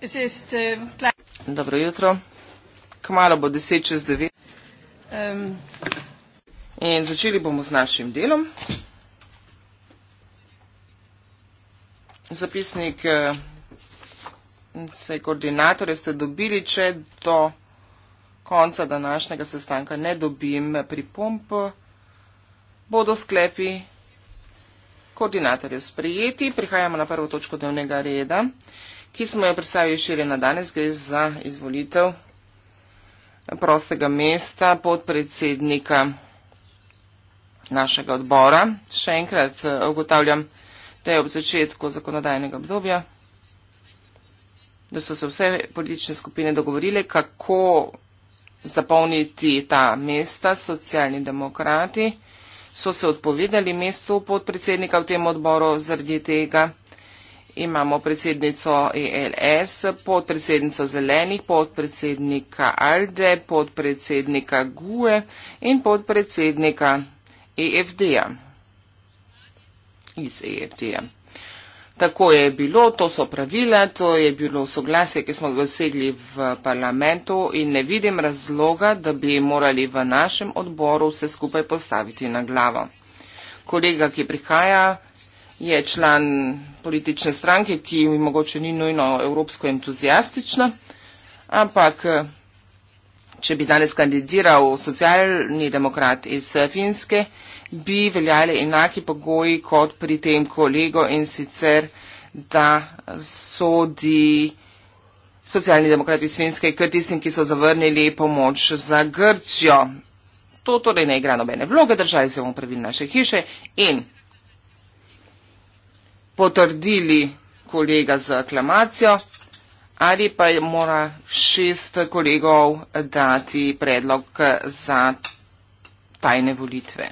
Eh, Dobro jutro. Kmalo bo 10 čez 9. Um. In začeli bomo z našim delom. Zapisnik eh, se koordinatorje ste dobili, če do konca današnjega sestanka ne dobim pripomp, bodo sklepi koordinatorjev sprejeti. Prihajamo na prvo točko dnevnega reda ki smo jo predstavili širjen na danes, gre za izvolitev prostega mesta podpredsednika našega odbora. Še enkrat eh, ugotavljam, da je ob začetku zakonodajnega obdobja, da so se vse politične skupine dogovorile, kako zapolniti ta mesta. Socialni demokrati so se odpovedali mestu podpredsednika v tem odboru zaradi tega, imamo predsednico ELS, podpredsednico zelenih, podpredsednika ALDE, podpredsednika GUE in podpredsednika EFD-ja. Iz EFD-ja. Tako je bilo, to so pravila, to je bilo soglasje, ki smo dosegli v parlamentu in ne vidim razloga, da bi morali v našem odboru vse skupaj postaviti na glavo. Kolega, ki prihaja, je član politične stranke, ki mogoče ni nujno evropsko entuzijastična, ampak eh, če bi danes kandidiral socialni demokrat iz eh, Finske, bi veljali enaki pogoji kot pri tem kolego in sicer, da sodi socialni demokrat iz Finske k tistim, ki so zavrnili pomoč za Grčjo. To torej ne igra nobene vloge, država je zelo pravilna naše hiše in potrdili kolega z aklamacijo ali pa mora šest kolegov dati predlog za tajne volitve.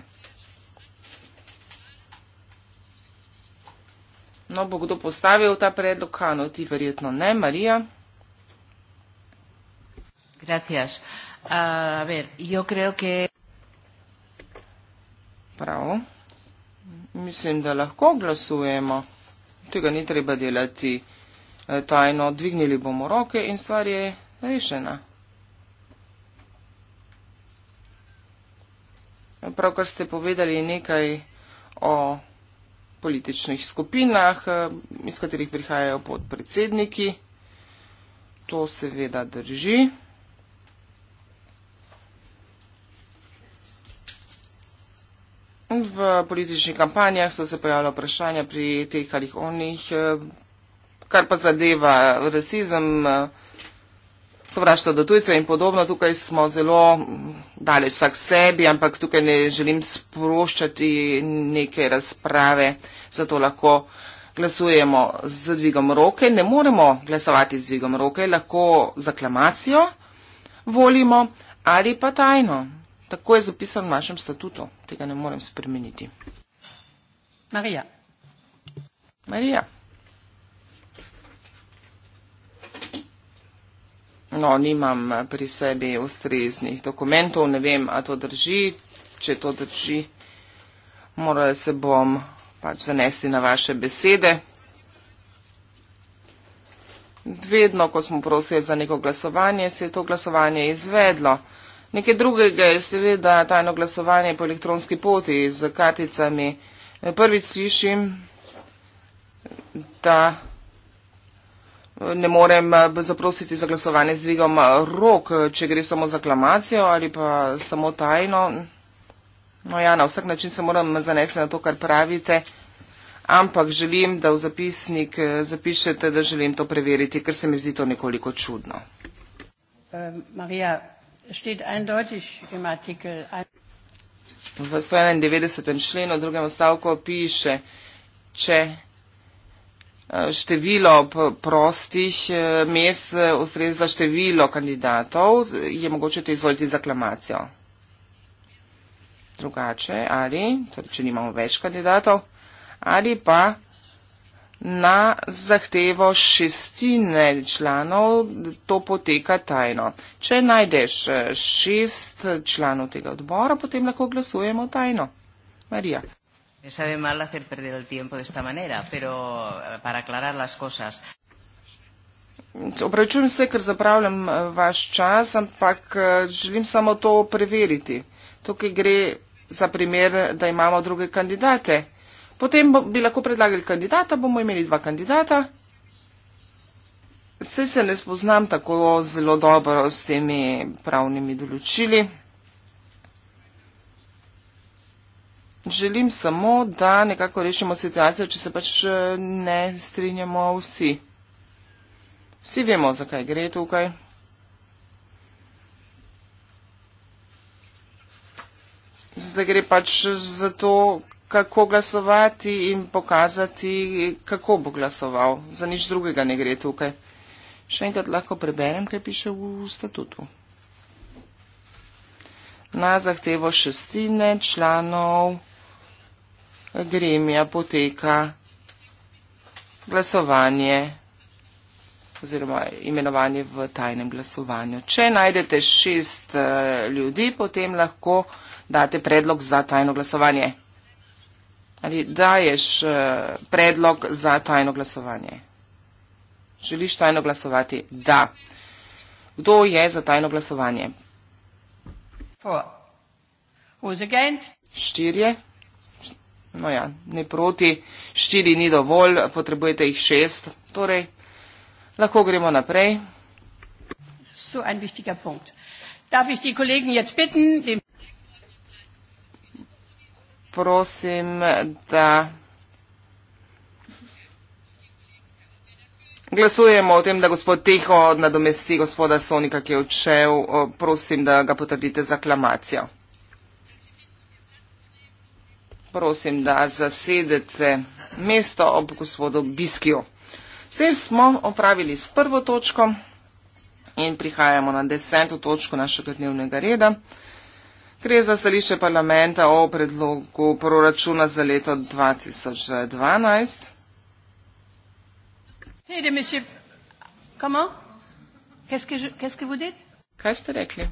No, bo kdo postavil ta predlog, Hano, ti verjetno ne, Marija. Gracias. A ver, yo creo que... Prav. Mislim, da lahko glasujemo tega ni treba delati eh, tajno, dvignili bomo roke in stvar je rešena. Pravkar ste povedali nekaj o političnih skupinah, eh, iz katerih prihajajo podpredsedniki. To seveda drži. V političnih kampanjah so se pojavljala vprašanja pri teh ali onih, eh, kar pa zadeva rasizem, eh, sovraštvo do tujce in podobno. Tukaj smo zelo mm, daleč vsak sebi, ampak tukaj ne želim sproščati neke razprave, zato lahko glasujemo z dvigom roke. Ne moremo glasovati z dvigom roke, lahko z aklamacijo volimo ali pa tajno. Tako je zapisano v našem statutu, tega ne morem spremeniti. Marija. Marija. No, nimam pri sebi ustreznih dokumentov, ne vem, a to drži. Če to drži, morala se bom pač zanesti na vaše besede. Vedno, ko smo prosili za neko glasovanje, se je to glasovanje izvedlo. Nekaj drugega je seveda tajno glasovanje po elektronski poti z karticami. Prvič slišim, da ne morem eh, zaprositi za glasovanje z dvigom eh, rok, eh, če gre samo za klamacijo ali pa samo tajno. No ja, na vsak način se moram zanesti na to, kar pravite, ampak želim, da v zapisnik zapišete, da želim to preveriti, ker se mi zdi to nekoliko čudno. Marija, steht eindeutig im Artikel. V 191. členu drugem stavku piše, če eh, število prostih eh, mest eh, ustreza za število kandidatov, je mogoče te izvoliti za klamacijo. Drugače, ali, torej če nimamo več kandidatov, ali pa na zahtevo šestine članov to poteka tajno. Če najdeš eh, šest članov tega odbora, potem lahko glasujemo tajno. Marija. Eh, Opravičujem se, ker zapravljam eh, vaš čas, ampak želim samo to preveriti. Tukaj gre za primer, da imamo druge kandidate. Potem bi lahko predlagali kandidata, bomo imeli dva kandidata. Se se ne spoznam tako zelo dobro s temi pravnimi določili. Želim samo, da nekako rešimo situacijo, če se pač eh, ne strinjamo vsi. Vsi vemo, zakaj gre tukaj. Zdaj gre pač za to, kako glasovati in pokazati, kako bo glasoval. Za nič drugega ne gre tukaj. Še enkrat lahko preberem, kaj piše v statutu. Na zahtevo šestine članov gremija poteka glasovanje oziroma imenovanje v tajnem glasovanju. Če najdete šest eh, ljudi, potem lahko date predlog za tajno glasovanje ali daješ uh, predlog za tajno glasovanje? Želiš tajno glasovati? Da. Kdo je za tajno glasovanje? Štirje. No ja, ne proti, štiri ni dovolj, potrebujete jih šest. Torej, lahko gremo naprej. So en vichtiger punkt. Darf ich die Kollegen jetzt bitten, den prosim, da glasujemo o tem, da gospod Teho nadomesti gospoda Sonika, ki je odšel. Prosim, da ga potrdite z aklamacijo. Prosim, da zasedete mesto ob gospodu Biskiju. S tem smo opravili s prvo točko in prihajamo na deseto točko našega dnevnega reda. Gre za stališče parlamenta o predlogu proračuna za leto 2012. Kaj ste rekli?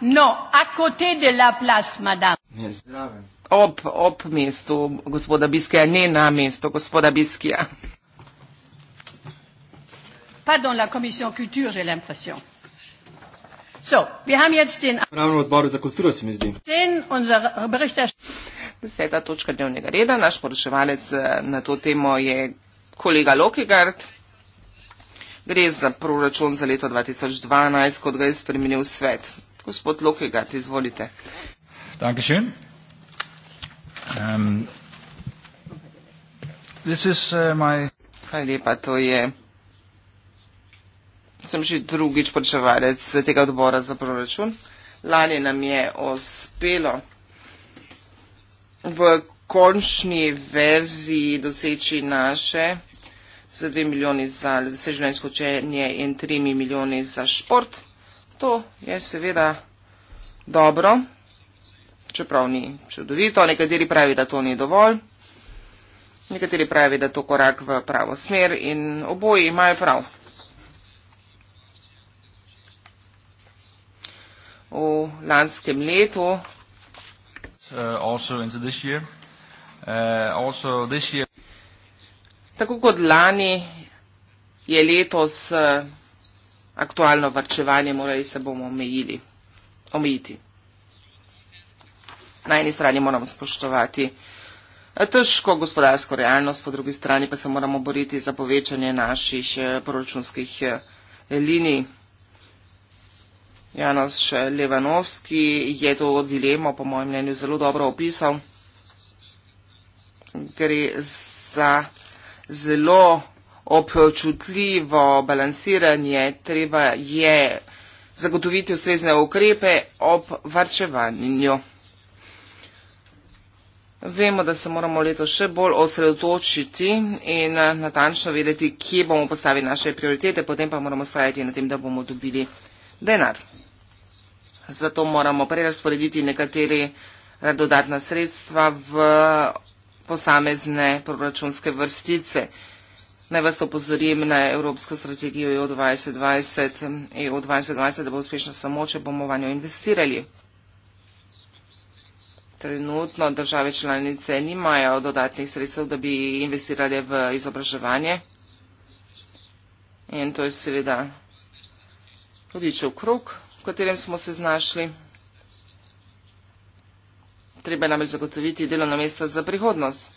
No, a côté de la place, madame. Ob, ob mestu gospoda Biskija, ne na mestu gospoda Biskija. Pardon, la commission culture, j'ai l'impression. So, wir haben jetzt den Ravno odboru za kulturo, se mi zdi. Deseta točka dnevnega reda, naš poročevalec eh, na to temo je kolega Lokigard. Gre za proračun za leto 2012, kot ga je spremenil svet. Gospod Lokigard, izvolite. Danke schön. Um, this is uh, my... Hvala lepa, to je sem že drugič poročevalec tega odbora za proračun. Lani nam je uspelo v končni verziji doseči naše z 2 milijoni za doseženo izkočenje in 3 milijoni za šport. To je seveda dobro, čeprav ni čudovito. Nekateri pravi, da to ni dovolj. Nekateri pravi, da je to korak v pravo smer in oboji imajo prav. v lanskem letu. Uh, also into this year. Uh, also this year. Tako kot lani je letos uh, aktualno varčevanje, morali se bomo omejili, omejiti. Na eni strani moramo spoštovati eh, težko gospodarsko realnost, po drugi strani pa se moramo boriti za povečanje naših eh, proračunskih eh, linij. Janoš Levanovski je to dilemo, po mojem mnenju, zelo dobro opisal. Gre za zelo občutljivo balansiranje, treba je zagotoviti ustrezne ukrepe ob varčevanju. Vemo, da se moramo leto še bolj osredotočiti in eh, natančno vedeti, kje bomo postavili naše prioritete, potem pa moramo stajati na tem, da bomo dobili denar zato moramo prerasporediti nekatere eh, dodatna sredstva v posamezne proračunske vrstice. Naj vas opozorim na Evropsko strategijo EU 2020, EU 2020, da bo uspešna samo, če bomo vanjo investirali. Trenutno države članice nimajo dodatnih sredstev, da bi investirali v izobraževanje. In to je seveda tudi če v krug, v katerem smo se znašli. Treba je namreč zagotoviti delovna mesta za prihodnost.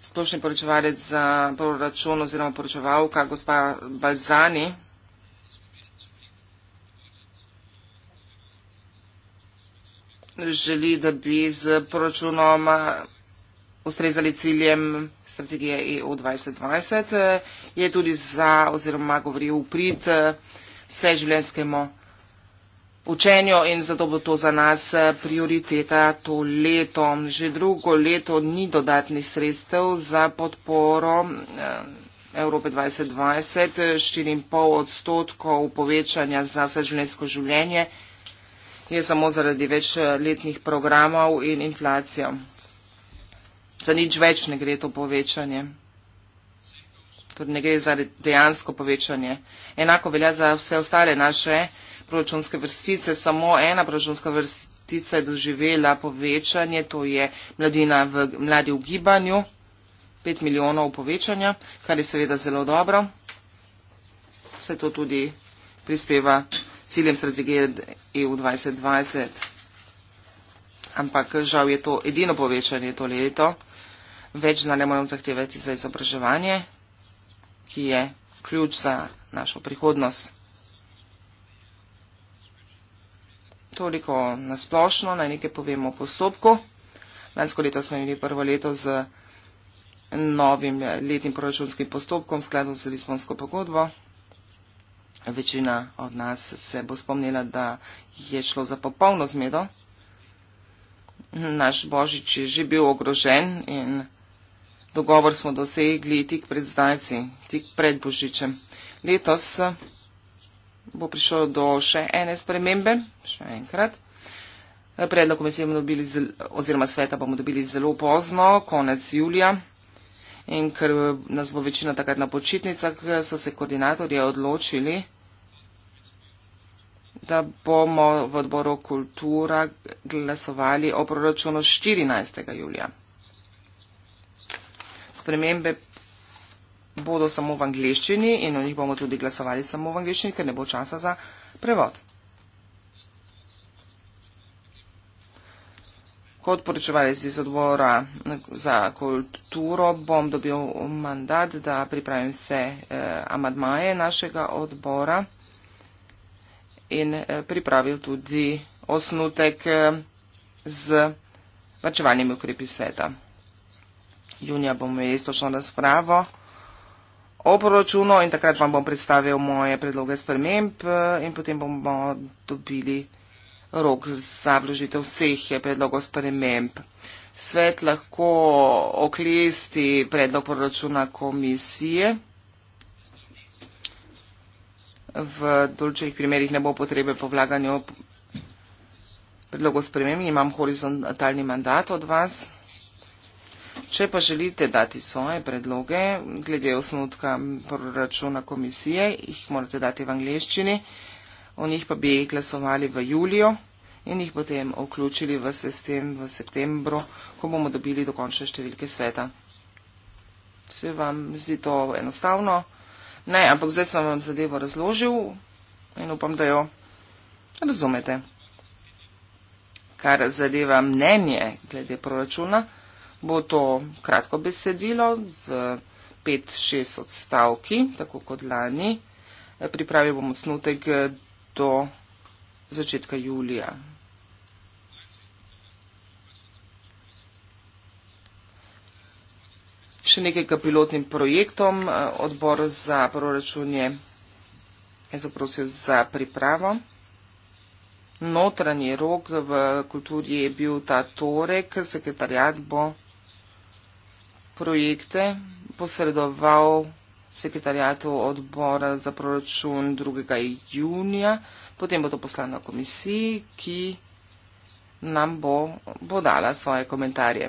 Splošni poročevalec za proračun oziroma poročevalka gospa Balzani želi, da bi z proračunom eh, ustrezali ciljem strategije EU 2020. Eh, je tudi za oziroma govori v prid eh, vseživljenskemu učenju in zato bo to za nas eh, prioriteta to leto. Že drugo leto ni dodatnih sredstev za podporo eh, Evrope 2020, 4,5 odstotkov povečanja za vse življenjsko življenje je samo zaradi večletnih eh, programov in inflacijo. Za nič več ne gre to povečanje. Torej ne gre za dejansko povečanje. Enako velja za vse ostale naše proračunske vrstice. Samo ena proračunska vrstica je doživela povečanje, to je mladina v, mladi v gibanju, 5 milijonov povečanja, kar je seveda zelo dobro. Vse to tudi prispeva ciljem strategije EU 2020. Ampak žal je to edino povečanje to leto. Več dna ne moremo zahtevati za izobraževanje, ki je ključ za našo prihodnost. toliko nasplošno, naj nekaj povemo o postopku. Lansko leto smo imeli prvo leto z novim letnim proračunskim postopkom v skladu z Lisbonsko pogodbo. Večina od nas se bo spomnila, da je šlo za popolno zmedo. Naš božič je že bil ogrožen in dogovor smo dosegli tik pred zdajci, tik pred božičem. Letos bo prišlo do še ene spremembe, še enkrat. Predlog komisije bomo dobili, oziroma sveta bomo dobili zelo pozno, konec julija. In ker nas bo večina takrat na počitnicah, so se koordinatorje odločili, da bomo v odboru kultura glasovali o proračunu 14. julija. Spremembe bodo samo v angliščini in o njih bomo tudi glasovali samo v angliščini, ker ne bo časa za prevod. Kot poročevalec iz odbora za kulturo bom dobil mandat, da pripravim vse eh, amadmaje našega odbora in eh, pripravil tudi osnutek eh, z pačevalnimi ukrepi sveta. Junija bomo imeli istočno razpravo o proračunu in takrat vam bom predstavil moje predloge sprememb eh, in potem bomo dobili rok za vložitev vseh eh, predlogov sprememb. Svet lahko oklesti predlog proračuna komisije. V določenih primerjih ne bo potrebe po vlaganju predlogov sprememb in imam horizontalni mandat od vas. Če pa želite dati svoje predloge glede osnutka proračuna komisije, jih morate dati v angleščini, o njih pa bi glasovali v julijo in jih potem vključili v sistem v septembru, ko bomo dobili dokončne številke sveta. Se vam zdi to enostavno? Ne, ampak zdaj sem vam zadevo razložil in upam, da jo razumete. Kar zadeva mnenje glede proračuna, bo to kratko besedilo z 5-6 odstavki, tako kot lani. Pripravil bom osnutek do začetka julija. Še nekaj ka pilotnim projektom. Odbor za proračun je zaprosil za pripravo. Notranji rok v kulturi je bil ta torek, sekretarjat bo projekte posredoval sekretarjatu odbora za proračun 2. junija, potem bo to poslal na komisiji, ki nam bo podala svoje komentarje.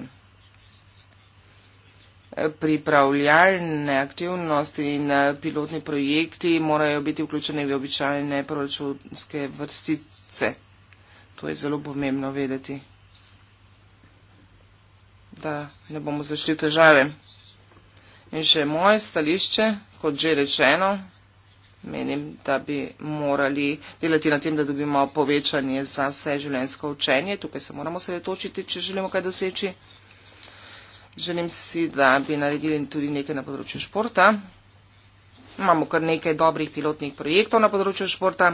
Pripravljalne aktivnosti in eh, pilotni projekti morajo biti vključeni v običajne proračunske vrstice. To je zelo pomembno vedeti da ne bomo zašli v težave. In še moje stališče, kot že rečeno, menim, da bi morali delati na tem, da dobimo povečanje za vse življenjsko učenje. Tukaj se moramo sredotočiti, če želimo kaj doseči. Želim si, da bi naredili tudi nekaj na področju športa. Imamo kar nekaj dobrih pilotnih projektov na področju športa.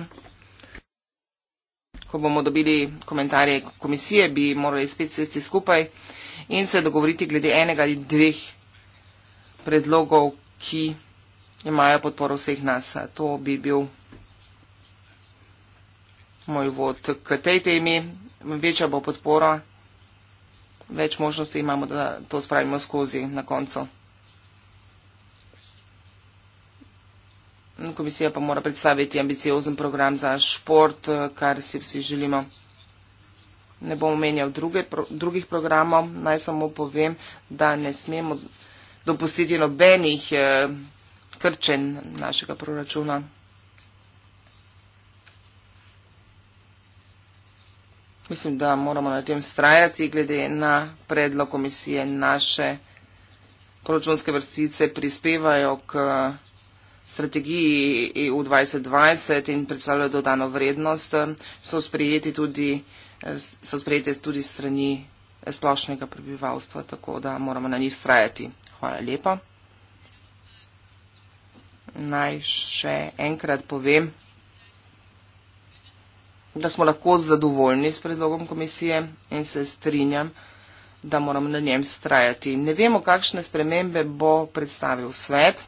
Ko bomo dobili komentarje komisije, bi morali spet sesti skupaj in se dogovoriti glede enega ali dveh predlogov, ki imajo podporo vseh nas. To bi bil moj vod k tej temi. Večja bo podpora, več možnosti imamo, da to spravimo skozi na koncu. Komisija pa mora predstaviti ambiciozen program za šport, kar si vsi želimo ne bom omenjal druge, pro, drugih programov, naj samo povem, da ne smemo dopustiti nobenih eh, krčen našega proračuna. Mislim, da moramo na tem strajati, glede na predlog komisije naše proračunske vrstice prispevajo k eh, strategiji EU 2020 in predstavljajo dodano vrednost. So sprijeti tudi eh, so sprejete tudi strani splošnega prebivalstva, tako da moramo na njih strajati. Hvala lepa. Naj še enkrat povem, da smo lahko zadovoljni s predlogom komisije in se strinjam, da moramo na njem strajati. Ne vemo, kakšne spremembe bo predstavil svet.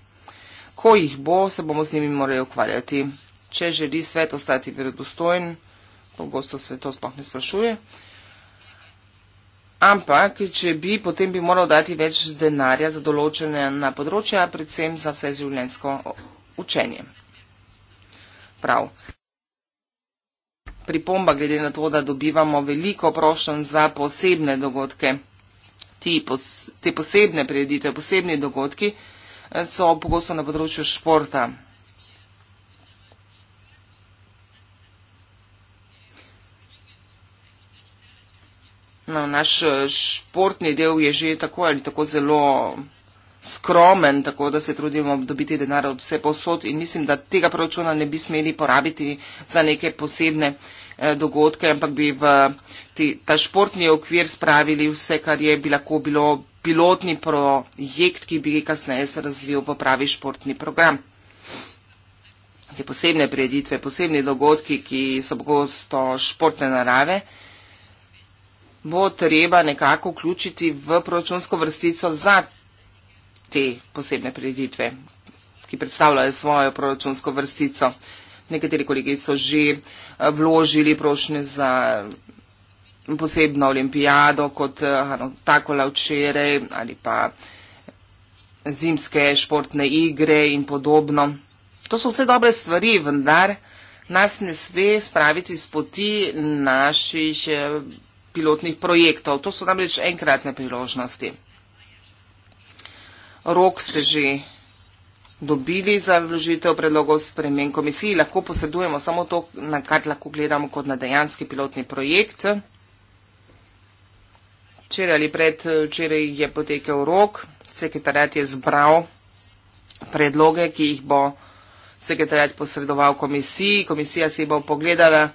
Ko jih bo, se bomo z njimi morali ukvarjati. Če želi svet ostati verodostojen, pogosto se to sploh ne sprašuje. Ampak, če bi, potem bi moral dati več denarja za določene na področja, predvsem za vse življenjsko učenje. Prav. Pripomba glede na to, da dobivamo veliko prošen za posebne dogodke. Ti, pos, te posebne prireditve, posebni dogodki eh, so pogosto na področju športa. No, naš eh, športni del je že tako ali tako zelo skromen, tako da se trudimo dobiti denar od vse posod in mislim, da tega proračuna ne bi smeli porabiti za neke posebne eh, dogodke, ampak bi v te, ta športni okvir spravili vse, kar je bi lahko bilo pilotni projekt, ki bi kasneje se razvil v pravi športni program. Te posebne preditve, posebni dogodki, ki so pogosto športne narave. Eh, bo treba nekako vključiti v proračunsko vrstico za te posebne preditve, ki predstavljajo svojo proračunsko vrstico. Nekateri kolegi so že eh, vložili prošnje za posebno olimpijado, kot eh, ano, takola včeraj, ali pa zimske športne igre in podobno. To so vse dobre stvari, vendar nas ne sve spraviti z poti naših eh, pilotnih projektov. To so namreč enkratne priložnosti. Rok ste že dobili za vložitev predlogov spremen komisiji. Lahko posedujemo samo to, na kar lahko gledamo kot na dejanski pilotni projekt. Včeraj ali pred včeraj je potekel rok, sekretarjat je zbral predloge, ki jih bo sekretarjat posredoval komisiji. Komisija si bo pogledala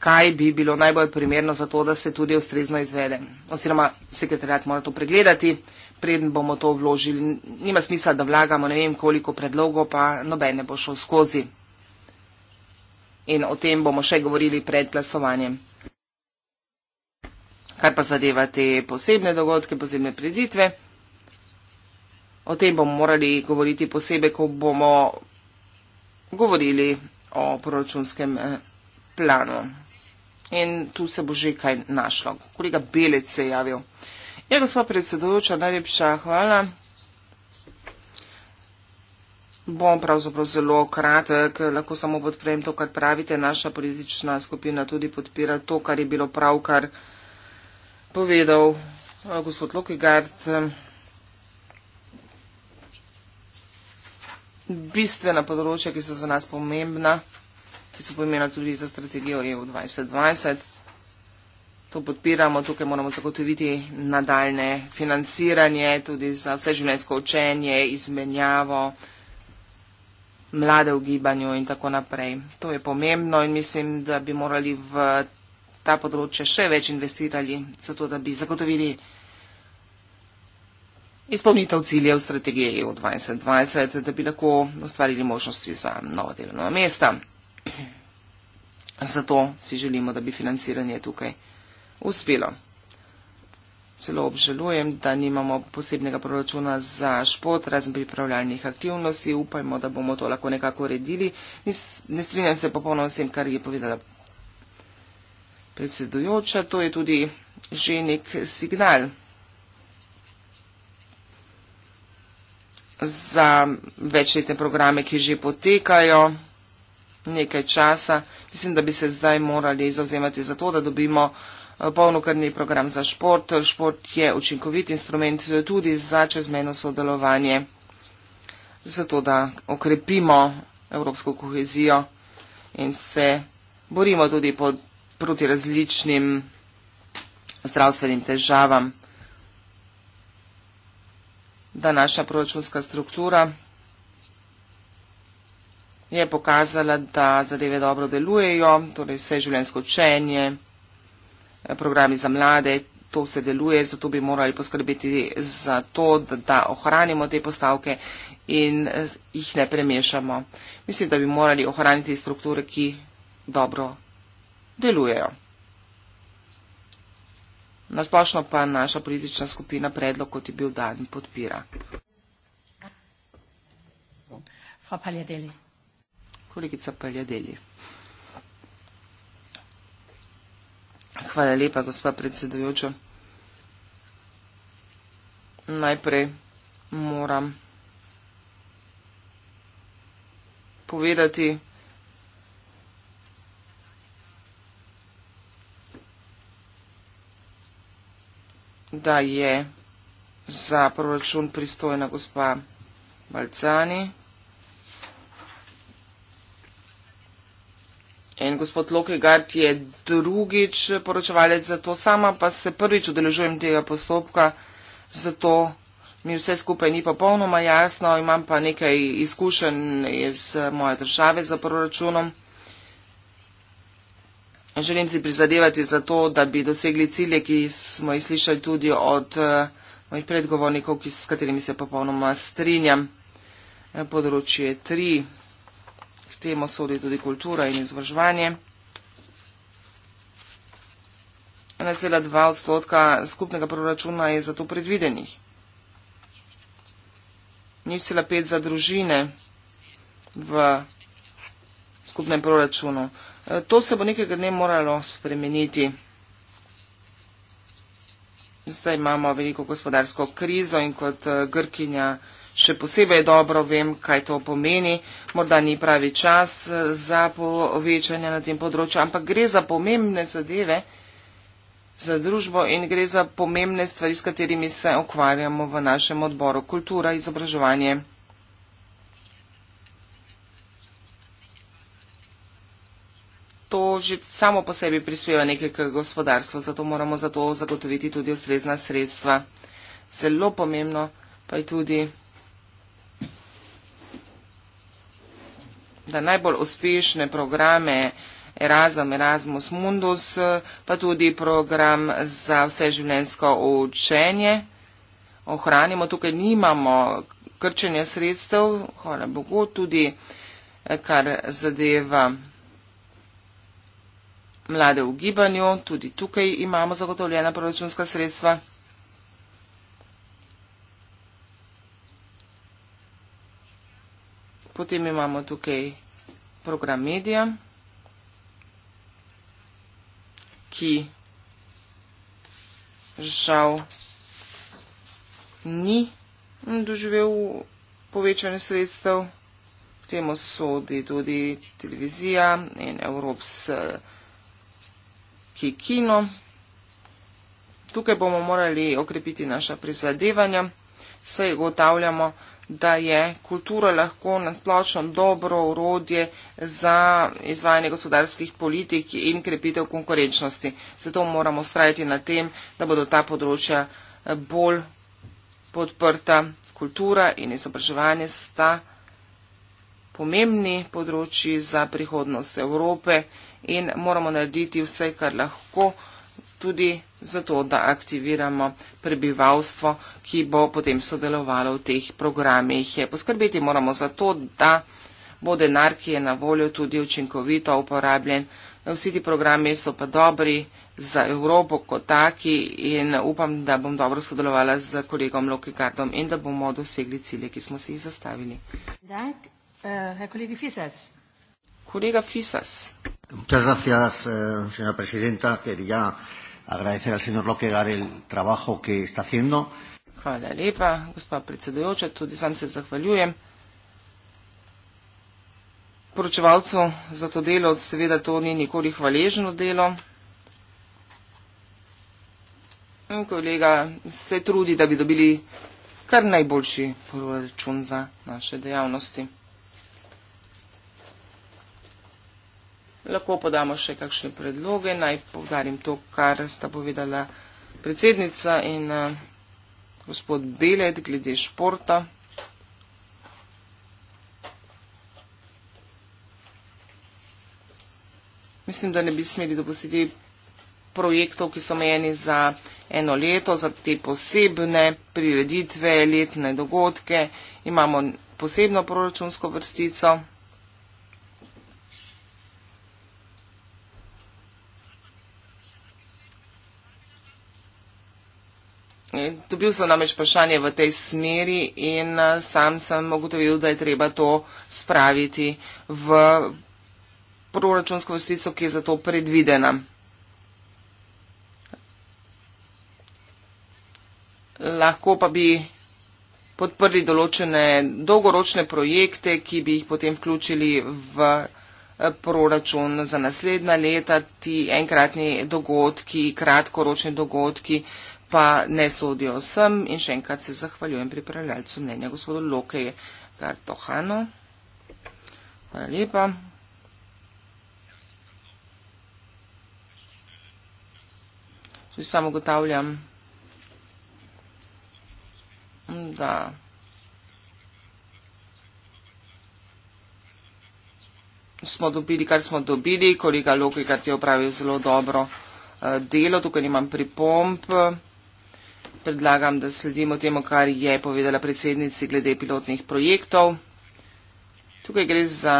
kaj bi bilo najbolj primerno za to, da se tudi ustrezno izvede. Oziroma, sekretarjat mora to pregledati, preden bomo to vložili. Nima smisla, da vlagamo ne vem koliko predlogov, pa noben ne bo šel skozi. In o tem bomo še govorili pred glasovanjem. Kar pa zadeva te posebne dogodke, posebne preditve, o tem bomo morali govoriti posebej, ko bomo govorili o proračunskem eh, planu. In tu se bo že kaj našlo. Kolega Belec se je javil. Ja, gospod predsedujoča, najlepša hvala. Bom pravzaprav zelo kratek, lahko samo podprem to, kar pravite. Naša politična skupina tudi podpira to, kar je bilo pravkar povedal eh, gospod Lokigard. Bistvena področja, ki so za nas pomembna ki se pomenila tudi za strategijo EU 2020. To podpiramo, tukaj moramo zagotoviti nadaljne financiranje, tudi za vse življenjsko učenje, izmenjavo, mlade v gibanju in tako naprej. To je pomembno in mislim, da bi morali v ta področje še več investirali, zato da bi zagotovili izpolnitev ciljev strategije EU 2020, da bi lahko ustvarili možnosti za nove delovne mesta. Zato si želimo, da bi financiranje tukaj uspelo. Celo obžalujem, da nimamo posebnega proračuna za šport, razen pripravljalnih aktivnosti. Upajmo, da bomo to lahko nekako uredili. Ne strinjam se popolnoma s tem, kar je povedala predsedujoča. To je tudi že nek signal za večletne programe, ki že potekajo nekaj časa. Mislim, da bi se zdaj morali zauzemati za to, da dobimo eh, polnokrni program za šport. Šport je učinkovit instrument tudi za čezmeno sodelovanje, zato da okrepimo evropsko kohezijo in se borimo tudi pod, proti različnim zdravstvenim težavam. Da naša proračunska struktura je pokazala, da zadeve dobro delujejo, torej vse življensko učenje, programi za mlade, to vse deluje, zato bi morali poskrbeti za to, da, da ohranimo te postavke in jih ne premešamo. Mislim, da bi morali ohraniti strukture, ki dobro delujejo. Nasplošno pa naša politična skupina predlog, kot je bil dan, podpira. Frau Pagliadelli kolegica Paljadeli. Hvala lepa, gospa predsedujoča. Najprej moram povedati, da je za proračun pristojna gospa Balcani. In gospod Lokegard je drugič poročevalec za to sama, pa se prvič udeležujem tega postopka, zato mi vse skupaj ni popolnoma jasno, imam pa nekaj izkušenj iz eh, moje države za proračunom. Želim si prizadevati za to, da bi dosegli cilje, ki smo jih slišali tudi od eh, mojih predgovornikov, s katerimi se popolnoma strinjam. Eh, področje 3 v temo sodi tudi kultura in izvržvanje. 1,2 odstotka skupnega proračuna je zato predvidenih. 0,5 za družine v skupnem proračunu. E, to se bo nekega dne moralo spremeniti. Zdaj imamo veliko gospodarsko krizo in kot e, Grkinja še posebej dobro vem, kaj to pomeni. Morda ni pravi čas eh, za povečanje na tem področju, ampak gre za pomembne zadeve za družbo in gre za pomembne stvari, s katerimi se ukvarjamo v našem odboru kultura, izobraževanje. To že samo po sebi prispeva nekaj k gospodarstvu, zato moramo za to zagotoviti tudi ustrezna sredstva. Zelo pomembno pa je tudi da najbolj uspešne programe Erasmus, Erasmus Mundus, pa tudi program za vseživljenjsko učenje ohranimo. Tukaj nimamo krčenja sredstev, hvala Bogu, tudi eh, kar zadeva mlade v gibanju, tudi tukaj imamo zagotovljena proračunska sredstva. Potem imamo tukaj program medija, ki žal ni doživel povečanje sredstev. K temu sodi tudi televizija in Evrops, ki kino. Tukaj bomo morali okrepiti naša prizadevanja, saj ugotavljamo, da je kultura lahko nasplošno dobro urodje za izvajanje gospodarskih politik in krepitev konkurenčnosti. Zato moramo strajati na tem, da bodo ta področja eh, bolj podprta. Kultura in izobraževanje sta pomembni področji za prihodnost Evrope in moramo narediti vse, kar lahko, tudi zato da aktiviramo prebivalstvo, ki bo potem sodelovalo v teh programih. Poskrbeti moramo za to, da bo denar, ki je na voljo, tudi učinkovito uporabljen. Vsi ti programi so pa dobri za Evropo kot taki in upam, da bom dobro sodelovala z kolegom Loki Gardom in da bomo dosegli cilje, ki smo si jih zastavili. Eh, Kolega Fisas. Muchas gracias, eh, señora presidenta. Quería agradecer al señor Lokegar el trabajo que está haciendo. Hvala lepa, gospa predsedujoča, tudi sam se zahvaljujem poročevalcu za to delo, seveda to ni nikoli hvaležno delo. In kolega se trudi, da bi dobili kar najboljši proračun za naše dejavnosti. lahko podamo še kakšne predloge. Naj povdarim to, kar sta povedala predsednica in uh, gospod Beled glede športa. Mislim, da ne bi smeli dopustiti projektov, ki so omejeni za eno leto, za te posebne prireditve, letne dogodke. Imamo posebno proračunsko vrstico. Dobil sem namreč vprašanje v tej smeri in eh, sam sem ugotovil, da je treba to spraviti v proračunsko vrstico, ki je za to predvidena. Lahko pa bi podprli določene dolgoročne projekte, ki bi jih potem vključili v eh, proračun za naslednja leta, ti enkratni dogodki, kratkoročni dogodki, pa ne sodijo vsem in še enkrat se zahvaljujem pripravljalcu mnenja gospodu Lokeje Kartohano. Hvala lepa. Tudi samo ugotavljam, da. smo dobili, kar smo dobili, kolega Loki, kar ti je opravil zelo dobro uh, delo, tukaj nimam pripomp. Uh predlagam, da sledimo temu, kar je povedala predsednici glede pilotnih projektov. Tukaj gre za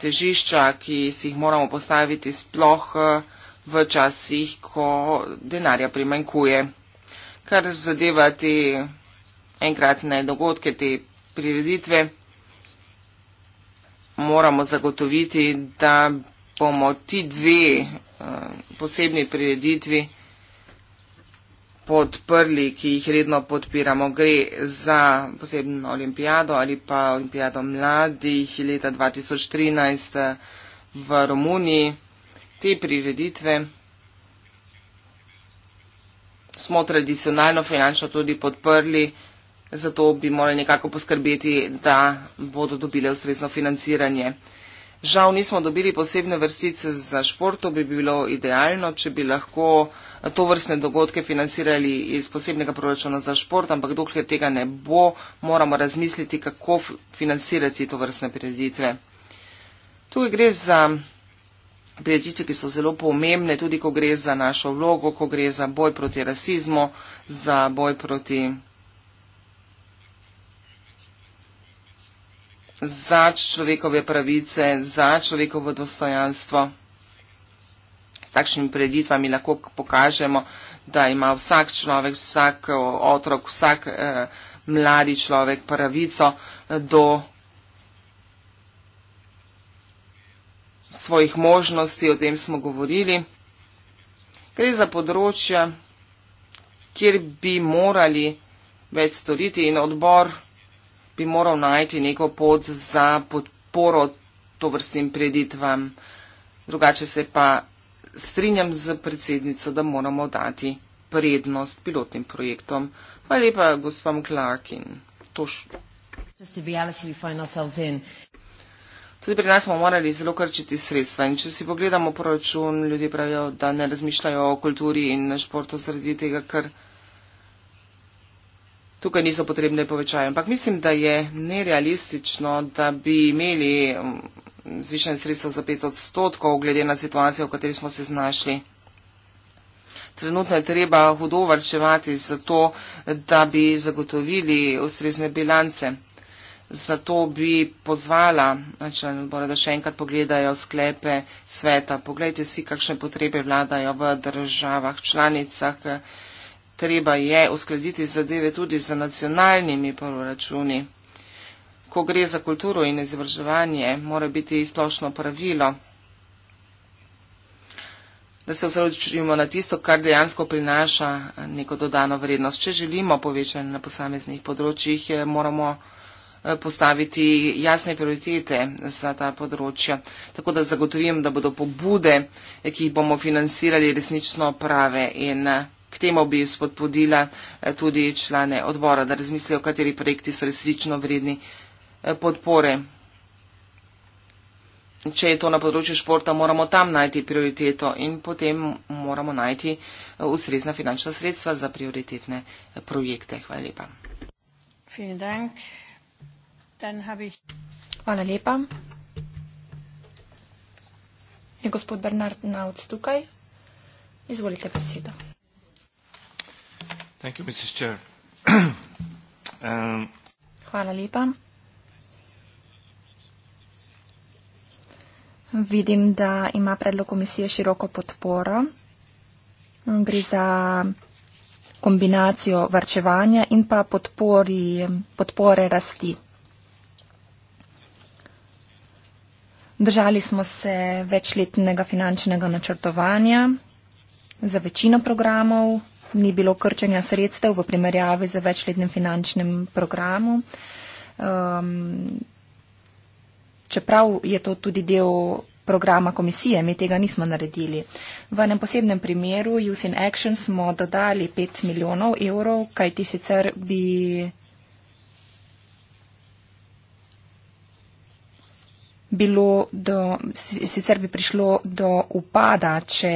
težišča, ki si jih moramo postaviti sploh eh, v časih, ko denarja primanjkuje. Kar zadeva te enkratne dogodke, te prireditve, moramo zagotoviti, da bomo ti dve eh, posebni prireditvi podprli, ki jih redno podpiramo. Gre za posebno olimpijado ali pa olimpijado mladih leta 2013 eh, v Romuniji. Te prireditve smo tradicionalno finančno tudi podprli, zato bi morali nekako poskrbeti, da bodo dobile ustrezno financiranje. Žal nismo dobili posebne vrstice za šport, to bi bilo idealno, če bi lahko to vrstne dogodke financirali iz posebnega proračuna za šport, ampak dokler tega ne bo, moramo razmisliti, kako financirati to vrstne prireditve. Tukaj gre za prireditve, ki so zelo pomembne, tudi ko gre za našo vlogo, ko gre za boj proti rasizmu, za boj proti. za človekove pravice, za človekovo dostojanstvo. S takšnimi preditvami lahko pokažemo, da ima vsak človek, vsak otrok, vsak eh, mladi človek pravico eh, do svojih možnosti, o tem smo govorili. Gre za področja, kjer bi morali več storiti in odbor bi moral najti neko pot za podporo to vrstnim preditvam. Drugače se pa strinjam z predsednico, da moramo dati prednost pilotnim projektom. Hvala lepa, gospod Clark in Toš. Tudi pri nas smo morali zelo krčiti sredstva in če si pogledamo proračun, ljudje pravijo, da ne razmišljajo o kulturi in športu zaradi tega, ker. Kar tukaj niso potrebne povečaje. Ampak mislim, da je nerealistično, da bi imeli mm, zvišanje sredstev za pet odstotkov, glede na situacijo, v kateri smo se znašli. Trenutno je treba hudo varčevati za to, da bi zagotovili ustrezne bilance. Zato bi pozvala člani odbora, da še enkrat pogledajo sklepe sveta. Poglejte si, kakšne potrebe vladajo v državah, članicah treba je uskladiti zadeve tudi z nacionalnimi proračuni. Ko gre za kulturo in izobraževanje, mora biti splošno pravilo, da se osredotočimo na tisto, kar dejansko prinaša neko dodano vrednost. Če želimo povečanje na posameznih področjih, eh, moramo eh, postaviti jasne prioritete za ta področja, tako da zagotovim, da bodo pobude, eh, ki jih bomo financirali, resnično prave in K temu bi spodbudila eh, tudi člane odbora, da razmislijo, kateri projekti so resnično vredni eh, podpore. Če je to na področju športa, moramo tam najti prioriteto in potem moramo najti eh, ustrezna finančna sredstva za prioritetne projekte. Hvala lepa. Hvala lepa. Je gospod Bernard Nauc tukaj? Izvolite besedo. Thank you, Mrs. Chair. Um, Hvala lepa. Vidim, da ima predlog komisije široko podporo. Gre za kombinacijo varčevanja in pa podpori, podpore rasti. Držali smo se večletnega finančnega načrtovanja za večino programov, ni bilo krčenja sredstev v primerjavi z večletnim finančnim programom. Um, čeprav je to tudi del programa komisije, mi tega nismo naredili. V enem posebnem primeru Youth in Action smo dodali 5 milijonov evrov, kajti sicer bi bilo do, sicer bi prišlo do upada, če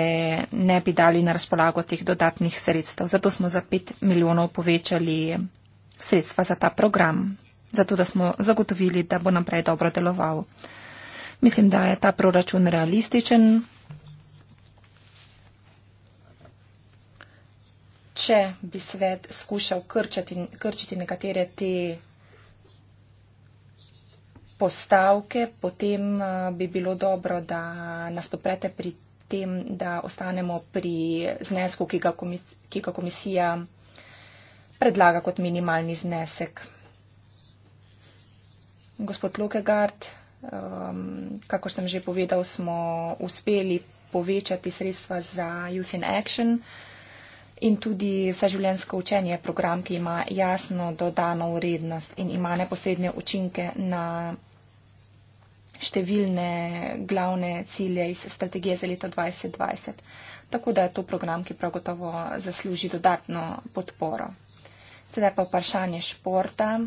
ne bi dali na razpolago teh dodatnih sredstev. Zato smo za 5 milijonov povečali sredstva za ta program, zato da smo zagotovili, da bo naprej dobro deloval. Mislim, da je ta proračun realističen. Če bi svet skušal krčati, krčiti nekatere te postavke, potem eh, bi bilo dobro, da nas podprete pri tem, da ostanemo pri znesku, ki ga, komis ki ga komisija predlaga kot minimalni znesek. Gospod Lokegard, um, ehm, kako sem že povedal, smo uspeli povečati sredstva za Youth in Action. Uh, In tudi vseživljenjsko učenje je program, ki ima jasno dodano vrednost in ima neposredne učinke na številne glavne cilje iz strategije za leto 2020. Tako da je to program, ki prav gotovo zasluži dodatno podporo. Sedaj pa vprašanje športa.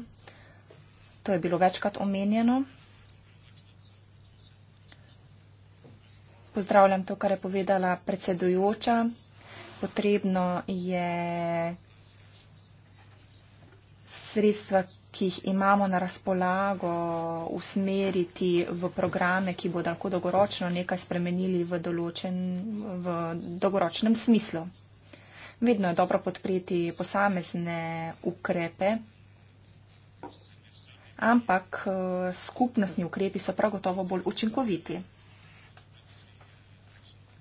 To je bilo večkrat omenjeno. Pozdravljam to, kar je povedala predsedujoča potrebno je sredstva, ki jih imamo na razpolago, usmeriti v programe, ki bodo lahko dolgoročno nekaj spremenili v, določen, v dolgoročnem smislu. Vedno je dobro podpreti posamezne ukrepe, ampak skupnostni ukrepi so prav gotovo bolj učinkoviti.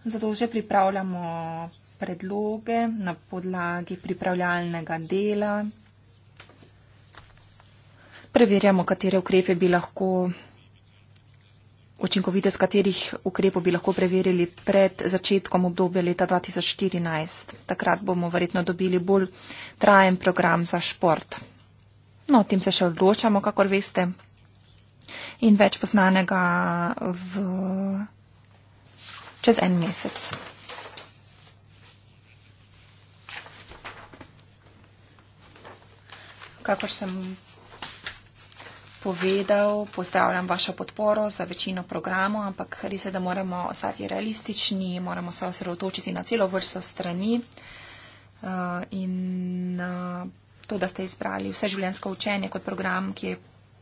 Zato že pripravljamo predloge na podlagi pripravljalnega dela. Preverjamo, katere ukrepe bi lahko učinkovitost katerih ukrepov bi lahko preverili pred začetkom obdobja leta 2014. Takrat bomo verjetno dobili bolj trajen program za šport. No, o tem se še odločamo, kakor veste. In več poznanega v... čez en mesec. Kakor sem povedal, pozdravljam vašo podporo za večino programov, ampak res je, da moramo ostati realistični, moramo se osredotočiti na celo vrsto strani. Eh, in eh, to, da ste izbrali vseživljenjsko učenje kot program, ki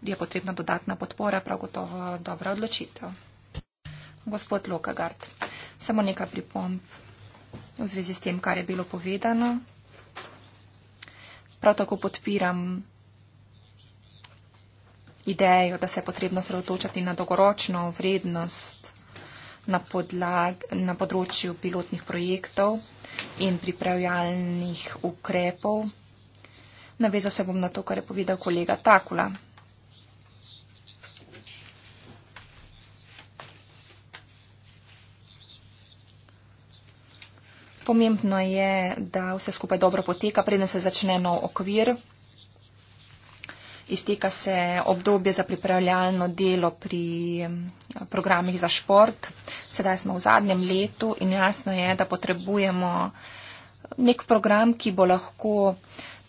je potrebna dodatna podpora, prav gotovo dobra odločitev. Gospod Lokagard, samo nekaj pripomp v zvezi s tem, kar je bilo povedano prav tako podpiram idejo, da se je potrebno sredotočati na dolgoročno vrednost na, podlag, na področju pilotnih projektov in pripravljalnih ukrepov. Navezal se bom na to, kar je povedal kolega Takula. Pomembno je, da vse skupaj dobro poteka, preden se začne nov okvir. Izteka se obdobje za pripravljalno delo pri programih za šport. Sedaj smo v zadnjem letu in jasno je, da potrebujemo nek program, ki bo lahko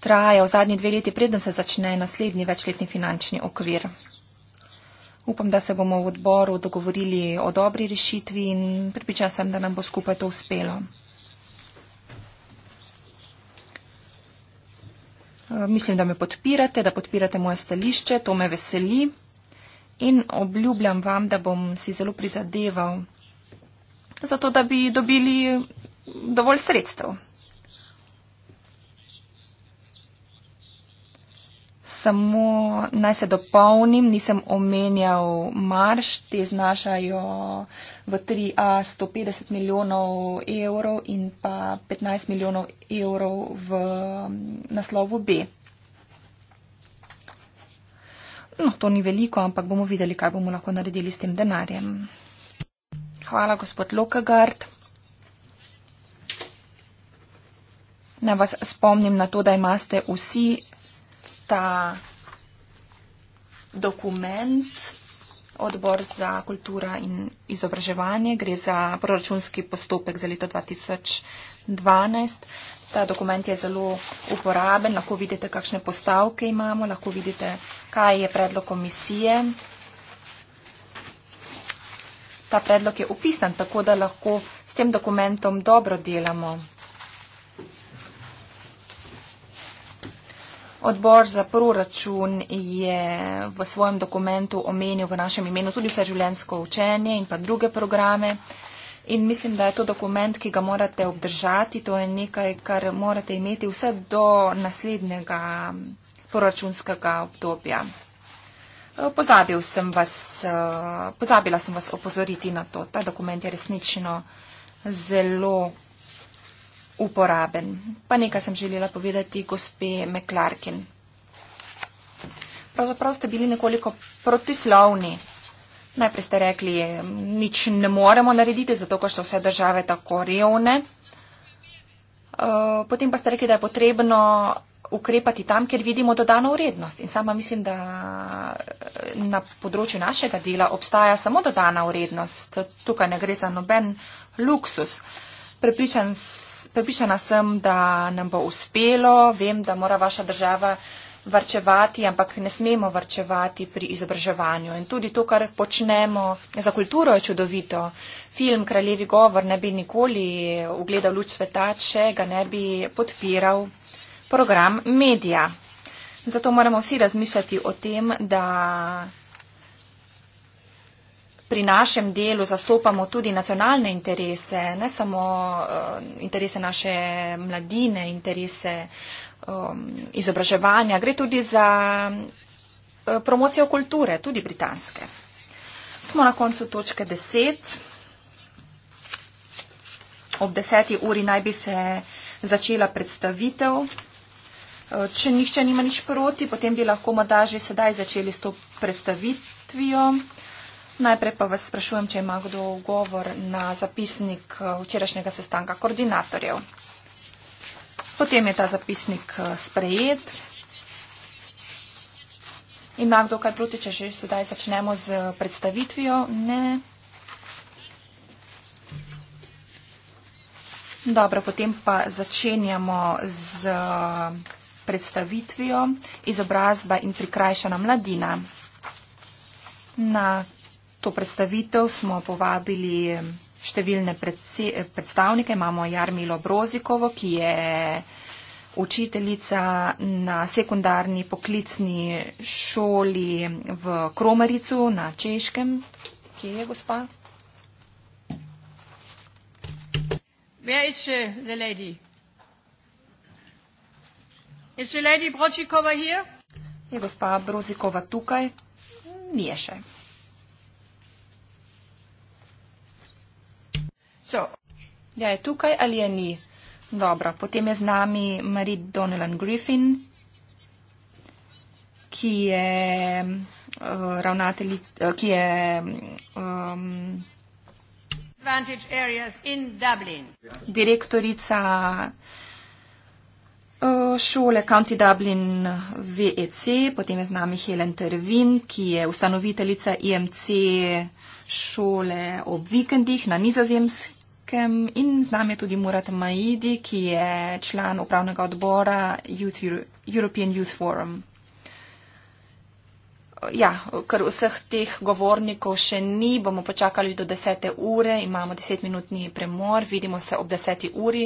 trajal zadnji dve leti, preden se začne naslednji večletni finančni okvir. Upam, da se bomo v odboru dogovorili o dobri rešitvi in pripričan sem, da nam bo skupaj to uspelo. Eh, mislim, da me podpirate, da podpirate moje stališče, to me veseli in obljubljam vam, da bom si zelo prizadeval za to, da bi dobili dovolj sredstev. Samo naj se dopolnim, nisem omenjal marš, te znašajo v 3A 150 milijonov evrov in pa 15 milijonov evrov v naslovu B. No, to ni veliko, ampak bomo videli, kaj bomo lahko naredili s tem denarjem. Hvala, gospod Lokagard. Ne vas spomnim na to, da imate vsi ta dokument odbor za kultura in izobraževanje, gre za proračunski postopek za leto 2012. Ta dokument je zelo uporaben, lahko vidite, kakšne postavke imamo, lahko vidite, kaj je predlog komisije. Ta predlog je upisan, tako da lahko s tem dokumentom dobro delamo. Odbor za proračun je v svojem dokumentu omenil v našem imenu tudi vse življensko učenje in pa druge programe. In mislim, da je to dokument, ki ga morate obdržati. To je nekaj, kar morate imeti vse do naslednjega proračunskega obdobja. Eh, pozabil sem vas, eh, pozabila sem vas opozoriti na to. Ta dokument je resnično zelo uporaben. Pa nekaj sem želela povedati gospe Meklarkin. Pravzaprav ste bili nekoliko protislovni. Najprej ste rekli, nič ne moremo narediti, zato ko so vse države tako revne. Eh, potem pa ste rekli, da je potrebno ukrepati tam, kjer vidimo dodano vrednost. In sama mislim, da eh, na področju našega dela obstaja samo dodana vrednost. Tukaj ne gre za noben luksus. Prepričan Pripišana sem, da nam bo uspelo, vem, da mora vaša država varčevati, ampak ne smemo varčevati pri izobraževanju. In tudi to, kar počnemo za kulturo, je čudovito. Film Kraljevi govor ne bi nikoli ugledal luč sveta, če ga ne bi podpiral program medija. Zato moramo vsi razmišljati o tem, da pri našem delu zastopamo tudi nacionalne interese, ne samo eh, interese naše mladine, interese um, izobraževanja, gre tudi za eh, promocijo kulture, tudi britanske. Smo na koncu točke 10. Ob 10. uri naj bi se začela predstavitev. Eh, če nihče nima nič proti, potem bi lahko morda že sedaj začeli s to predstavitvijo. Najprej pa vas sprašujem, če ima kdo govor na zapisnik eh, včerajšnjega sestanka koordinatorjev. Potem je ta zapisnik eh, sprejet. Ima kdo kaj proti, če že sedaj začnemo z predstavitvijo? Ne. Dobro, potem pa začenjamo z eh, predstavitvijo izobrazba in prikrajšana mladina. Na to predstavitev smo povabili številne predstavnike. Imamo Jarmilo Brozikovo, ki je učiteljica na sekundarni poklicni šoli v Kromaricu na Češkem. Kje je gospa? Uh, je gospa Brozikova tukaj? Nije še. so. Ja, je tukaj ali je ni? Dobro, potem je z nami Marie Donelan Griffin, ki je uh, eh, ravnatelj, uh, eh, ki je. Um, direktorica eh, šole County Dublin VEC, potem je z nami Helen Tervin, ki je ustanoviteljica IMC šole ob vikendih na nizozemskem. Kem in z nami je tudi Murat Maidi, ki je član upravnega odbora Youth Euro European Youth Forum. Ja, ker vseh teh govornikov še ni, bomo počakali do 10. ure, imamo 10 minutni premor, vidimo se ob 10. uri.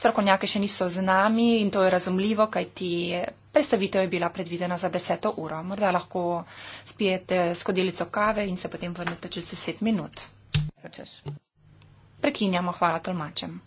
Strokovnjaki še niso z nami in to je razumljivo, kajti predstavitev je bila predvidena za 10. uro. Morda lahko spijete skodelico kave in se potem vrnete čez 10 minut. Hrčeš prekinjamo. Hvala tolmačem.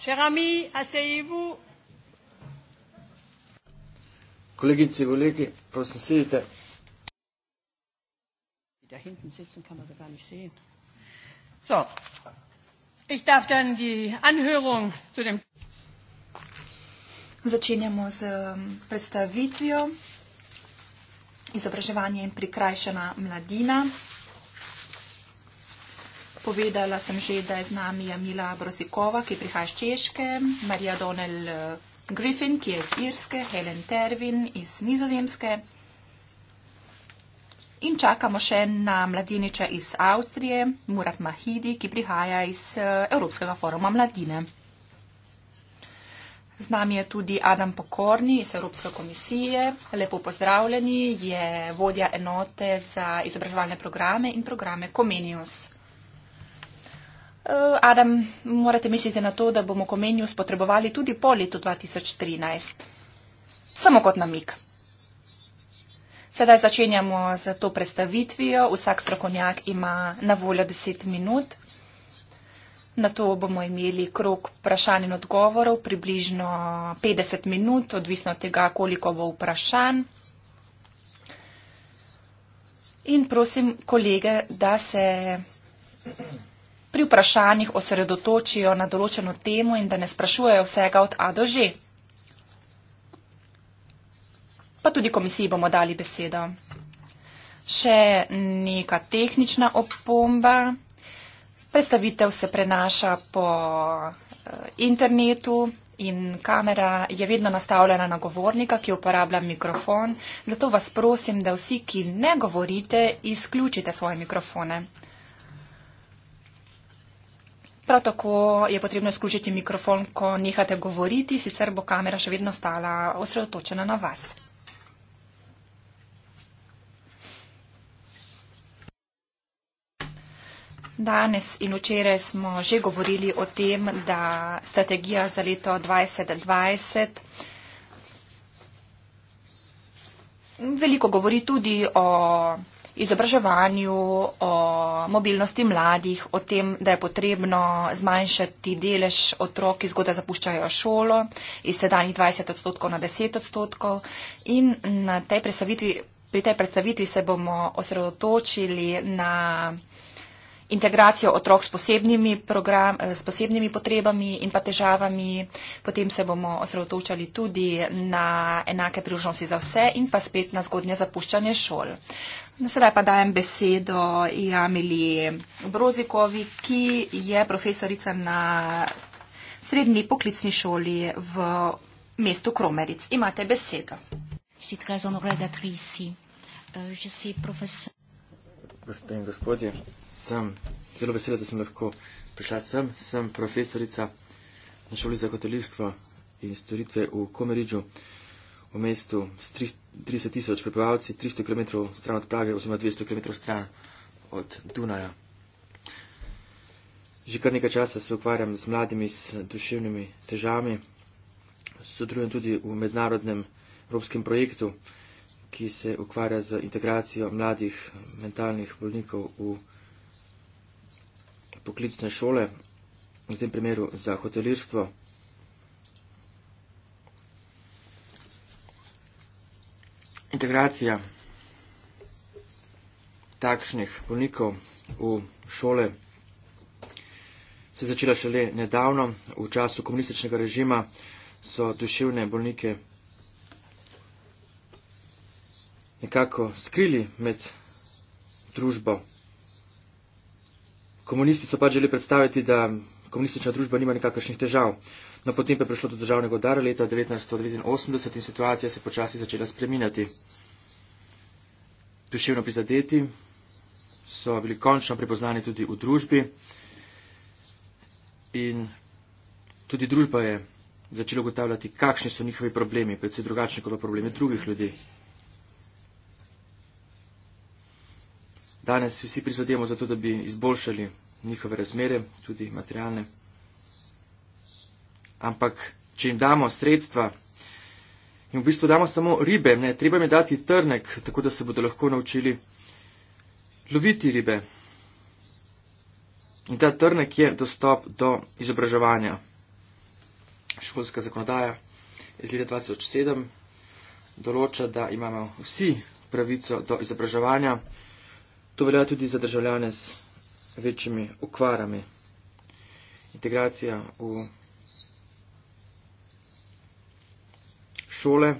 Cher ami, asseyez-vous. Kolegice, kolegi, prosim, sedite. Da hinten sitzen kann man sie gar nicht sehen. So, ich darf dann die Anhörung zu dem. Začenjamo z um, predstavitvijo izobraževanja in prikrajšana mladina. Povedala sem že, da je z nami Jamila Brosikova, ki prihaja iz Češke, Marija Donel eh, Griffin, ki je iz Irske, Helen Tervin iz Nizozemske. In čakamo še na mladiniča iz Avstrije, Murat Mahidi, ki prihaja iz eh, Evropskega foruma mladine. Z nami je tudi Adam Pokorni iz Evropske komisije. Lepo pozdravljeni, je vodja enote za izobraževalne programe in programe Comenius. Eh, Adam, morate misliti na to, da bomo Comenius potrebovali tudi po letu 2013. Samo kot namik. Sedaj začenjamo z to predstavitvijo. Vsak strokovnjak ima na voljo 10 minut. Na to bomo imeli krok vprašanj in odgovorov, približno 50 minut, odvisno od tega, koliko bo vprašanj. In prosim kolege, da se pri vprašanjih osredotočijo na določeno temo in da ne sprašujejo vsega od A do Ž. Pa tudi komisiji bomo dali besedo. Še neka tehnična opomba. Predstavitev se prenaša po eh, internetu in kamera je vedno nastavljena na govornika, ki uporablja mikrofon. Zato vas prosim, da vsi, ki ne govorite, izključite svoje mikrofone. Prav tako je potrebno izključiti mikrofon, ko nehate govoriti, sicer bo kamera še vedno stala osredotočena na vas. Danes in včeraj smo že govorili o tem, da strategija za leto 2020 veliko govori tudi o izobraževanju, o mobilnosti mladih, o tem, da je potrebno zmanjšati delež otrok, ki zgodaj zapuščajo šolo iz sedanjih 20 odstotkov na 10 odstotkov. In tej pri tej predstavitvi se bomo osredotočili na integracijo otrok s posebnimi, program, s posebnimi potrebami in pa težavami. Potem se bomo osredotočali tudi na enake priložnosti za vse in pa spet na zgodnje zapuščanje šol. No, sedaj pa dajem besedo Jamili Brozikovi, ki je profesorica na srednji poklicni šoli v mestu Kromeric. Imate besedo. Eh, Gospe in gospodje, sem zelo vesela, da sem lahko prišla sem. Sem profesorica na šoli za hotelistvo in storitve v Komeriču. Uh, v mestu s 30 tisoč prebivalci, 300 km stran od Prage, oziroma 200 km stran od Dunaja. Že kar nekaj časa se ukvarjam z mladimi s duševnimi težavami, sodelujem tudi v mednarodnem evropskem projektu, ki se ukvarja z integracijo mladih mentalnih bolnikov v poklicne šole, v tem primeru za hotelirstvo. integracija takšnih bolnikov v šole se je začela šele nedavno. V času komunističnega režima so duševne bolnike nekako skrili med družbo. Komunisti so pač želeli predstaviti, da komunistična družba nima nikakršnih težav. No, potem pa je prišlo do državnega udara leta 1989 in situacija se je počasi začela spreminjati. Duševno prizadeti so bili končno prepoznani tudi v družbi in tudi družba je začela ugotavljati, kakšni so njihovi problemi, predvsem drugačni kot problemi drugih ljudi. Danes vsi prizademo za to, da bi izboljšali njihove razmere, tudi materialne ampak če jim damo sredstva, jim v bistvu damo samo ribe, ne, treba jim dati trnek, tako da se bodo lahko naučili loviti ribe. In ta trnek je dostop do izobraževanja. Školska zakonodaja iz leta 2007 določa, da imamo vsi pravico do izobraževanja. To velja tudi za državljane s večjimi okvarami. Integracija v šole,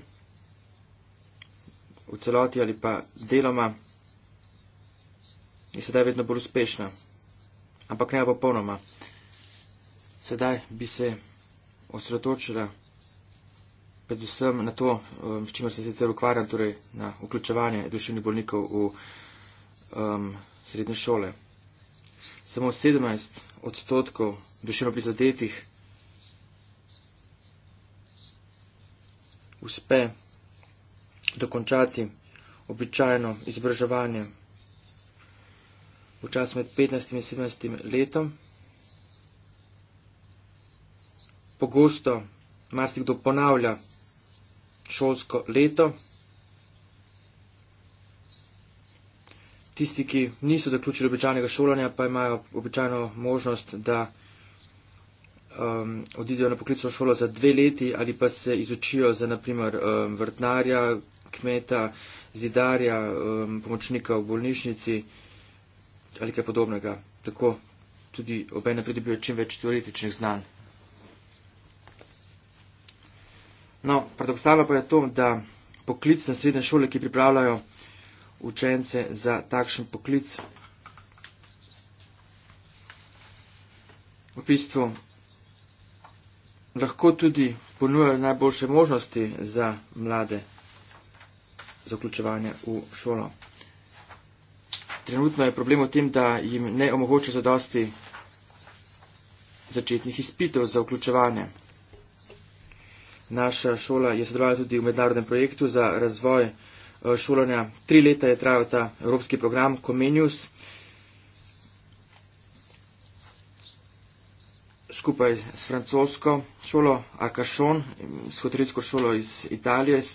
v celoti ali pa deloma, je sedaj vedno bolj uspešna. Ampak ne popolnoma. Sedaj bi se osredotočila predvsem na to, um, s čimer se sicer ukvarjam, torej na vključevanje duševnih bolnikov v um, srednje šole. Samo 17 odstotkov duševno prizadetih uspe dokončati običajno izobraževanje v čas med 15 in 17 letom. Pogosto marsikdo ponavlja šolsko leto. Tisti, ki niso zaključili običajnega šolanja, pa imajo običajno možnost, da um, odidejo na poklicno šolo za dve leti ali pa se izučijo za naprimer um, vrtnarja, kmeta, zidarja, um, pomočnika v bolnišnici ali kaj podobnega. Tako tudi obene pridobijo čim več teoretičnih znanj. No, paradoksalno pa je to, da poklicne srednje šole, ki pripravljajo učence za takšen poklic, v bistvu lahko tudi ponujajo najboljše možnosti za mlade zaključevanje v šolo. Trenutno je problem v tem, da jim ne omogoča zadosti začetnih izpitev za vključevanje. Naša šola je sodelovala tudi v mednarodnem projektu za razvoj eh, šolanja. Tri leta je trajal ta evropski program Comenius, skupaj s francosko šolo Akašon, skotrejsko šolo iz Italije, iz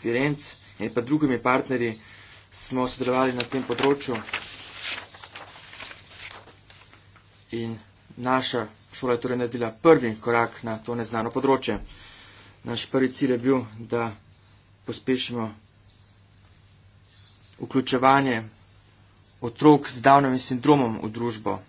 Firenc in pa drugimi partnerji smo sodelovali na tem področju. In naša šola je torej naredila prvi korak na to neznano področje. Naš prvi cilj je bil, da pospešimo vključevanje otrok z davnim sindromom v družbo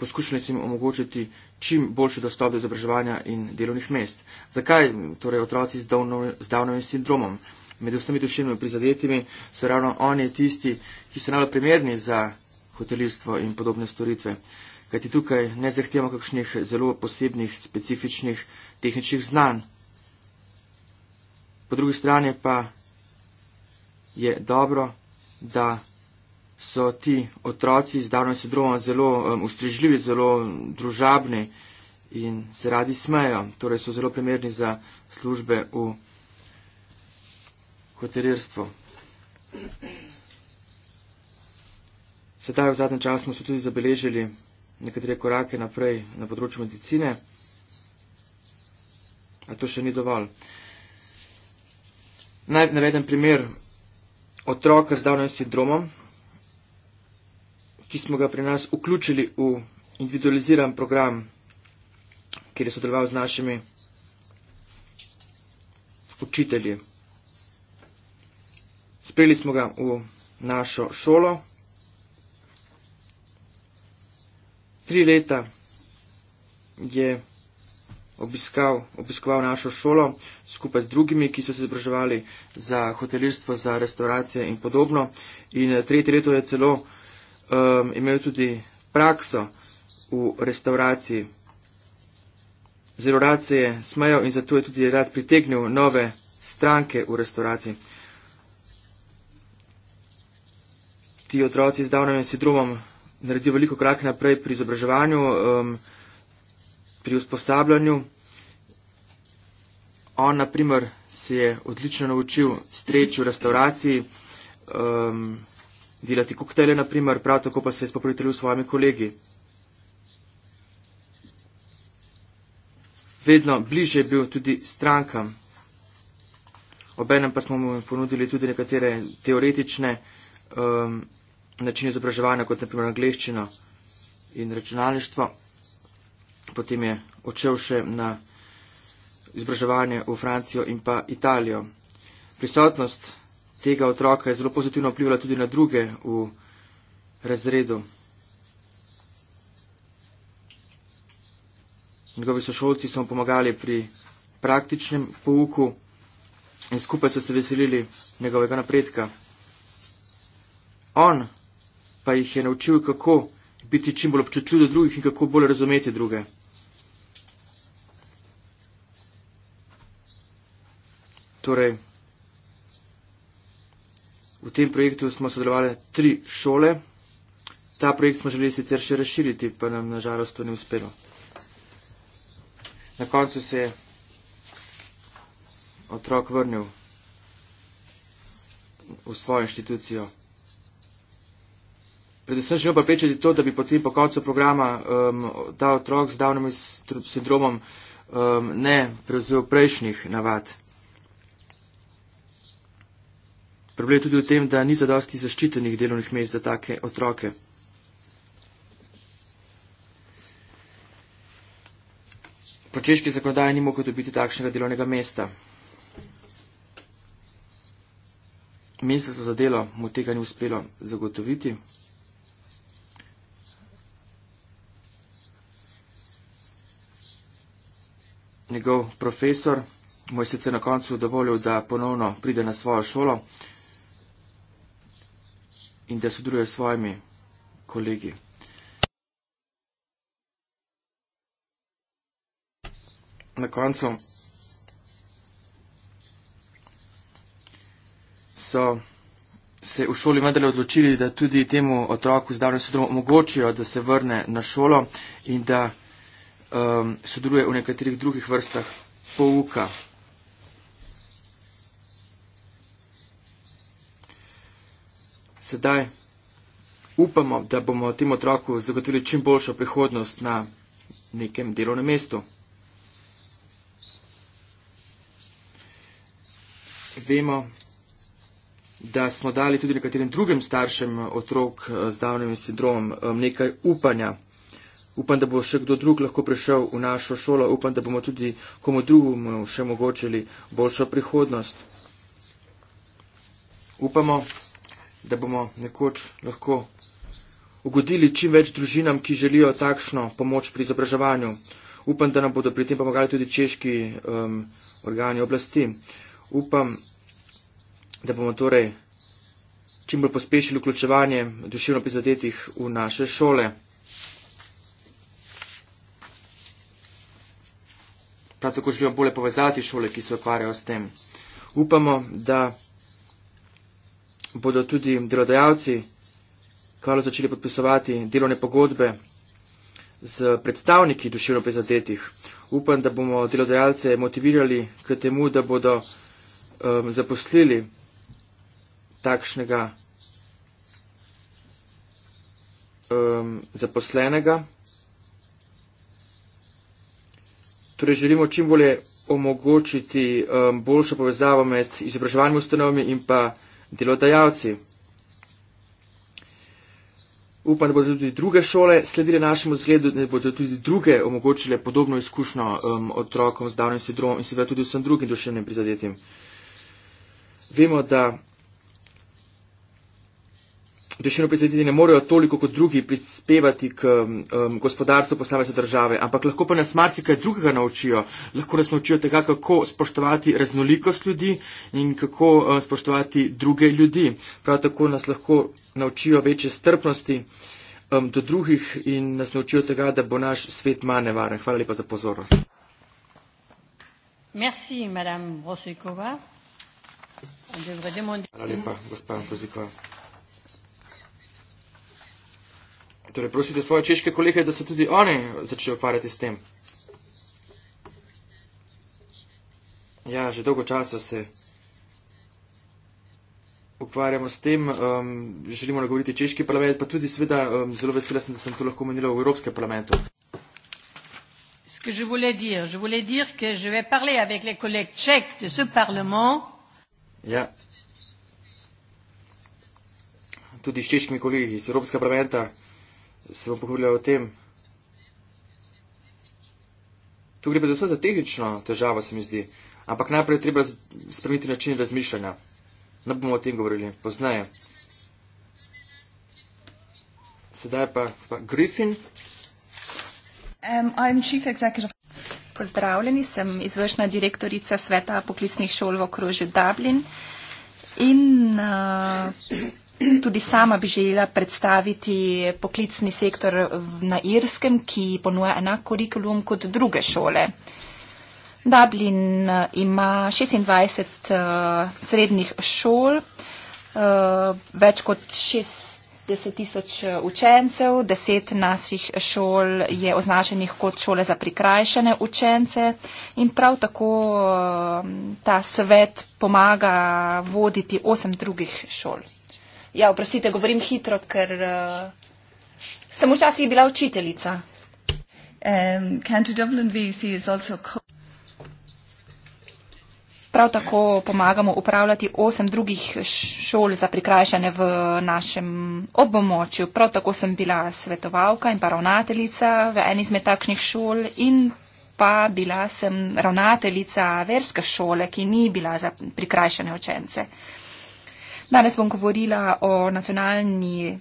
poskušali jim omogočiti čim boljši dostop do izobraževanja in delovnih mest. Zakaj torej otroci z, Downo, z Downovim sindromom? Med vsemi duševnimi prizadetimi so ravno oni tisti, ki so najbolj primerni za hotelistvo in podobne storitve. Kajti tukaj ne zahtevamo kakšnih zelo posebnih, specifičnih tehničnih znanj. Po drugi strani pa je dobro, da so ti otroci z Downovim sindromom zelo um, ustrežljivi, zelo družabni in se radi smejo. Torej so zelo primerni za službe v hotelirstvu. Sedaj v zadnjem času smo se tudi zabeležili nekatere korake naprej na področju medicine, a to še ni dovolj. Naj navedem primer otroka z Downovim sindromom, ki smo ga pri nas vključili v individualiziran program, kjer je sodeloval z našimi učitelji. Sprejeli smo ga v našo šolo. Tri leta je obiskal, obiskoval našo šolo skupaj z drugimi, ki so se izobraževali za hotelirstvo, za restauracije in podobno. In eh, tretje leto je celo uh, um, imel tudi prakso v restauraciji. Zelo rad se je smejal in zato je tudi rad pritegnil nove stranke v restauraciji. Ti otroci z davnim sindromom naredijo veliko krak naprej pri izobraževanju, um, pri usposabljanju. On, na primer, se je odlično naučil streči v restauraciji, um, delati koktele, naprimer, prav tako pa se je spoprijateljil s svojimi kolegi. Vedno bliže je bil tudi strankam. Obenem pa smo mu ponudili tudi nekatere teoretične um, načine izobraževanja, kot naprimer angliščino in računalništvo. Potem je odšel še na izobraževanje v Francijo in pa Italijo. Prisotnost tega otroka je zelo pozitivno vplivala tudi na druge v razredu. Njegovi sošolci so mu pomagali pri praktičnem pouku in skupaj so se veselili njegovega napredka. On pa jih je naučil, kako biti čim bolj občutljiv do drugih in kako bolj razumeti druge. Torej, V tem projektu smo sodelovali tri šole. Ta projekt smo želeli sicer še razširiti, pa nam nažalost to ni uspelo. Na koncu se je otrok vrnil v svojo inštitucijo. Predvsem želim pa pečeti to, da bi potem po koncu programa um, ta otrok z davnim sindromom um, ne prevzel prejšnjih navad. Problem je tudi v tem, da ni zadosti zaščitenih delovnih mest za take otroke. Po češki zakonodaji ni mogel dobiti takšnega delovnega mesta. Ministrstvo za delo mu tega ni uspelo zagotoviti. Njegov profesor mu je sicer na koncu dovolil, da ponovno pride na svojo šolo in da sodeluje s svojimi kolegi. Na koncu so se v šoli vendarle odločili, da tudi temu otroku z danes sodelom omogočijo, da se vrne na šolo in da um, sodeluje v nekaterih drugih vrstah pouka. sedaj upamo, da bomo tem otroku zagotovili čim boljšo prihodnost na nekem delovnem mestu. Vemo, da smo dali tudi nekaterim drugim staršem otrok z davnim sindromom um, nekaj upanja. Upam, da bo še kdo drug lahko prišel v našo šolo, upam, da bomo tudi komu drugemu še omogočili boljšo prihodnost. Upamo, da bomo nekoč lahko ugodili čim več družinam, ki želijo takšno pomoč pri izobraževanju. Upam, da nam bodo pri tem pomagali tudi češki um, organi oblasti. Upam, da bomo torej čim bolj pospešili vključevanje duševno prizadetih v naše šole. Prav tako želimo bolje povezati šole, ki se ukvarjajo s tem. Upamo, da bodo tudi delodajalci kvalo začeli podpisovati delovne pogodbe z predstavniki duševno prizadetih. Upam, da bomo delodajalce motivirali k temu, da bodo um, zaposlili takšnega um, zaposlenega. Torej želimo čim bolje omogočiti um, boljšo povezavo med izobraževanjem ustanovami in pa delodajalci. Upam, da bodo tudi druge šole sledile našemu zgledu, da bodo tudi druge omogočile podobno izkušnjo um, otrokom z davnim sindromom in seveda tudi vsem drugim duševnim prizadetim. Vemo, da Prešeno prizaditi ne morejo toliko kot drugi prispevati k um, gospodarstvu posamezne države, ampak lahko pa nas marsikaj drugega naučijo. Lahko nas naučijo tega, kako spoštovati raznolikost ljudi in kako um, spoštovati druge ljudi. Prav tako nas lahko naučijo večje strpnosti um, do drugih in nas naučijo tega, da bo naš svet manj nevaren. Hvala lepa za pozornost. Merci, madame Brosikova. Hvala lepa, gospod Brosikova. Torej, prosite svoje češke kolege, da se tudi oni začnejo ukvarjati s tem. Ja, že dolgo časa se ukvarjamo s tem, um, želimo nagovoriti češki parlament, pa tudi sveda um, zelo vesela sem, da sem to lahko menila v Evropskem parlamentu. Ja. Tudi s češkimi kolegi iz Evropskega parlamenta se bo pogovarjala o tem. Tu gre predvsem za tehnično težavo, se mi zdi. Ampak najprej treba spremeniti način razmišljanja. Ne bomo o tem govorili, poznaje. Sedaj pa, pa Griffin. Um, Pozdravljeni, sem izvršna direktorica sveta poklicnih šol v okrožju Dublin. In uh, Tudi sama bi želela predstaviti poklicni sektor na Irskem, ki ponuja enak kurikulum kot druge šole. Dublin eh, ima 26 uh, eh, srednjih šol, uh, več kot 60 tisoč učencev, 10 naših šol je označenih kot šole za prikrajšane učence in prav tako uh, ta svet pomaga voditi 8 drugih šol. Ja, oprostite, govorim hitro, ker uh, sem včasih bila učiteljica. Um, e Prav tako pomagamo upravljati osem drugih šol za prikrajšanje v našem območju. Prav tako sem bila svetovalka in pa ravnateljica v eni izmed takšnih šol in pa bila sem ravnateljica verske šole, ki ni bila za prikrajšanje učence. Danes bom govorila o nacionalni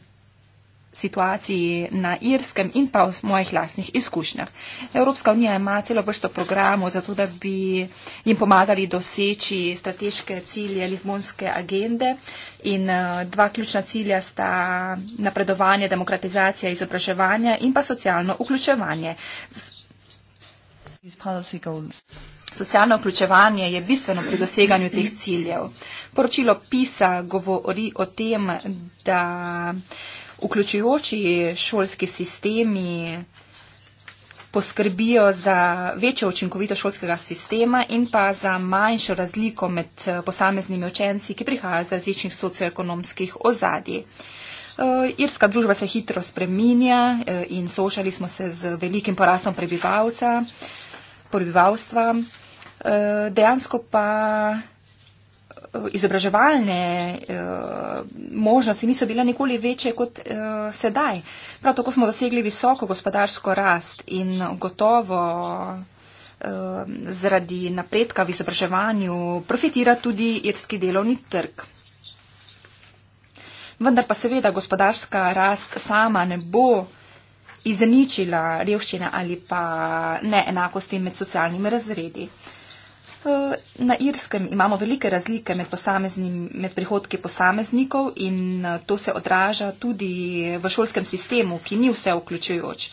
situaciji na Irskem in pa o mojih lasnih izkušnjah. Evropska unija ima celo vrsto programov za to, da bi jim pomagali doseči strateške cilje Lizbonske agende in eh, dva ključna cilja sta napredovanje, demokratizacija, izobraževanje in pa socialno vključevanje. These policy goals. Socialno vključevanje je bistveno pri doseganju teh ciljev. Poročilo PISA govori o tem, da vključujoči šolski sistemi poskrbijo za večjo učinkovito šolskega sistema in pa za manjšo razliko med eh, posameznimi učenci, ki prihajajo iz različnih socioekonomskih ozadij. Eh, irska družba se hitro spreminja eh, in soočali smo se z velikim porastom prebivalca, prebivalstva. Eh, dejansko pa eh, izobraževalne eh, možnosti niso bile nikoli večje kot sedaj. Prav tako smo dosegli visoko gospodarsko rast in gotovo zaradi napredka v izobraževanju profitira tudi irski delovni trg. Vendar pa seveda gospodarska rast sama ne bo izničila revščine ali pa neenakosti med socialnimi razredi. Uh, Eh, na Irskem imamo velike razlike med, med prihodki posameznikov in eh, to se odraža tudi v šolskem sistemu, ki ni vse vključujoč.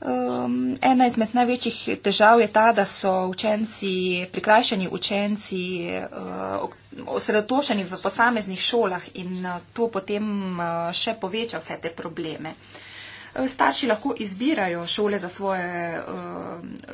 Um, ena izmed največjih težav je ta, da so učenci, prikrajšani učenci uh, osredotočeni v posameznih šolah in to potem uh, še poveča vse te probleme. Uh, Eh, starši lahko izbirajo šole za svoje, eh,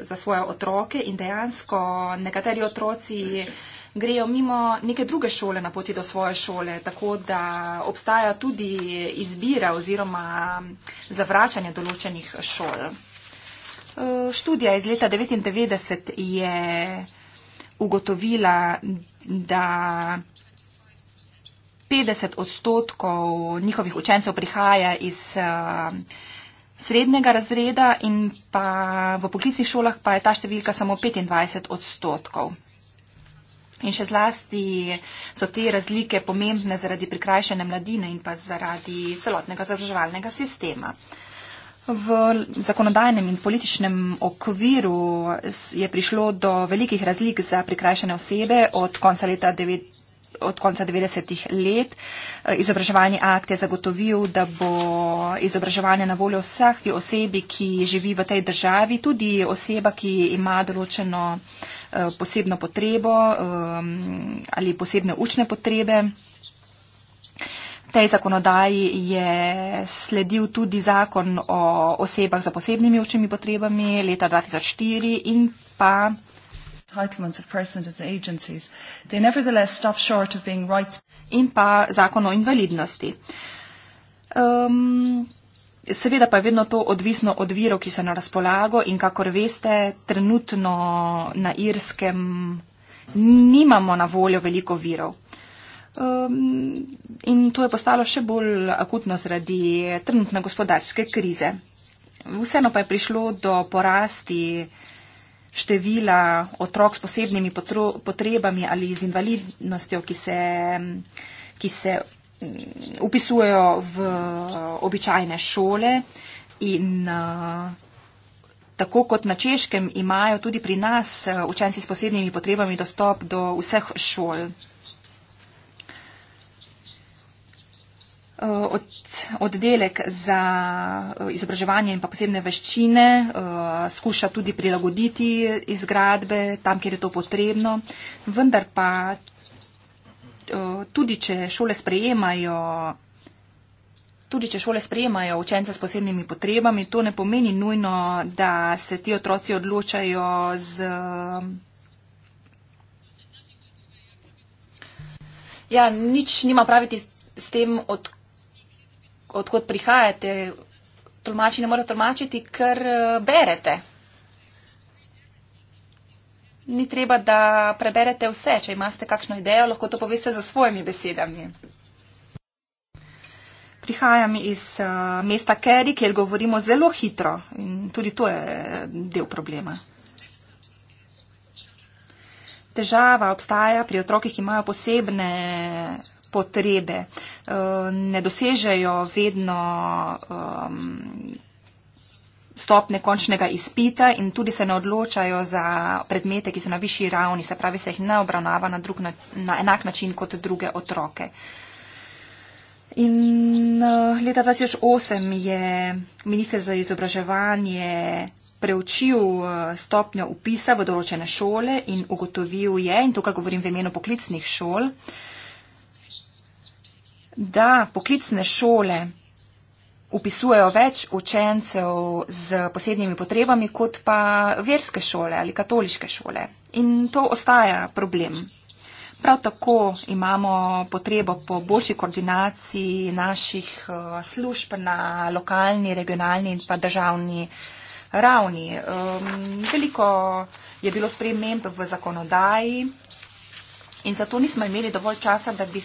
za svoje otroke in dejansko nekateri otroci grejo mimo neke druge šole na poti do svoje šole, tako da obstaja tudi izbira oziroma zavračanje določenih šol. Eh, študija iz leta 1999 je ugotovila, da 50 odstotkov njihovih učencev prihaja iz eh, srednjega razreda in pa v poklicnih šolah pa je ta številka samo 25 odstotkov. In še zlasti so te razlike pomembne zaradi prikrajšene mladine in pa zaradi celotnega zavrževalnega sistema. V zakonodajnem in političnem okviru je prišlo do velikih razlik za prikrajšene osebe od konca leta 1999 od konca 90-ih let. Eh, izobraževalni akt je zagotovil, da bo izobraževanje na voljo vsah osebi, ki živi v tej državi, tudi oseba, ki ima določeno eh, posebno potrebo ehm, ali posebne učne potrebe. Tej zakonodaji je sledil tudi zakon o osebah za posebnimi učnimi potrebami leta 2004 in pa entitlements of persons and agencies, they nevertheless stop short of being rights. In pa zakon o invalidnosti. Um, seveda pa je vedno to odvisno od virov, ki so na razpolago in kakor veste, trenutno na Irskem nimamo na voljo veliko virov. Um, in to je postalo še bolj akutno zaradi trenutne gospodarske krize. Vseeno pa je prišlo do porasti števila otrok s posebnimi potrebami ali z invalidnostjo, ki se, ki se mm, upisujejo v običajne šole. In eh, tako kot na češkem imajo tudi pri nas eh, učenci s posebnimi potrebami dostop do vseh šol. Eh, od, oddelek za eh, izobraževanje in pa posebne veščine eh, skuša tudi prilagoditi izgradbe tam, kjer je to potrebno, vendar pa tudi če šole sprejemajo. Tudi če šole sprejemajo učence s posebnimi potrebami, to ne pomeni nujno, da se ti otroci odločajo z. Ja, nič nima praviti s tem, odkud odkot prihajate, tolmači ne morejo tolmačiti, ker eh, berete. Ni treba, da preberete vse. Če imate kakšno idejo, lahko to poveste za svojimi besedami. Prihajam iz uh, mesta Kerry, kjer govorimo zelo hitro in tudi to je eh, del problema. Težava obstaja pri otrokih, ki imajo posebne potrebe eh, ne dosežejo vedno stopne končnega izpita in tudi se ne odločajo za predmete, ki so na višji ravni, se pravi, se jih ne obravnava na, drug, na enak način kot druge otroke. In eh, leta 2008 je minister za izobraževanje preučil eh, stopnjo upisa v določene šole in ugotovil je, in tukaj govorim v imenu poklicnih šol, da poklicne šole upisujejo več učencev z posebnimi potrebami kot pa verske šole ali katoliške šole. In to ostaja problem. Prav tako imamo potrebo po boljši koordinaciji naših eh, služb na lokalni, regionalni in pa državni ravni. Ehm, veliko je bilo sprememb v zakonodaji in zato nismo imeli dovolj časa, da bi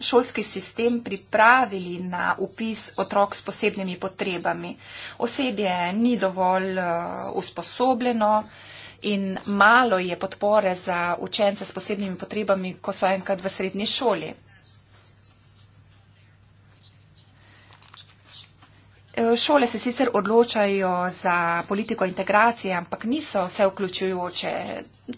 šolski sistem pripravili na upis otrok s posebnimi potrebami. Osebje ni dovolj eh, usposobljeno in malo je podpore za učence s posebnimi potrebami, ko so enkrat v srednji šoli. Eh, šole se sicer odločajo za politiko integracije, ampak niso vse vključujoče.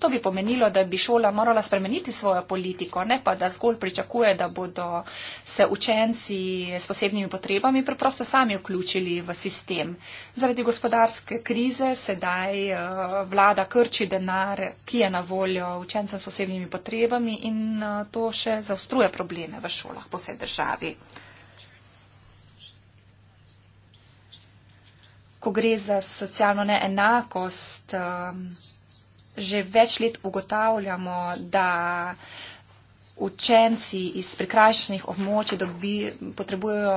To bi pomenilo, da bi šola morala spremeniti svojo politiko, ne pa da zgolj pričakuje, da bodo se učenci s posebnimi potrebami preprosto sami vključili v sistem. Zaradi gospodarske krize sedaj eh, vlada krči denar, ki je na voljo učencem s posebnimi potrebami in eh, to še zaostruje probleme v šolah po vsej državi. ko gre za socialno neenakost, um, že več let ugotavljamo, da učenci iz prikrajšanih območij dobi, potrebujo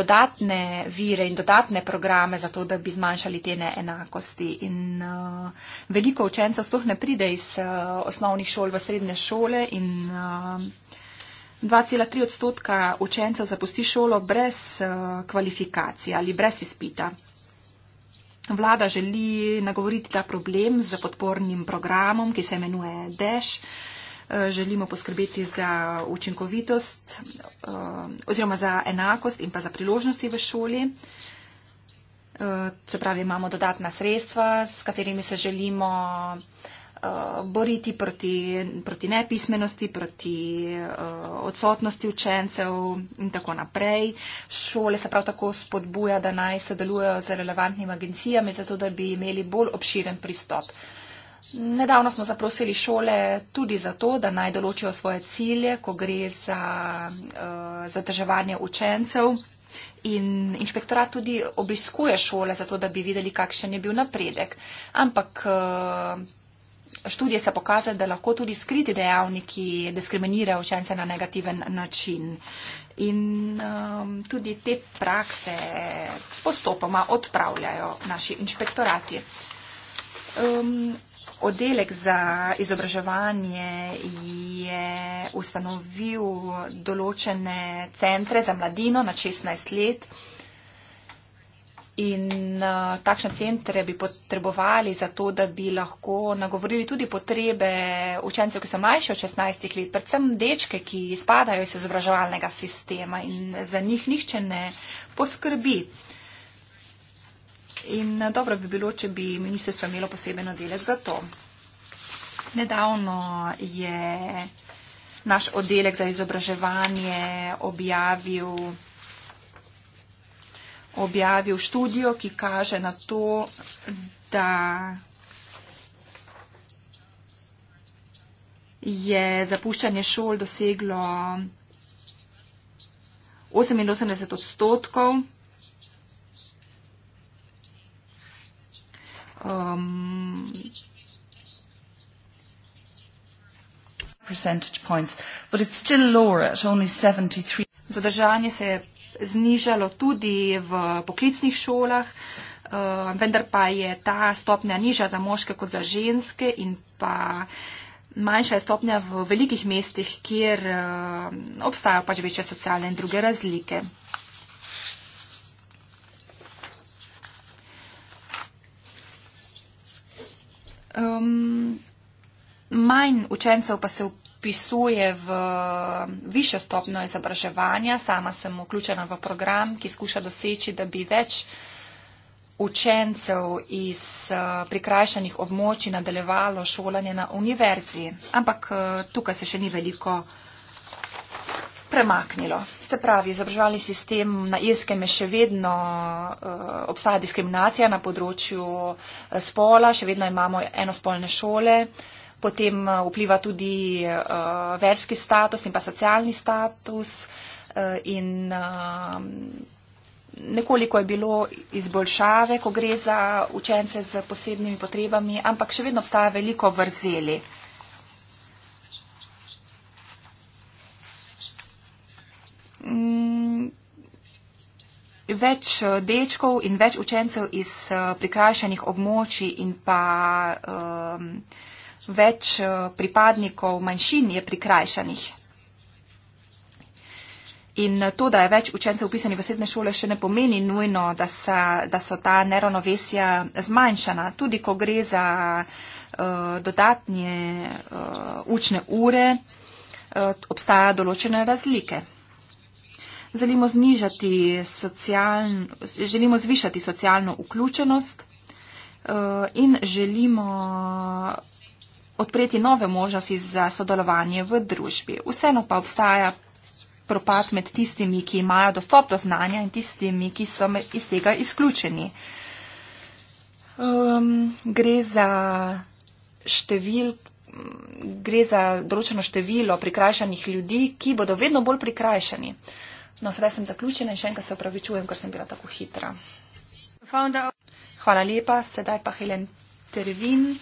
dodatne vire in dodatne programe za to, da bi zmanjšali te neenakosti. In uh, veliko učencev sploh ne pride iz uh, osnovnih šol v srednje šole in uh, um, 2,3 odstotka učencev zapusti šolo brez uh, kvalifikacije ali brez izpita. Vlada želi nagovoriti ta problem z podpornim programom, ki se imenuje DEŠ. Eh, želimo poskrbeti za učinkovitost eh, oziroma za enakost in pa za priložnosti v šoli. Eh, se pravi, imamo dodatna sredstva, s katerimi se želimo uh, boriti proti, proti nepismenosti, proti uh, odsotnosti učencev in tako naprej. Šole se prav tako spodbuja, da naj sodelujejo z relevantnimi agencijami, zato da bi imeli bolj obširen pristop. Nedavno smo zaprosili šole tudi zato, da naj določijo svoje cilje, ko gre za uh, zadrževanje učencev. In inšpektorat tudi obiskuje šole, zato da bi videli, kakšen je bil napredek. Ampak študije so pokazale, da lahko tudi skriti dejavniki diskriminirajo učence na negativen način. In um, tudi te prakse postopoma odpravljajo naši inšpektorati. Um, Odelek za izobraževanje je ustanovil določene centre za mladino na 16 let, uh, In uh, takšne centre bi potrebovali za to, da bi lahko nagovorili tudi potrebe učencev, ki so mlajši od 16 let, predvsem dečke, ki izpadajo iz izobraževalnega sistema in za njih nihče ne poskrbi. In uh, dobro bi bilo, če bi ministrstvo imelo poseben oddelek za to. Nedavno je naš oddelek za izobraževanje objavil objavil študijo, ki kaže na to, da je zapuščanje šol doseglo 88 odstotkov. Um, Zadržanje se je znižalo tudi v poklicnih šolah, eh, vendar pa je ta stopnja nižja za moške kot za ženske in pa manjša je stopnja v velikih mestih, kjer eh, obstajajo pač večje socialne in druge razlike. Um, manj učencev pa se vprašajo vpisuje v um, višjo stopno izobraževanja. Sama sem vključena v program, ki skuša doseči, da bi več učencev iz uh, prikrajšanih območij nadaljevalo šolanje na univerzi. Ampak uh, tukaj se še ni veliko premaknilo. Se pravi, izobraževalni sistem na Irskem je še vedno uh, obstaja diskriminacija na področju spola, še vedno imamo enospolne šole potem eh, vpliva tudi uh, verski status in pa socialni status. Uh, in, uh, Nekoliko je bilo izboljšave, ko gre za učence z posebnimi potrebami, ampak še vedno obstaja veliko vrzeli. Mm, več dečkov in več učencev iz prikrajšanih območij in pa um, več eh, pripadnikov manjšin je prikrajšanih. In eh, to, da je več učencev upisani v srednje šole, še ne pomeni nujno, da so, da so ta neravnovesja zmanjšana. Tudi, ko gre za uh, eh, dodatnje uh, učne ure, uh, obstaja določene razlike. Želimo, socialn, želimo zvišati socialno vključenost uh, in želimo odpreti nove možnosti za sodelovanje v družbi. Vseeno pa obstaja propad med tistimi, ki imajo dostop do znanja in tistimi, ki so iz tega izključeni. Um, gre za števil, gre za določeno število prikrajšanih ljudi, ki bodo vedno bolj prikrajšani. No, sedaj sem zaključena in še enkrat se opravičujem, ker sem bila tako hitra. Hvala lepa, sedaj pa Helen Tervin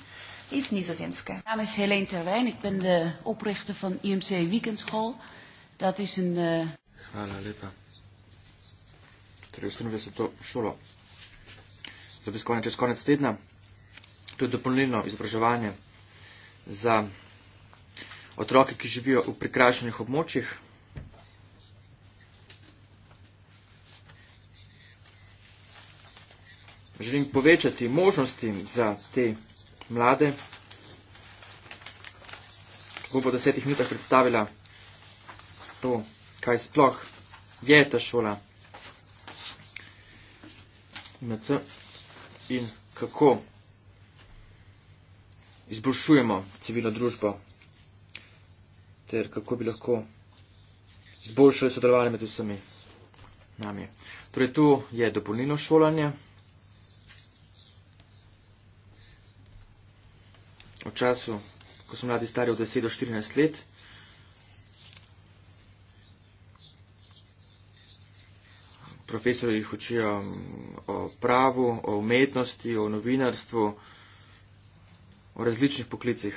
iz Nizozemske. Mijn naam is Helene Terwijn, ik ben de oprichter van IMC Weekendschool. Dat is een. Uh... Hvala lepa. Ter torej, ustanovlja se to šolo. Za obiskovanje čez konec tedna. To je dopolnilno izobraževanje za otroke, ki živijo v prikrajšanih območjih. Želim povečati možnosti za te mlade. Bom po desetih minutah predstavila to, kaj sploh je ta šola IMC in kako izboljšujemo civilno družbo ter kako bi lahko izboljšali sodelovanje med vsemi nami. Torej, tu je dopolnilno šolanje. v času, ko so mladi stari od 10 do 14 let. Profesori jih učijo mm, o pravu, o umetnosti, o novinarstvu, o različnih poklicih.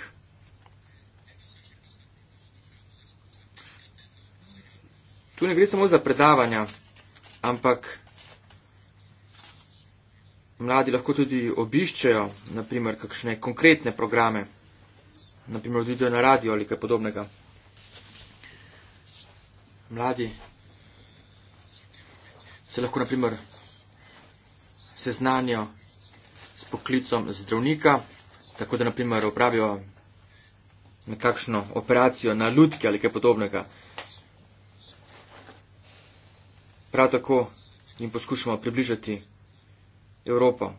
Tu ne gre samo za predavanja, ampak mladi lahko tudi obiščejo, naprimer, kakšne konkretne programe, naprimer, da idejo na radio ali kaj podobnega. Mladi se lahko, naprimer, seznanjajo s poklicom zdravnika, tako da, naprimer, opravijo nekakšno operacijo na ljudke ali kaj podobnega. Prav tako jim poskušamo približati Evropo.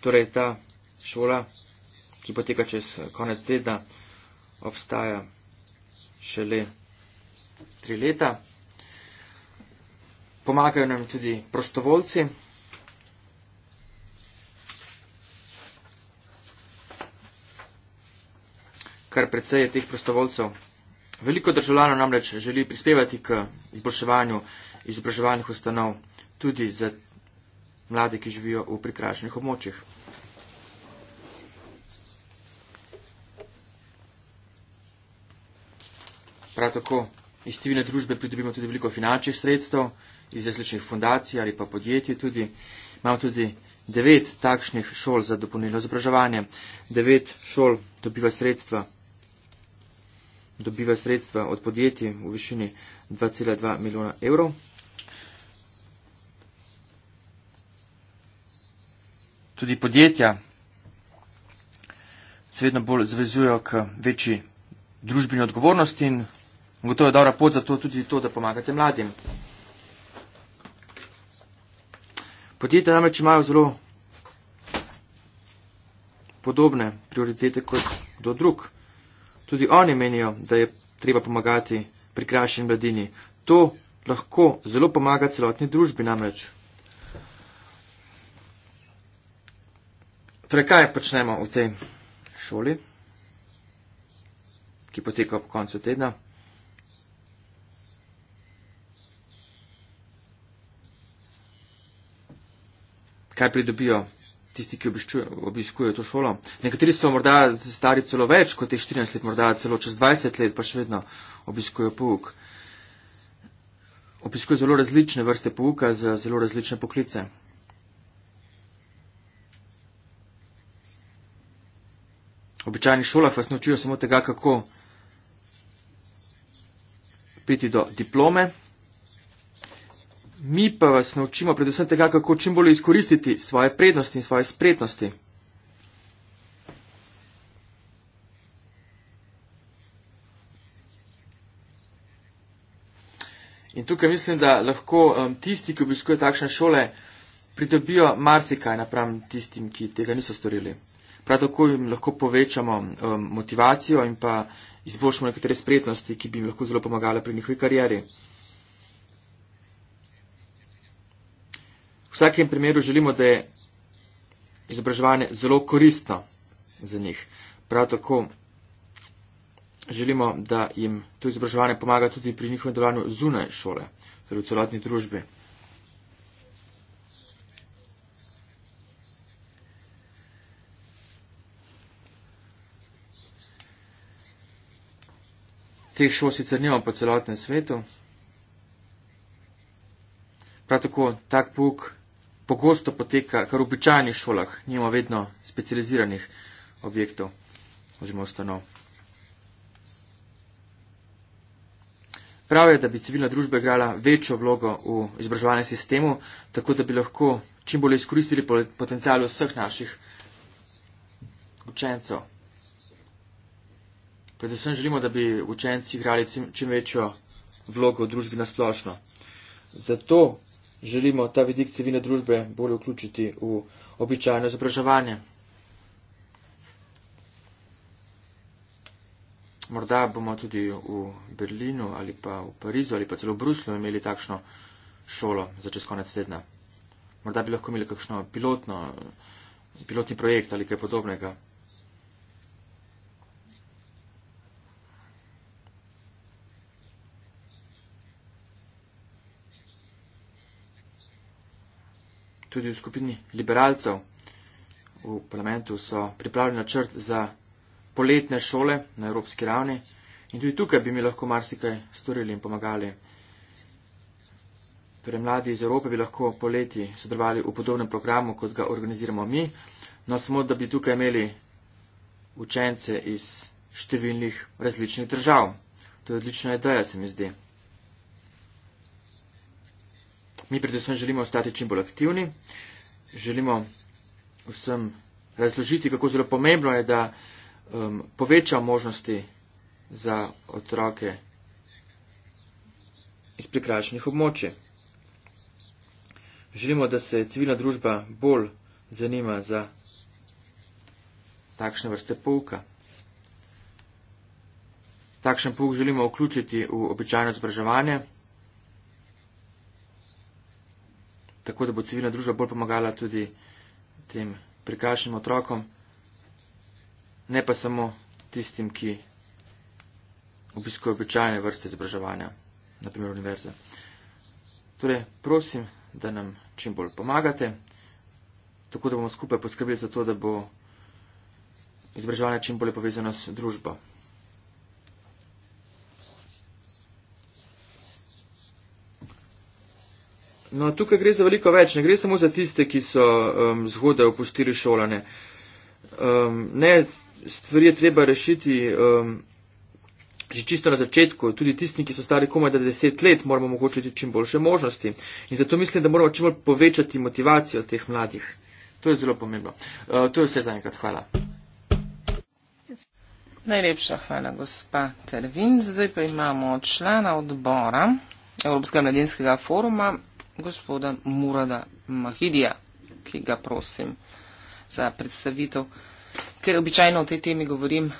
Torej ta šola, ki poteka čez konec tedna, obstaja šele tri leta. Pomagajo nam tudi prostovoljci. kar predvsej je teh prostovoljcev. Veliko državljanov namreč želi prispevati k izboljševanju izobraževalnih ustanov tudi za mladi, ki živijo v prikrajšnih območjih. Prav tako iz civilne družbe pridobimo tudi veliko finančnih sredstev, iz različnih fundacij ali pa podjetij tudi. Imamo tudi devet takšnih šol za dopolnilno izobraževanje. Devet šol dobiva sredstva, dobiva sredstva od podjetij v višini 2,2 milijona evrov. tudi podjetja se vedno bolj zvezujejo k večji družbeni odgovornosti in gotovo je dobra pot za to tudi to, da pomagate mladim. Podjetja namreč imajo zelo podobne prioritete kot do drug. Tudi oni menijo, da je treba pomagati prikrajšeni mladini. To lahko zelo pomaga celotni družbi namreč. Torej, kaj počnemo v tej šoli, ki poteka ob koncu tedna? Kaj pridobijo tisti, ki obiskujejo to šolo? Nekateri so morda stari celo več kot teh 14 let, morda celo čez 20 let, pa še vedno obiskujejo pouk. Obiskujejo zelo različne vrste pouka za zelo različne poklice. običajnih šolah vas ne učijo samo tega, kako priti do diplome. Mi pa vas naučimo predvsem tega, kako čim bolje izkoristiti svoje prednosti in svoje spretnosti. In tukaj mislim, da lahko um, tisti, ki obiskujejo takšne šole, pridobijo marsikaj napram tistim, ki tega niso storili. Prav tako jim lahko povečamo um, motivacijo in pa izboljšamo nekatere spretnosti, ki bi jim lahko zelo pomagale pri njihovi karieri. V vsakem primeru želimo, da je izobraževanje zelo koristno za njih. Prav tako želimo, da jim to izobraževanje pomaga tudi pri njihovem delovanju zunaj šole, torej v celotni družbi. Teh šol sicer nima po celotnem svetu. Prav tako tak puk pogosto poteka, kar v običajnih šolah nima vedno specializiranih objektov oziroma ustanov. Prav je, da bi civilna družba igrala večjo vlogo v izobraževalnem sistemu, tako da bi lahko čim bolje izkoristili potencial vseh naših učencev predvsem želimo, da bi učenci igrali čim večjo vlogo v družbi nasplošno. Zato želimo ta vidik civilne družbe bolj vključiti v običajno izobraževanje. Morda bomo tudi v Berlinu ali pa v Parizu ali pa celo v Bruslju imeli takšno šolo za čez konec tedna. Morda bi lahko imeli kakšno pilotno, pilotni projekt ali kaj podobnega. tudi v skupini liberalcev. V parlamentu so pripravljeni načrt za poletne šole na evropski ravni in tudi tukaj bi mi lahko marsikaj storili in pomagali. Torej, mladi iz Evrope bi lahko poleti sodelovali v podobnem programu, kot ga organiziramo mi, no samo, da bi tukaj imeli učence iz številnih različnih držav. To je odlična ideja, se mi zdi. Mi predvsem želimo ostati čim bolj aktivni. Želimo vsem razložiti, kako zelo pomembno je, da um, poveča možnosti za otroke iz prikrajšnih območij. Želimo, da se civilna družba bolj zanima za takšne vrste pouka. Takšen pouk želimo vključiti v običajno izobraževanje. tako da bo civilna družba bolj pomagala tudi tem prikrašenim otrokom, ne pa samo tistim, ki obiskujejo običajne vrste izobraževanja, naprimer univerze. Torej, prosim, da nam čim bolj pomagate, tako da bomo skupaj poskrbeli za to, da bo izobraževanje čim bolje povezano s družbo. No, tukaj gre za veliko več, ne gre samo za tiste, ki so um, zgodaj opustili šolane. Um, ne, stvari je treba rešiti um, že čisto na začetku. Tudi tisti, ki so stari komaj da deset let, moramo omogočiti čim boljše možnosti. In zato mislim, da moramo čim bolj povečati motivacijo teh mladih. To je zelo pomembno. Uh, to je vse za enkrat. Hvala. Najlepša hvala, gospa Tervin. Zdaj pa imamo člana odbora Evropskega mladinskega foruma gospoda Murada Mahidija, ki ga prosim za predstavitev, ker običajno o tej temi govorim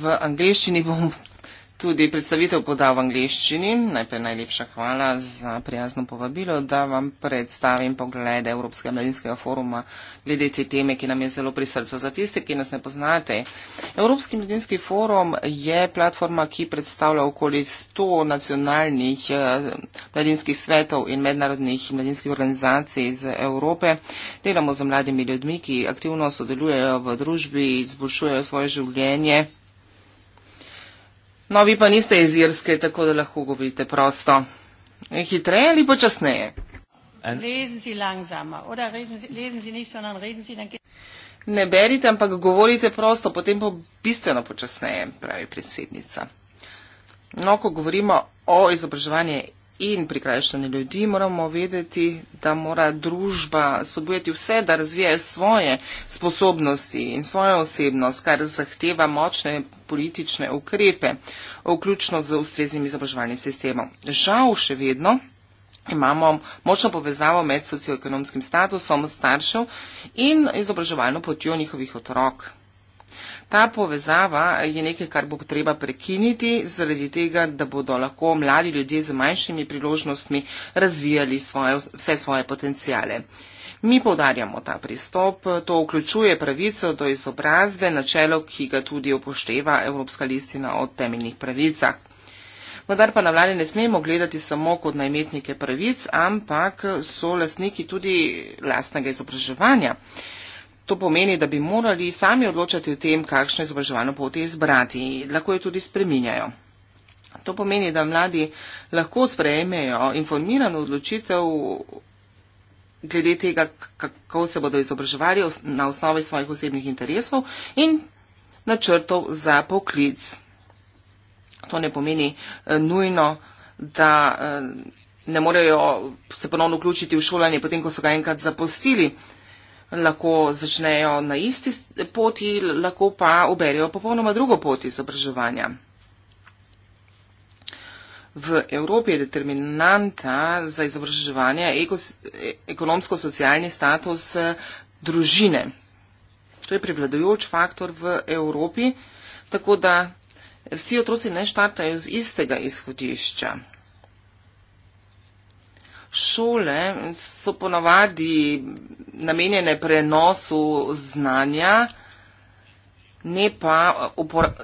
v angleščini, bom tudi predstavitev poda v angliščini. Najprej najlepša hvala za prijazno povabilo, da vam predstavim poglede Evropskega mladinskega foruma glede te teme, ki nam je zelo pri srcu. Za tiste, ki nas ne poznate, Evropski mladinski forum je platforma, ki predstavlja okoli 100 nacionalnih eh, mladinskih svetov in mednarodnih mladinskih organizacij iz Evrope. Delamo z mladimi ljudmi, ki aktivno sodelujejo v družbi, izboljšujejo svoje življenje No, vi pa niste iz Irske, tako da lahko govorite prosto. E, hitreje ali počasneje? Ne berite, ampak govorite prosto, potem bo bistveno počasneje, pravi predsednica. No, ko govorimo o izobraževanju in prikrajšane ljudi, moramo vedeti, da mora družba spodbujati vse, da razvijajo svoje sposobnosti in svojo osebnost, kar zahteva močne politične ukrepe, vključno z ustreznim izobraževalnim sistemom. Žal še vedno imamo močno povezavo med socioekonomskim statusom staršev in izobraževalno potjo njihovih otrok. Ta povezava je nekaj, kar bo treba prekiniti, zaradi tega, da bodo lahko mladi ljudje z manjšimi priložnostmi razvijali svoje, vse svoje potencijale. Mi povdarjamo ta pristop, to vključuje pravico do izobrazbe, načelo, ki ga tudi upošteva Evropska listina o temeljnih pravicah. Vendar pa na vlade ne smemo gledati samo kot najmetnike pravic, ampak so lastniki tudi lastnega izobraževanja. To pomeni, da bi morali sami odločati o tem, kakšno izobraževalno pot izbrati. Lahko jo tudi spreminjajo. To pomeni, da mladi lahko sprejmejo informirano odločitev glede tega, kako se bodo izobraževali na osnovi svojih osebnih interesov in načrtov za poklic. To ne pomeni eh, nujno, da eh, ne morejo se ponovno vključiti v šolanje, potem ko so ga enkrat zapustili lahko začnejo na isti poti, lahko pa oberijo popolnoma drugo pot izobraževanja. V Evropi je determinanta za izobraževanje ekonomsko-socialni status eh, družine. To je prevladujoč faktor v Evropi, tako da vsi otroci ne štartajo z istega izhodišča. Šole so ponavadi namenjene prenosu znanja, ne, pa,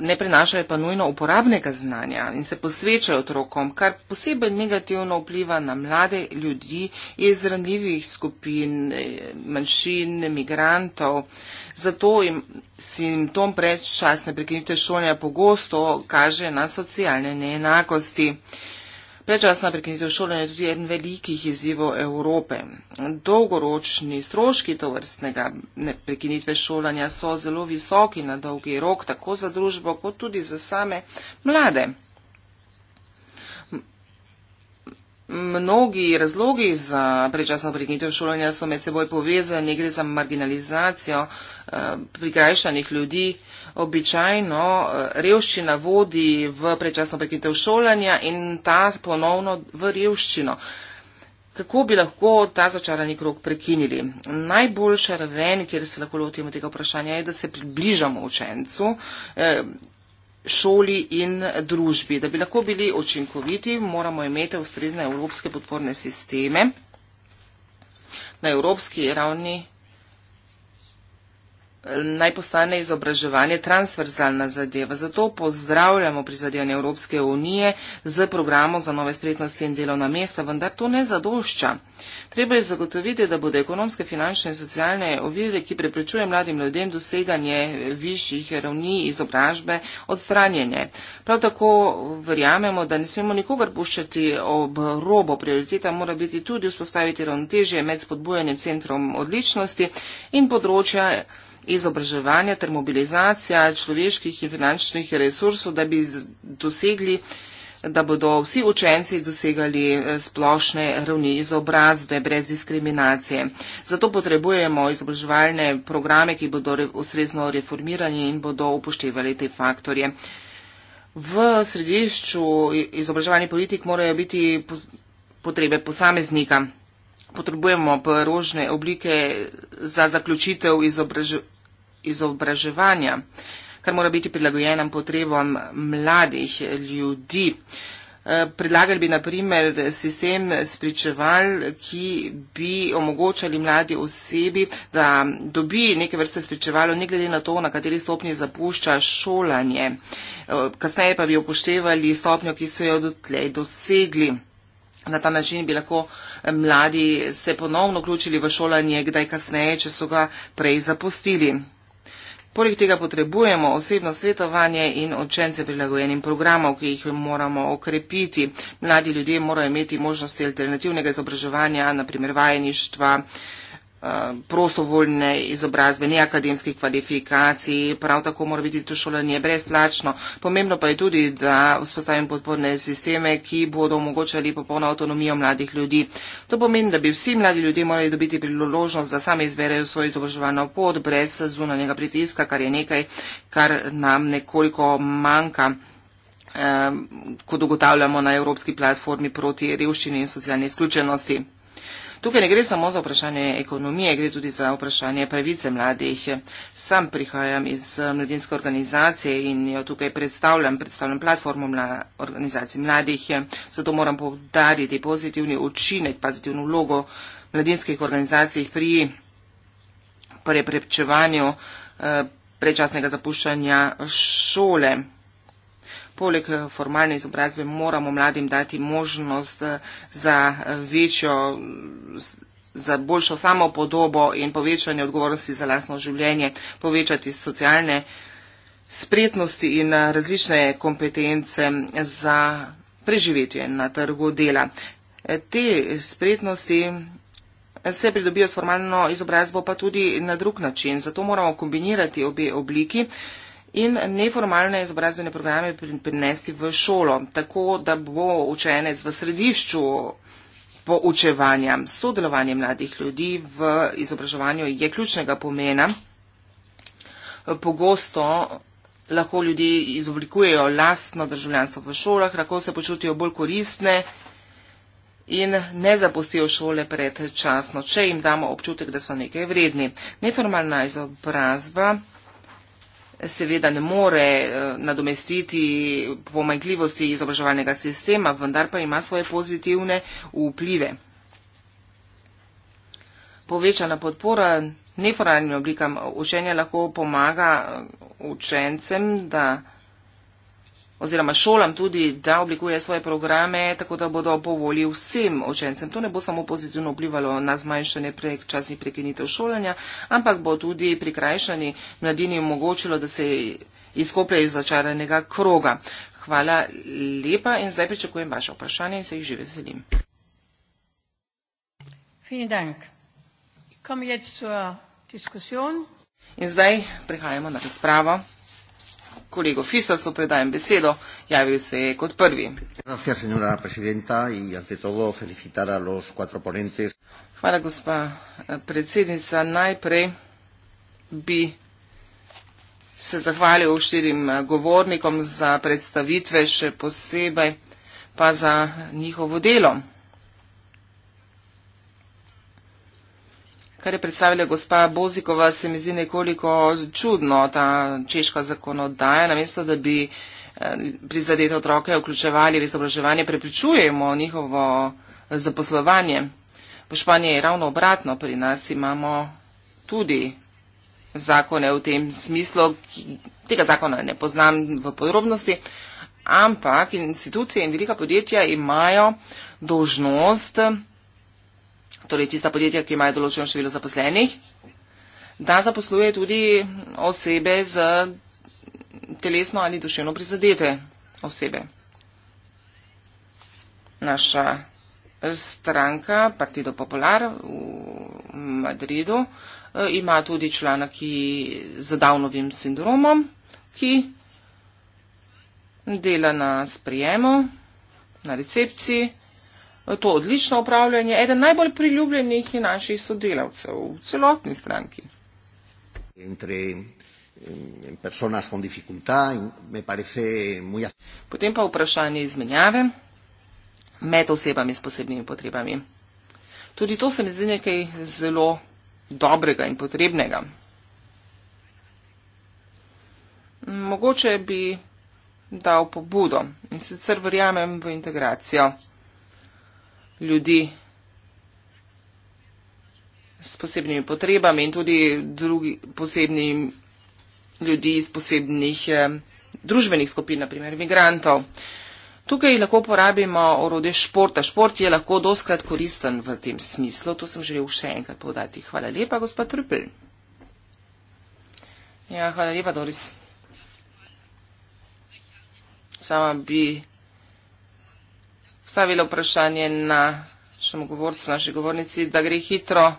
ne prenašajo pa nujno uporabnega znanja in se posvečajo otrokom, kar posebej negativno vpliva na mlade ljudi iz ranljivih skupin, manjšin, migrantov. Zato jim simptom predčasne prekinitve šolanja pogosto kaže na socialne neenakosti. Prečasna prekinitev šolanja je tudi eden velikih izzivov Evrope. Dolgoročni stroški to vrstnega prekinitve šolanja so zelo visoki na dolgi rok, tako za družbo, kot tudi za same mlade. Mnogi razlogi za prečasno prekinitev šolanja so med seboj povezani, gre za marginalizacijo eh, prikrajšanih ljudi. Običajno eh, revščina vodi v prečasno prekinitev šolanja in ta ponovno v revščino. Kako bi lahko ta začarani krok prekinili? Najboljša raven, kjer se lahko lotimo tega vprašanja, je, da se približamo učencu, eh, šoli in družbi. Da bi lahko bili učinkoviti, moramo imeti ustrezne evropske podporne sisteme na evropski ravni naj postane izobraževanje transverzalna zadeva. Zato pozdravljamo prizadevanje Evropske unije z programom za nove spretnosti in delovna mesta, vendar to ne zadošča. Treba je zagotoviti, da bodo ekonomske, finančne in socialne ovire, ki preprečuje mladim ljudem doseganje višjih ravni izobražbe, odstranjene. Prav tako verjamemo, da ne smemo nikogar puščati ob robo. Prioriteta mora biti tudi vzpostaviti ravnotežje med spodbujanjem centrom odličnosti in področja izobraževanja ter mobilizacija človeških in finančnih resursov, da bi dosegli da bodo vsi učenci dosegali eh, splošne ravni izobrazbe brez diskriminacije. Zato potrebujemo izobraževalne programe, ki bodo ustrezno reformirani in bodo upoštevali te faktorje. V središču izobraževalnih politik morajo biti potrebe posameznika potrebujemo prožne oblike za zaključitev izobraž izobraževanja, kar mora biti prilagojenem potrebam mladih ljudi. Eh, predlagali bi naprimer sistem spričeval, ki bi omogočali mladi osebi, da dobi neke vrste spričevalo, ne glede na to, na kateri stopnji zapušča šolanje. Eh, kasneje pa bi upoštevali stopnjo, ki so jo dotlej dosegli. Na ta način bi lahko eh, mladi se ponovno vključili v šolanje, kdaj kasneje, če so ga prej zapustili. Poleg tega potrebujemo osebno svetovanje in učence prilagojenim programov, ki jih moramo okrepiti. Mladi ljudje morajo imeti možnosti alternativnega izobraževanja, naprimer vajeništva, prostovoljne izobrazbe, ne akademskih kvalifikacij, prav tako mora biti to šolanje brezplačno. Pomembno pa je tudi, da vzpostavim podporne sisteme, ki bodo omogočali popolno avtonomijo mladih ljudi. To pomeni, da bi vsi mladi ljudje morali dobiti priložnost, da sami izberejo svojo izobraževalno pot brez zunanjega pritiska, kar je nekaj, kar nam nekoliko manjka eh, ko dogotavljamo na Evropski platformi proti revščini in socialni izključenosti. Tukaj ne gre samo za vprašanje ekonomije, gre tudi za vprašanje pravice mladih. Sam prihajam iz eh, mladinske organizacije in jo tukaj predstavljam, predstavljam platformo mla, organizacij mladih. Zato moram povdariti pozitivni učinek, pozitivno vlogo mladinskih organizacij pri preprečevanju eh, predčasnega zapuščanja šole poleg eh, formalne izobrazbe moramo mladim dati možnost eh, za eh, večjo za boljšo samopodobo in povečanje odgovornosti za lastno življenje, povečati socialne spretnosti in različne kompetence za preživetje na trgu dela. Te spretnosti se pridobijo s formalno izobrazbo pa tudi na drug način, zato moramo kombinirati obe obliki in neformalne izobrazbene programe prinesti v šolo, tako da bo učenec v središču poučevanja. Sodelovanje mladih ljudi v izobraževanju je ključnega pomena. Pogosto lahko ljudje izoblikujejo lastno državljanstvo v šolah, lahko se počutijo bolj koristne in ne zapustijo šole predčasno, če jim damo občutek, da so nekaj vredni. Neformalna izobrazba seveda ne more eh, nadomestiti pomanjkljivosti izobraževalnega sistema, vendar pa ima svoje pozitivne vplive. Povečana podpora neformalnim oblikam učenja lahko pomaga eh, učencem, da oziroma šolam tudi, da oblikuje svoje programe, tako da bodo po volji vsem učencem. To ne bo samo pozitivno vplivalo na zmanjšanje prek časnih prekinitev šolanja, ampak bo tudi prikrajšani mladini omogočilo, da se izkopljajo iz začaranega kroga. Hvala lepa in zdaj pričakujem vaše vprašanje in se jih že veselim. In zdaj prihajamo na razpravo kolego Fisasu predajem besedo, javil se je kot prvi. Hvala, gospa eh, predsednica. Najprej bi se zahvalil štirim eh, govornikom za predstavitve, še posebej pa za njihovo delo. Kar je predstavila gospa Bozikova, se mi zdi nekoliko čudno, ta češka zakonodaja, namesto da bi eh, prizadete otroke vključevali v izobraževanje, prepričujemo njihovo eh, zaposlovanje. V Španiji je ravno obratno, pri nas imamo tudi zakone v tem smislu, ki, tega zakona ne poznam v podrobnosti, ampak institucije in velika podjetja imajo dožnost, torej tista podjetja, ki imajo določeno število zaposlenih, da zaposluje tudi osebe z telesno ali duševno prizadete osebe. Naša stranka Partido Popular v Madridu eh, ima tudi člana, ki z Downovim sindromom, ki dela na sprijemu, na recepciji, to odlično upravljanje, eden najbolj priljubljenih je naših sodelavcev v celotni stranki. Potem pa vprašanje izmenjave med osebami s posebnimi potrebami. Tudi to se mi zdi nekaj zelo dobrega in potrebnega. Mogoče bi dal pobudo in sicer verjamem v integracijo ljudi s posebnimi potrebami in tudi drugi posebni ljudi iz posebnih eh, družbenih skupin, naprimer imigrantov. Tukaj lahko porabimo orode športa. Šport je lahko doskrat koristen v tem smislu. To sem želel še enkrat povdati. Hvala lepa, gospod Trpel. Ja, hvala lepa, Doris. Sama bi postavila vprašanje našemu govorcu, naši govornici, da gre hitro,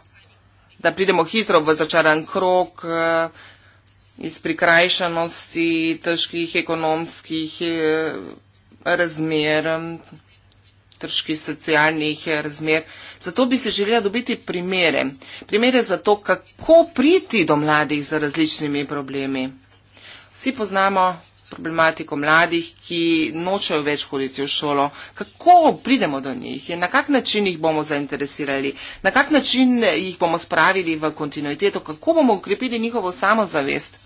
da pridemo hitro v začaran krok eh, iz prikrajšanosti težkih ekonomskih eh, razmer, težkih socialnih eh, razmer. Zato bi se želela dobiti primere. Primere za to, kako priti do mladih z različnimi problemi. Vsi poznamo problematiko mladih, ki nočejo več hoditi v šolo. Kako pridemo do njih in na kak način jih bomo zainteresirali, na kak način jih bomo spravili v kontinuiteto, kako bomo ukrepili njihovo samozavest?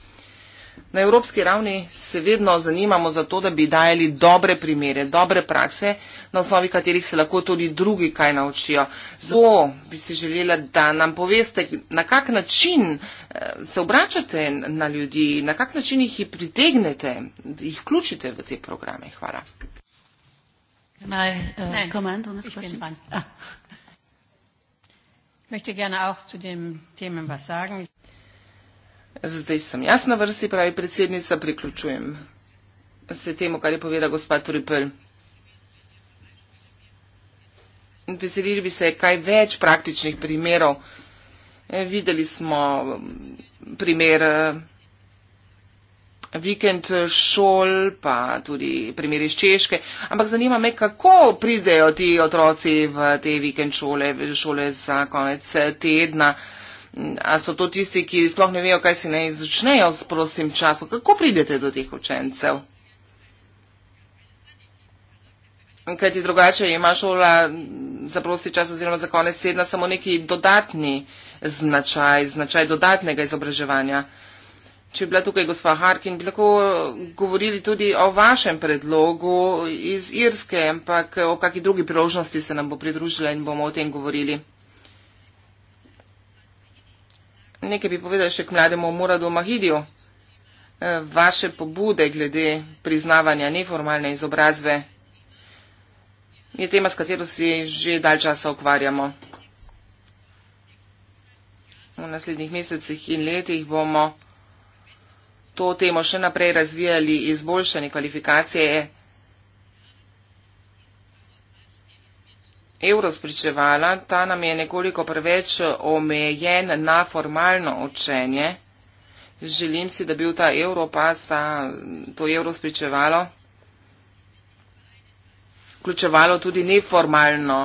Na evropski ravni se vedno zanimamo za to, da bi dajali dobre primere, dobre prakse, na osnovi katerih se lahko tudi drugi kaj naučijo. Zelo bi si želela, da nam poveste, na kak način eh, se obračate na ljudi, na kak način jih pritegnete, jih vključite v te programe. Hvala. Nein, äh, nein. Zdaj sem jaz na vrsti, pravi predsednica, priključujem se temu, kar je povedal gospod Turipel. Veselili bi se kaj več praktičnih primerov. E, videli smo mm, primer e, vikend šol, pa tudi primer iz Češke, ampak zanima me, kako pridejo ti otroci v te vikend šole, šole za konec tedna. A so to tisti, ki sploh ne vejo, kaj si ne izučnejo s prostim časom? Kako pridete do teh učencev? Kaj ti drugače ima šola za prosti čas oziroma za konec sedna samo neki dodatni značaj, značaj dodatnega izobraževanja? Če je bila tukaj gospa Harkin, bi lahko govorili tudi o vašem predlogu iz Irske, ampak o kakšni drugi priložnosti se nam bo pridružila in bomo o tem govorili. Nekaj bi povedali še k mlademu Muradu Mahidiju. E, vaše pobude glede priznavanja neformalne izobrazbe je tema, s katero si že dalj časa ukvarjamo. V naslednjih mesecih in letih bomo to temo še naprej razvijali izboljšanje kvalifikacije evrov spričevala, ta namen je koliko preveč omejen na formalno učenje. Želim si, da bi bil ta evro pas, ta, to evro spričevalo, vključevalo tudi neformalno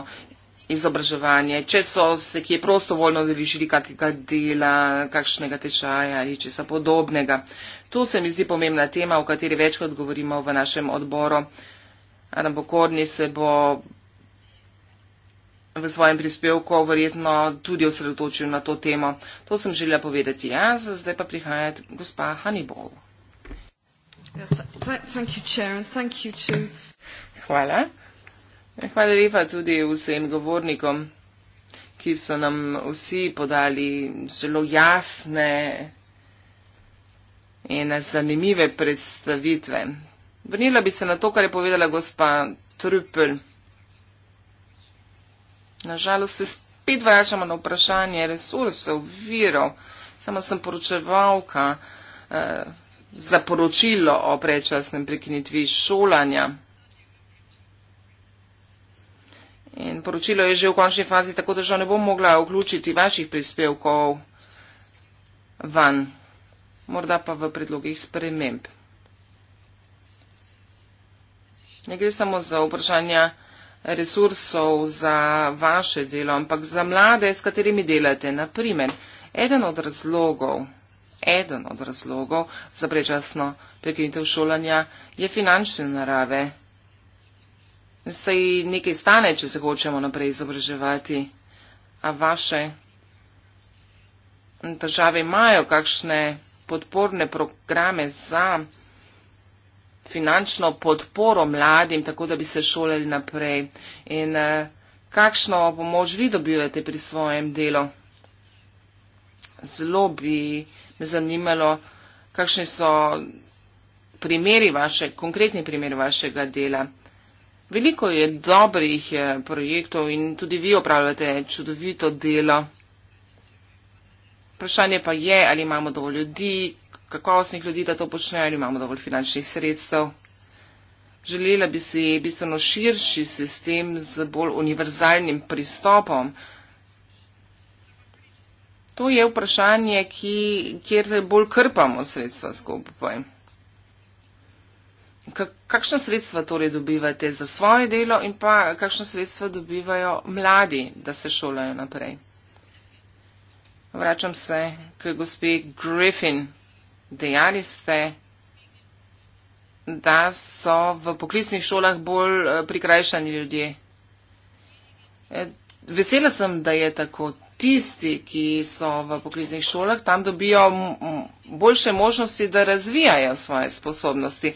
izobraževanje, če so se kje prostovoljno odrešili kakega dela, kakšnega tečaja ali česa podobnega. Tu se mi zdi pomembna tema, o kateri večkrat govorimo v našem odboru. Adam Pokorni se bo v svojem prispevku verjetno tudi osredotočil na to temo. To sem želela povedati jaz, zdaj pa prihaja gospa Hannibal. Hvala. Hvala lepa tudi vsem govornikom, ki so nam vsi podali zelo jasne in zanimive predstavitve. Vrnila bi se na to, kar je povedala gospa Trupel. Nažalost se spet vračamo na vprašanje resursov, virov. Sama sem poročevalka eh, za poročilo o predčasnem prekinitvi šolanja. In poročilo je že v končni fazi, tako da žal ne bom mogla vključiti vaših prispevkov van, morda pa v predlogih sprememb. Ne gre samo za vprašanja resursov za vaše delo, ampak za mlade, s katerimi delate. Naprimer, eden od razlogov, eden od razlogov za prečasno prekinitev šolanja je finančne narave. Sej nekaj stane, če se hočemo naprej izobraževati, a vaše države imajo kakšne podporne programe za finančno podporo mladim, tako da bi se šolali naprej. In uh, kakšno pomoč vi dobivate pri svojem delu? Zelo bi me zanimalo, kakšni so primeri vaše, konkretni primeri vašega dela. Veliko je dobrih eh, projektov in tudi vi opravljate čudovito delo. Vprašanje pa je, ali imamo dovolj ljudi, kakovostnih ljudi, da to počnejo, ali imamo dovolj finančnih sredstev. Želela bi si bistveno širši sistem z bolj univerzalnim pristopom. To je vprašanje, ki, kjer se bolj krpamo sredstva skupaj. Kakšna sredstva torej dobivate za svoje delo in pa kakšna sredstva dobivajo mladi, da se šolajo naprej? Vračam se k gospe Griffin. Dejali ste, da so v poklicnih šolah bolj eh, prikrajšani ljudje. Eh, vesela sem, da je tako. Tisti, ki so v poklicnih šolah, tam dobijo boljše možnosti, da razvijajo svoje sposobnosti.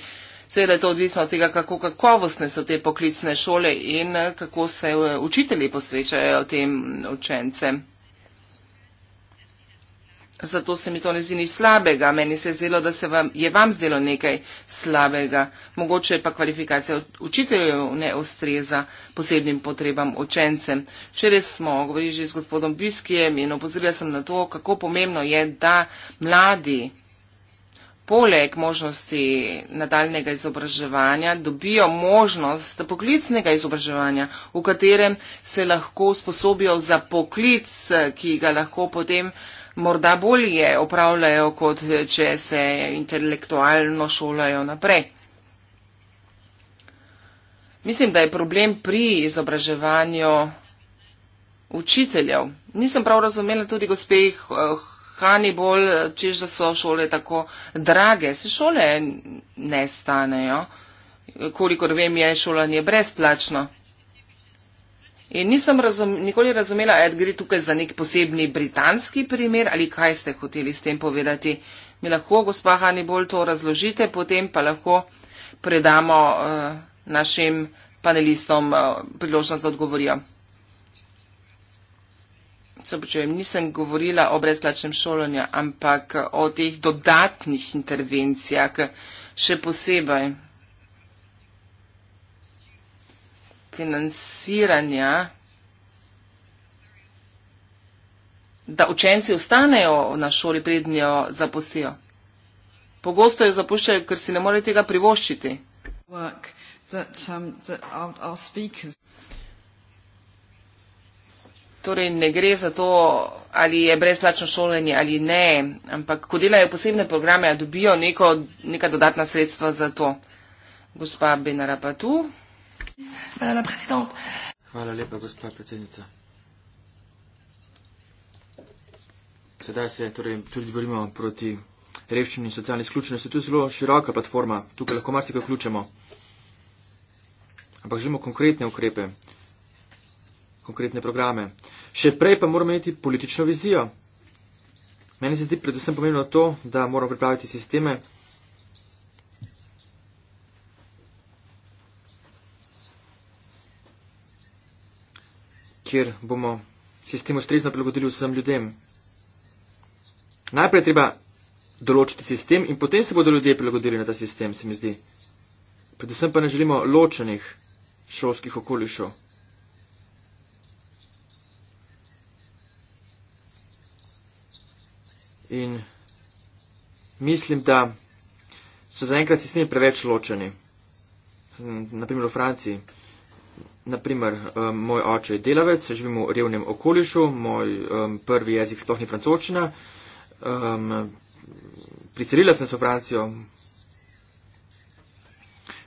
Seveda je to odvisno od tega, kako kakovostne so te poklicne šole in eh, kako se učitelji posvečajo tem učencem. Zato se mi to ne zdi nič slabega. Meni se je zdelo, da se vam, je vam zdelo nekaj slabega. Mogoče pa kvalifikacija učiteljev ne ustreza posebnim potrebam učencem. Če res smo govorili že z gospodom Biskijem in opozorila sem na to, kako pomembno je, da mladi poleg možnosti nadaljnega izobraževanja dobijo možnost poklicnega izobraževanja, v katerem se lahko sposobijo za poklic, ki ga lahko potem morda bolje opravljajo, kot če se intelektualno šolajo naprej. Mislim, da je problem pri izobraževanju učiteljev. Nisem prav razumela tudi gospeh Hannibal, čež da so šole tako drage. Se šole ne stanejo. Kolikor vem, je šolanje brezplačno. In nisem razum, nikoli razumela, da gre tukaj za nek posebni britanski primer ali kaj ste hoteli s tem povedati. Mi lahko, gospa Hani, bolj to razložite, potem pa lahko predamo uh, našim panelistom uh, priložnost, da odgovorijo. Sobičujem, nisem govorila o brezplačnem šolanju, ampak o teh dodatnih intervencijah, še posebej financiranja, da učenci ostanejo na šoli, prednjo zapustijo. Pogosto jo zapuščajo, ker si ne more tega privoščiti. Um, torej ne gre za to, ali je brezplačno šolenje ali ne, ampak ko delajo posebne programe, dobijo neko, neka dodatna sredstva za to. Gospa Benara pa tu. Hvala, predsednik. Hvala lepa, gospod predsednica. Sedaj se torej, tudi borimo proti revščini in socialni izključenosti. To je zelo široka platforma, tukaj lahko marsikaj vključimo. Ampak želimo konkretne ukrepe, konkretne programe. Še prej pa moramo imeti politično vizijo. Meni se zdi predvsem pomembno to, da moramo pripraviti sisteme, kjer bomo sistem ustrezno prilagodili vsem ljudem. Najprej treba določiti sistem in potem se bodo ljudje prilagodili na ta sistem, se mi zdi. Predvsem pa ne želimo ločenih šolskih okolišov. In mislim, da so zaenkrat sistemi preveč ločeni. Naprimer v Franciji naprimer, um, eh, moj oče je delavec, živimo v revnem okolišu, moj um, prvi jezik sploh ni francočina, um, priselila sem se v Francijo,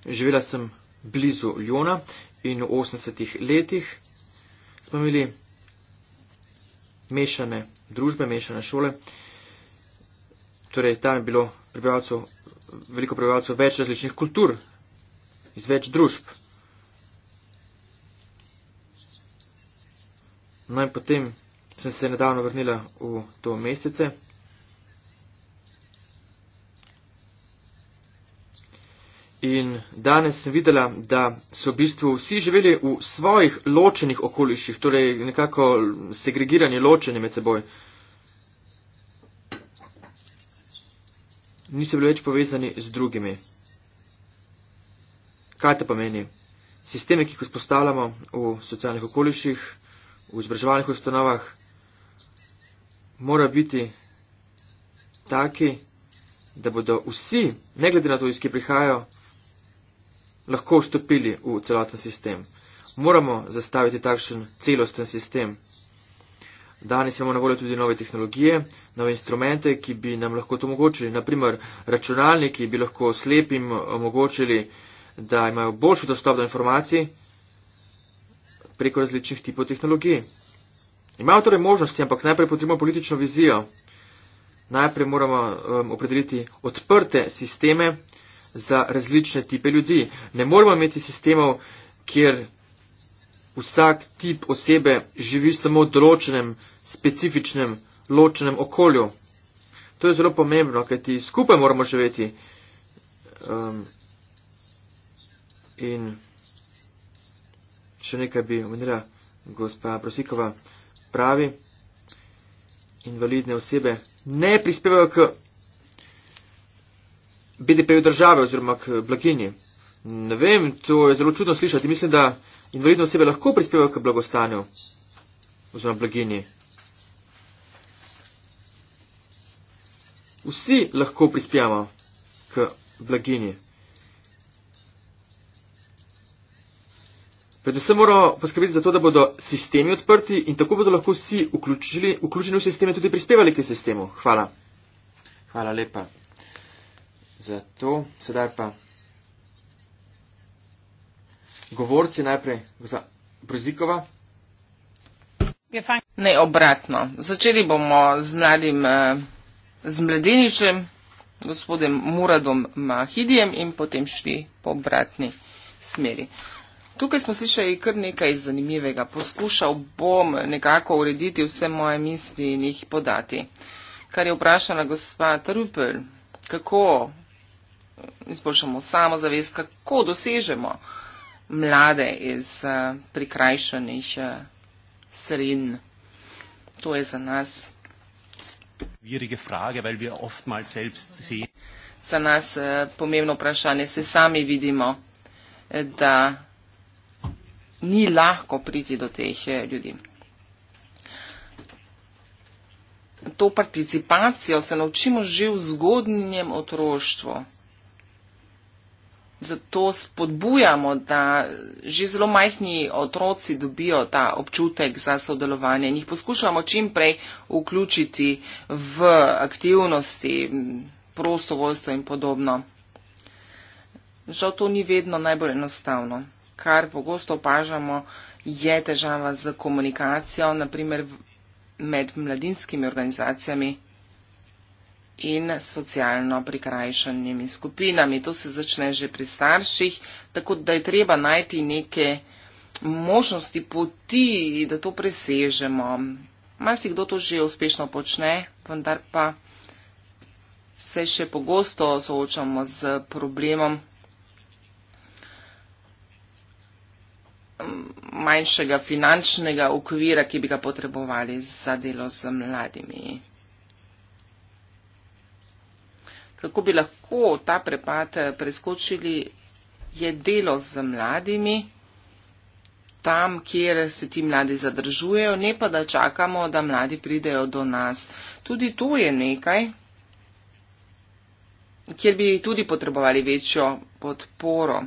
živela sem blizu Ljona in v 80-ih letih smo imeli mešane družbe, mešane šole. Torej, tam je bilo prebivalcev, veliko prebivalcev več različnih kultur, iz več družb. No in potem sem se nedavno vrnila v to mestece. In danes sem videla, da so v bistvu vsi živeli v svojih ločenih okoliših, torej nekako segregirani, ločeni med seboj. Niso bili več povezani z drugimi. Kaj to pomeni? Sisteme, ki jih vzpostavljamo v socialnih okoliših, v izobraževalnih ustanovah mora biti taki, da bodo vsi, ne glede na to, iz ki prihajajo, lahko vstopili v celoten sistem. Moramo zastaviti takšen celosten sistem. Danes imamo na voljo tudi nove tehnologije, nove instrumente, ki bi nam lahko to omogočili. Naprimer, računalniki bi lahko slepim omogočili, da imajo boljši dostop do informacij preko različnih tipov tehnologij. Imamo torej možnosti, ampak najprej potrebujemo politično vizijo. Najprej moramo um, opredeliti odprte sisteme za različne type ljudi. Ne moramo imeti sistemov, kjer vsak tip osebe živi samo v določenem, specifičnem, ločenem okolju. To je zelo pomembno, kajti skupaj moramo živeti. Um, in še nekaj bi omenila gospa Brosikova, pravi, invalidne osebe ne prispevajo k BDP-ju države oziroma k blaginji. Ne vem, to je zelo čudno slišati. Mislim, da invalidne osebe lahko prispevajo k blagostanju oziroma blaginji. Vsi lahko prispevamo k blaginji. Predvsem moramo poskrbeti za to, da bodo sistemi odprti in tako bodo lahko vsi vključili, vključeni v sistem in tudi prispevali k sistemu. Hvala. Hvala lepa za to. Sedaj pa govorci najprej, gospod Brzikova. Ja, ne obratno. Začeli bomo z mladim, eh, z mladeničem, gospodem Muradom Mahidijem in potem šli po obratni smeri. Tukaj smo slišali kar nekaj zanimivega. Poskušal bom nekako urediti vse moje misli in jih podati. Kar je vprašala gospa Trupel, kako izboljšamo samozavest, kako dosežemo mlade iz eh, prikrajšanih eh, sredin. To je za nas. Frage, za nas eh, pomembno vprašanje se sami vidimo, da ni lahko priti do teh eh, ljudi. To participacijo se naučimo že v zgodnjem otroštvu. Zato spodbujamo, da že zelo majhni otroci dobijo ta občutek za sodelovanje in jih poskušamo čimprej vključiti v aktivnosti, prostovoljstvo in podobno. Žal to ni vedno najbolj enostavno kar pogosto opažamo, je težava z komunikacijo, naprimer med mladinskimi organizacijami in socialno prikrajšanimi skupinami. To se začne že pri starših, tako da je treba najti neke možnosti poti, da to presežemo. Masi kdo to že uspešno počne, vendar pa se še pogosto soočamo z problemom manjšega finančnega okvira, ki bi ga potrebovali za delo z mladimi. Kako bi lahko ta prepad preskočili, je delo z mladimi tam, kjer se ti mladi zadržujejo, ne pa da čakamo, da mladi pridejo do nas. Tudi to je nekaj, kjer bi tudi potrebovali večjo podporo.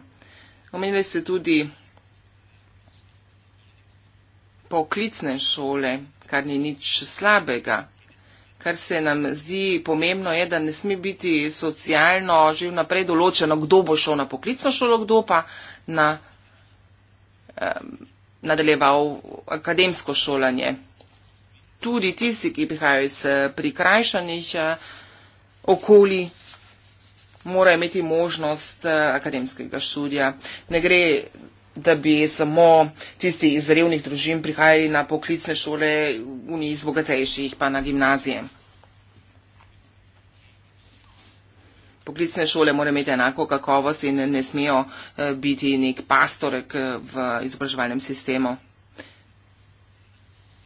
Omenili ste tudi poklicne šole, kar ni nič slabega. Kar se nam zdi pomembno je, da ne sme biti socialno že vnaprej določeno, kdo bo šel na poklicno šolo, kdo pa na, um, nadaljeval akademsko šolanje. Tudi tisti, ki prihajajo iz eh, prikrajšanih eh, okoli, morajo imeti možnost eh, akademskega študija. Ne gre da bi samo tisti iz revnih družin prihajali na poklicne šole, oni iz bogatejših pa na gimnazije. Poklicne šole morajo imeti enako kakovost in ne smejo eh, biti nek pastorek eh, v izobraževalnem sistemu.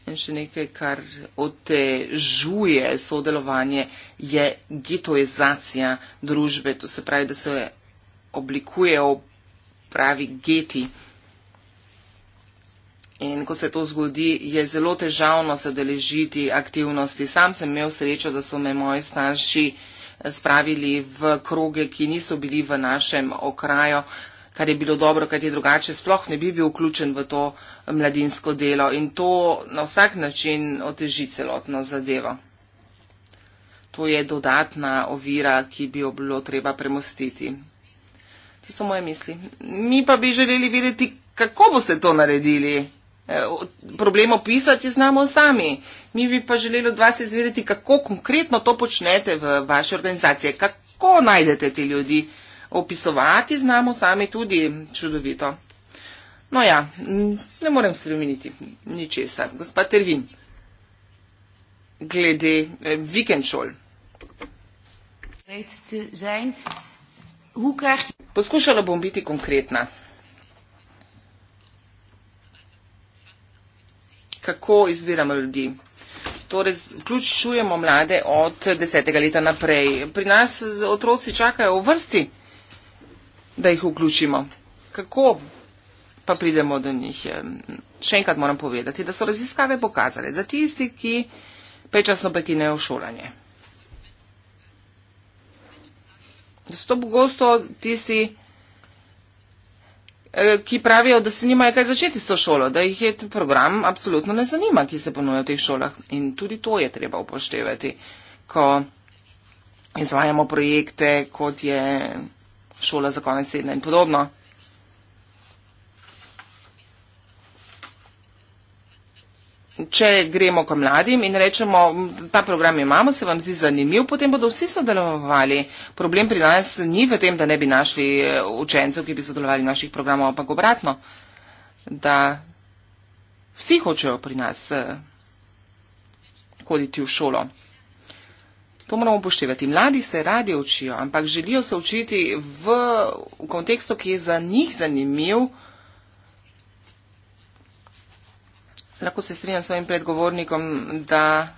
In še nekaj, kar otežuje sodelovanje, je getoizacija družbe. To se pravi, da se oblikujejo pravi geti. In ko se to zgodi, je zelo težavno sodeležiti aktivnosti. Sam sem imel srečo, da so me moji starši eh, spravili v kroge, ki niso bili v našem okraju, kar je bilo dobro, kajti drugače sploh ne bi bil vključen v to mladinsko delo. In to na vsak način oteži celotno zadevo. To je dodatna ovira, ki bi jo bilo treba premostiti. To so moje misli. Mi pa bi želeli videti, kako boste to naredili. Eh, problem opisati znamo sami. Mi bi pa želeli od vas izvedeti, kako konkretno to počnete v vaši organizaciji, kako najdete te ljudi. Opisovati znamo sami tudi čudovito. No ja, ne morem spremeniti ničesar. Gospa Tervin, glede eh, vikend šol. Poskušala bom biti konkretna. kako izbiramo ljudi. Torej, vključujemo mlade od desetega leta naprej. Pri nas otroci čakajo v vrsti, da jih vključimo. Kako pa pridemo do njih? Še enkrat moram povedati, da so raziskave pokazale, da tisti, ki prečasno prekinejo šolanje, da so to pogosto tisti, Eh, ki pravijo, da se nimajo kaj začeti s to šolo, da jih je program absolutno ne zanima, ki se ponuja v teh šolah. In tudi to je treba upoštevati, ko izvajamo projekte, kot je šola za konec sedna in podobno. če gremo k mladim in rečemo, ta program imamo, se vam zdi zanimiv, potem bodo vsi sodelovali. Problem pri nas ni v tem, da ne bi našli eh, učencev, ki bi sodelovali v naših programov, ampak obratno, da vsi hočejo pri nas eh, hoditi v šolo. To moramo upoštevati. Mladi se radi učijo, ampak želijo se učiti v kontekstu, ki je za njih zanimiv, Lahko se strinjam s svojim predgovornikom, da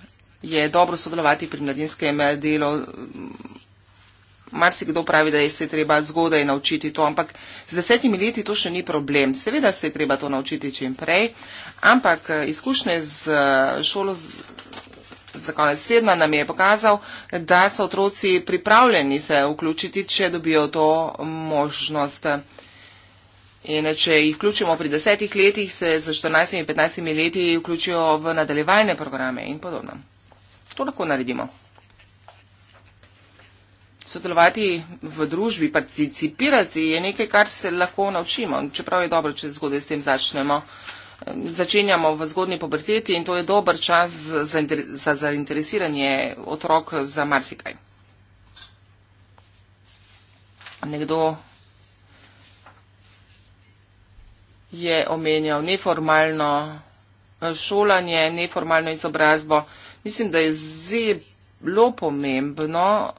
je dobro sodelovati pri mladinskem delu. Marsikdo pravi, da se je treba zgodaj naučiti to, ampak z desetimi leti to še ni problem. Seveda se je treba to naučiti čim prej, ampak eh, izkušnje z eh, šolo za konec sedna nam je pokazal, da so otroci pripravljeni se vključiti, če dobijo to možnost. In če jih vključimo pri desetih letih, se z 14-15 leti vključijo v nadaljevanje programe in podobno. To lahko naredimo. Sodelovati v družbi, participirati je nekaj, kar se lahko naučimo. Čeprav je dobro, če zgodaj s tem začnemo. Začenjamo v zgodni poberteti in to je dober čas za zainteresiranje otrok za marsikaj. Nekdo je omenjal neformalno eh, šolanje, neformalno izobrazbo. Mislim, da je zelo pomembno,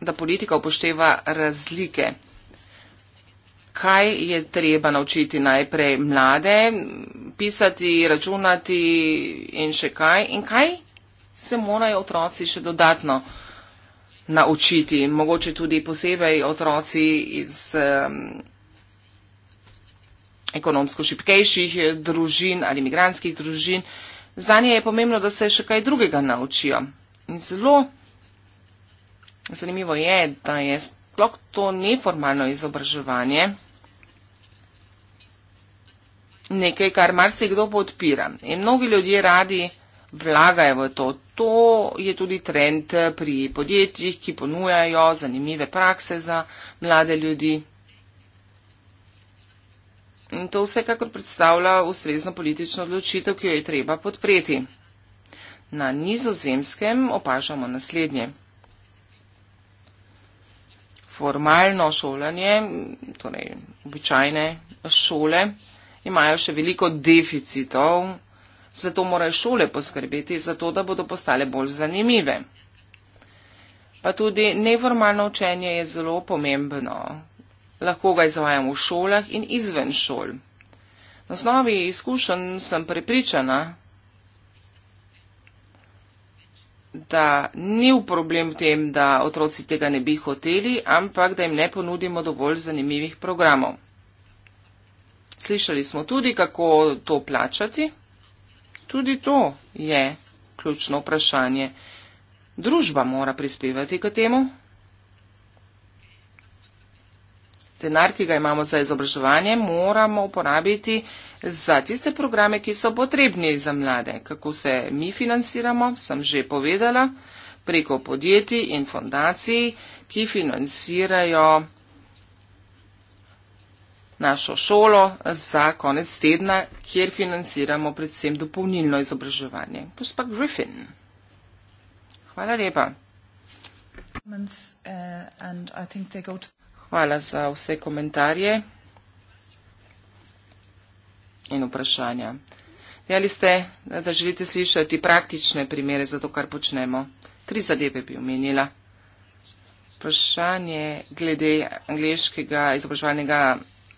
da politika upošteva razlike. Kaj je treba naučiti najprej mlade, pisati, računati in še kaj? In kaj se morajo otroci še dodatno naučiti? Mogoče tudi posebej otroci iz. Um, ekonomsko šipkejših eh, družin ali imigranskih družin. Za nje je pomembno, da se še kaj drugega naučijo. In zelo zanimivo je, da je sploh to neformalno izobraževanje nekaj, kar marsikdo podpira. In mnogi ljudje radi vlagajo v to. To je tudi trend pri podjetjih, ki ponujajo zanimive prakse za mlade ljudi. To vsekakor predstavlja ustrezno politično odločitev, ki jo je treba podpreti. Na nizozemskem opažamo naslednje. Formalno šolanje, torej običajne šole, imajo še veliko deficitov, zato morajo šole poskrbeti za to, da bodo postale bolj zanimive. Pa tudi neformalno učenje je zelo pomembno, Lahko ga izvajam v šolah in izven šol. Na osnovi izkušenj sem prepričana, da ni v problem tem, da otroci tega ne bi hoteli, ampak da jim ne ponudimo dovolj zanimivih programov. Slišali smo tudi, kako to plačati. Tudi to je ključno vprašanje. Družba mora prispevati k temu. denar, ki ga imamo za izobraževanje, moramo uporabiti za tiste programe, ki so potrebni za mlade. Kako se mi financiramo, sem že povedala, preko podjetij in fondacij, ki financirajo našo šolo za konec tedna, kjer financiramo predvsem dopolnilno izobraževanje. Gospa Griffin. Hvala lepa. And, uh, and I think they go to Hvala za vse komentarje in vprašanja. Dejali ste, da želite slišati praktične primere za to, kar počnemo. Tri zadeve bi omenila. Vprašanje glede angliškega izobraževalnega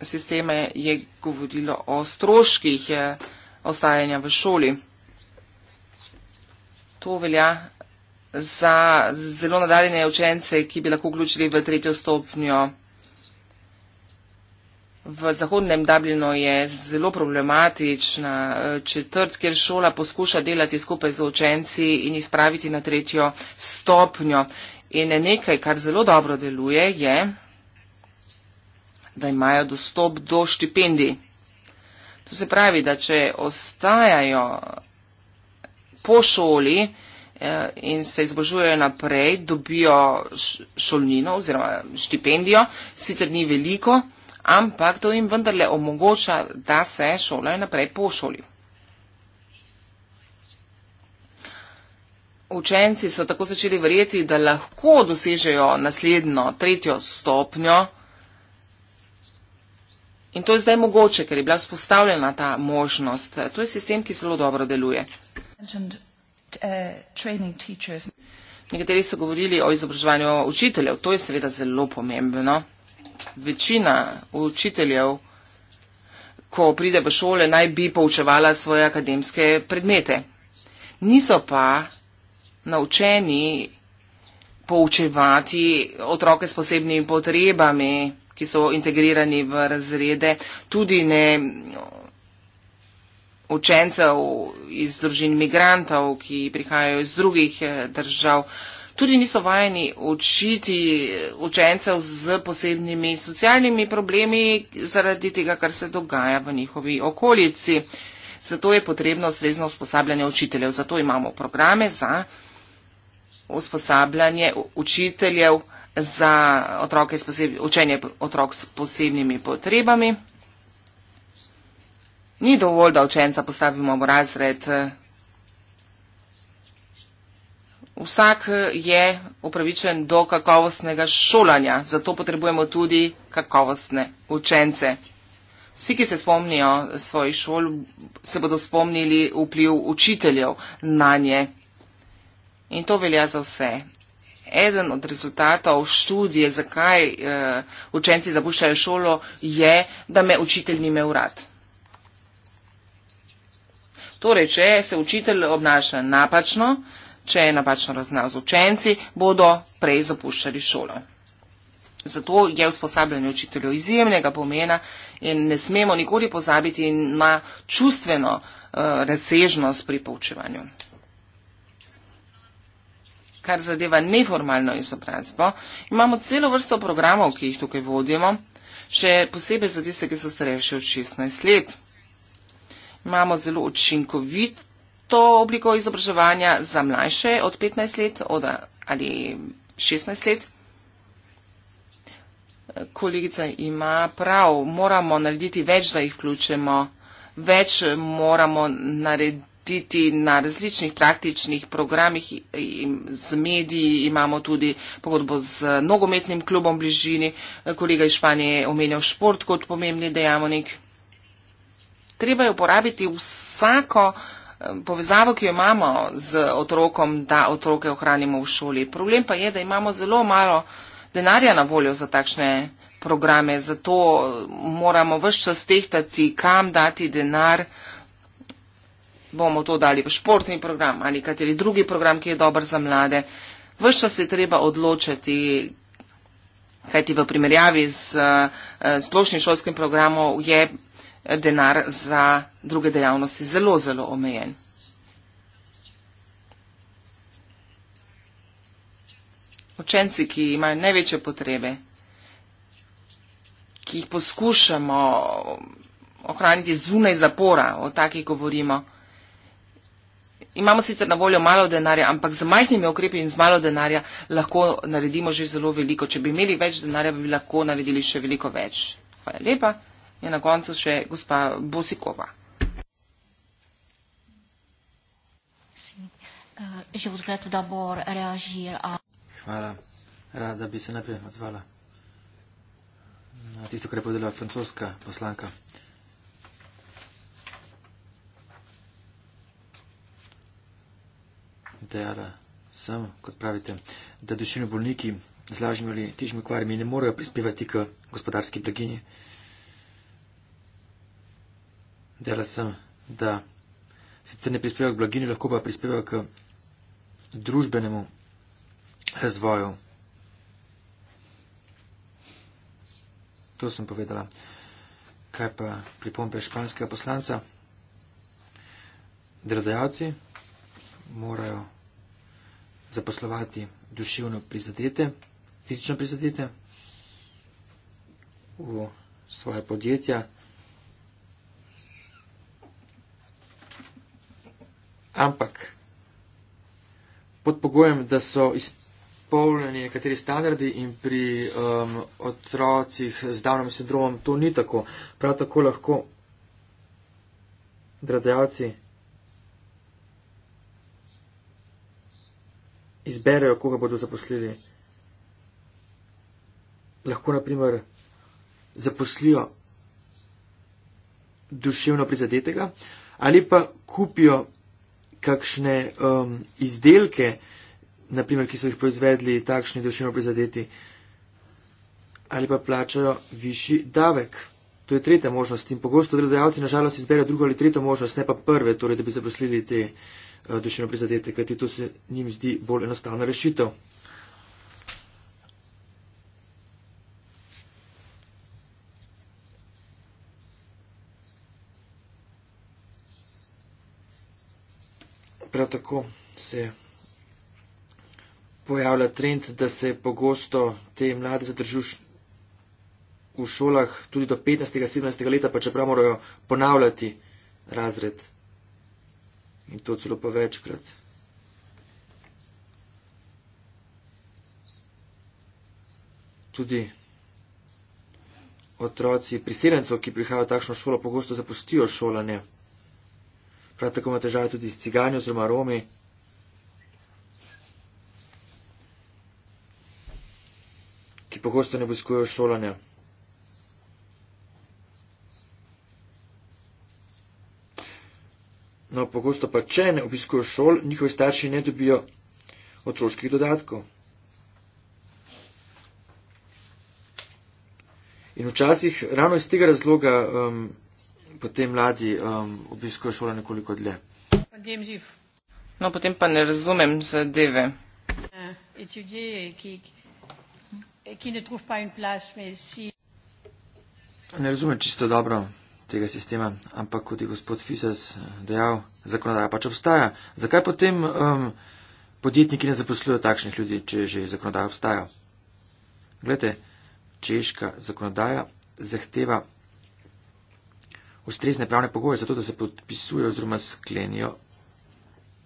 sistema je govorilo o stroških eh, ostajanja v šoli. To velja za zelo nadaljene učence, ki bi lahko vključili v tretjo stopnjo V zahodnem Dublinu je zelo problematična eh, četrt, kjer šola poskuša delati skupaj z učenci in izpraviti na tretjo stopnjo. In nekaj, kar zelo dobro deluje, je, da imajo dostop do štipendij. To se pravi, da če ostajajo po šoli eh, in se izbožujejo naprej, dobijo šolnino oziroma štipendijo, sicer ni veliko, ampak to jim vendarle omogoča, da se šolajo naprej po šoli. Učenci so tako začeli verjeti, da lahko dosežejo naslednjo, tretjo stopnjo. In to je zdaj mogoče, ker je bila vzpostavljena ta možnost. To je sistem, ki zelo dobro deluje. Uh, Nekateri so govorili o izobraževanju učiteljev. To je seveda zelo pomembno večina učiteljev, ko pride v šole, naj bi poučevala svoje akademske predmete. Niso pa naučeni poučevati otroke s posebnimi potrebami, ki so integrirani v razrede, tudi ne učencev iz družin migrantov, ki prihajajo iz drugih eh, držav tudi niso vajeni učiti učencev z posebnimi socialnimi problemi zaradi tega, kar se dogaja v njihovi okolici. Zato je potrebno ustrezno usposabljanje učiteljev. Zato imamo programe za usposabljanje učiteljev za otroke, učenje otrok s posebnimi potrebami. Ni dovolj, da učenca postavimo v razred Vsak eh, je upravičen do kakovostnega šolanja, zato potrebujemo tudi kakovostne učence. Vsi, ki se spomnijo svojih šol, se bodo spomnili vpliv učiteljev na nje. In to velja za vse. Eden od rezultatov študije, zakaj uh, učenci zapuščajo šolo, je, da me učitelj ni imel rad. Torej, če se učitelj obnaša napačno, uh, če je napačno raznal z učenci, bodo prej zapuščali šolo. Zato je usposabljanje učiteljev izjemnega pomena in ne smemo nikoli pozabiti na čustveno eh, razsežnost pri poučevanju. Kar zadeva neformalno izobrazbo, imamo celo vrsto programov, ki jih tukaj vodimo, še posebej za tiste, ki so starejši od 16 let. Imamo zelo učinkovit to obliko izobraževanja za mlajše od 15 let od, ali 16 let. Kolegica ima prav, moramo narediti več, da jih vključimo, več moramo narediti na različnih praktičnih programih. Z mediji imamo tudi pogodbo z nogometnim klubom v bližini. Kolega iz Španije je omenjal šport kot pomembni dejavnik. Treba je uporabiti vsako uh, povezavo, ki jo imamo z otrokom, da otroke ohranimo v šoli. Problem pa je, da imamo zelo malo denarja na voljo za takšne programe, zato moramo vse čas tehtati, kam dati denar, bomo to dali v športni program ali kateri drugi program, ki je dober za mlade. Vse čas je treba odločiti, kajti v primerjavi z eh, splošnim šolskim programom je denar za druge dejavnosti zelo, zelo omejen. Učenci, ki imajo največje potrebe, ki jih poskušamo ohraniti zunaj zapora, o takih govorimo, imamo sicer na voljo malo denarja, ampak z majhnimi okrepi in z malo denarja lahko naredimo že zelo veliko. Če bi imeli več denarja, bi lahko naredili še veliko več. Hvala lepa je na koncu še gospa Bosikova. Eh, Hvala. Rada bi se najprej odzvala na tisto, kar je povedala francoska poslanka. Dejala sem, kot pravite, da dušino bolniki z lažnimi ali težjimi kvarmi ne morejo prispevati k gospodarski blaginji. Dela sem, da sicer ne prispeva k blaginji, lahko pa prispeva k družbenemu razvoju. To sem povedala. Kaj pa pripombe španskega poslanca? Delodajalci morajo zaposlovati duševno prizadete, fizično prizadete v svoje podjetja. ampak pod pogojem, da so izpolnjeni nekateri standardi in pri um, otrocih z davnim sindromom to ni tako. Prav tako lahko dradajalci izberejo, koga bodo zaposlili. Lahko naprimer zaposlijo duševno prizadetega ali pa kupijo kakšne um, izdelke, naprimer, ki so jih proizvedli takšni duševno prizadeti, ali pa plačajo višji davek. To je tretja možnost in pogosto delodajalci nažalost izberejo drugo ali tretjo možnost, ne pa prve, torej da bi zaposlili te uh, duševno prizadete, kajti to se njim zdi bolj enostavna rešitev. prav tako se pojavlja trend, da se pogosto te mlade zadržuš v šolah tudi do 15-17 leta, pa čeprav morajo ponavljati razred. In to celo pa večkrat. Tudi otroci priseljencev, ki prihajajo v takšno šolo, pogosto zapustijo šolanje prav tako ima težave tudi s ciganjo, oziroma Romi. ki pogosto ne obiskujejo šolanja. No, pogosto pa, če ne obiskujejo šol, njihovi starši ne dobijo otroških dodatkov. In včasih, ravno iz tega razloga, um, potem mladi um, obiskujo šole nekoliko dlje. No, potem pa ne razumem zadeve. Eh, ne razumem čisto dobro tega sistema, ampak kot je gospod Fisas eh, dejal, zakonodaja pač obstaja. Zakaj potem um, podjetniki ne zaposlujo takšnih ljudi, če že zakonodaja obstaja? Glede, češka zakonodaja zahteva ustrezne pravne pogoje za to, da se podpisujejo oziroma sklenijo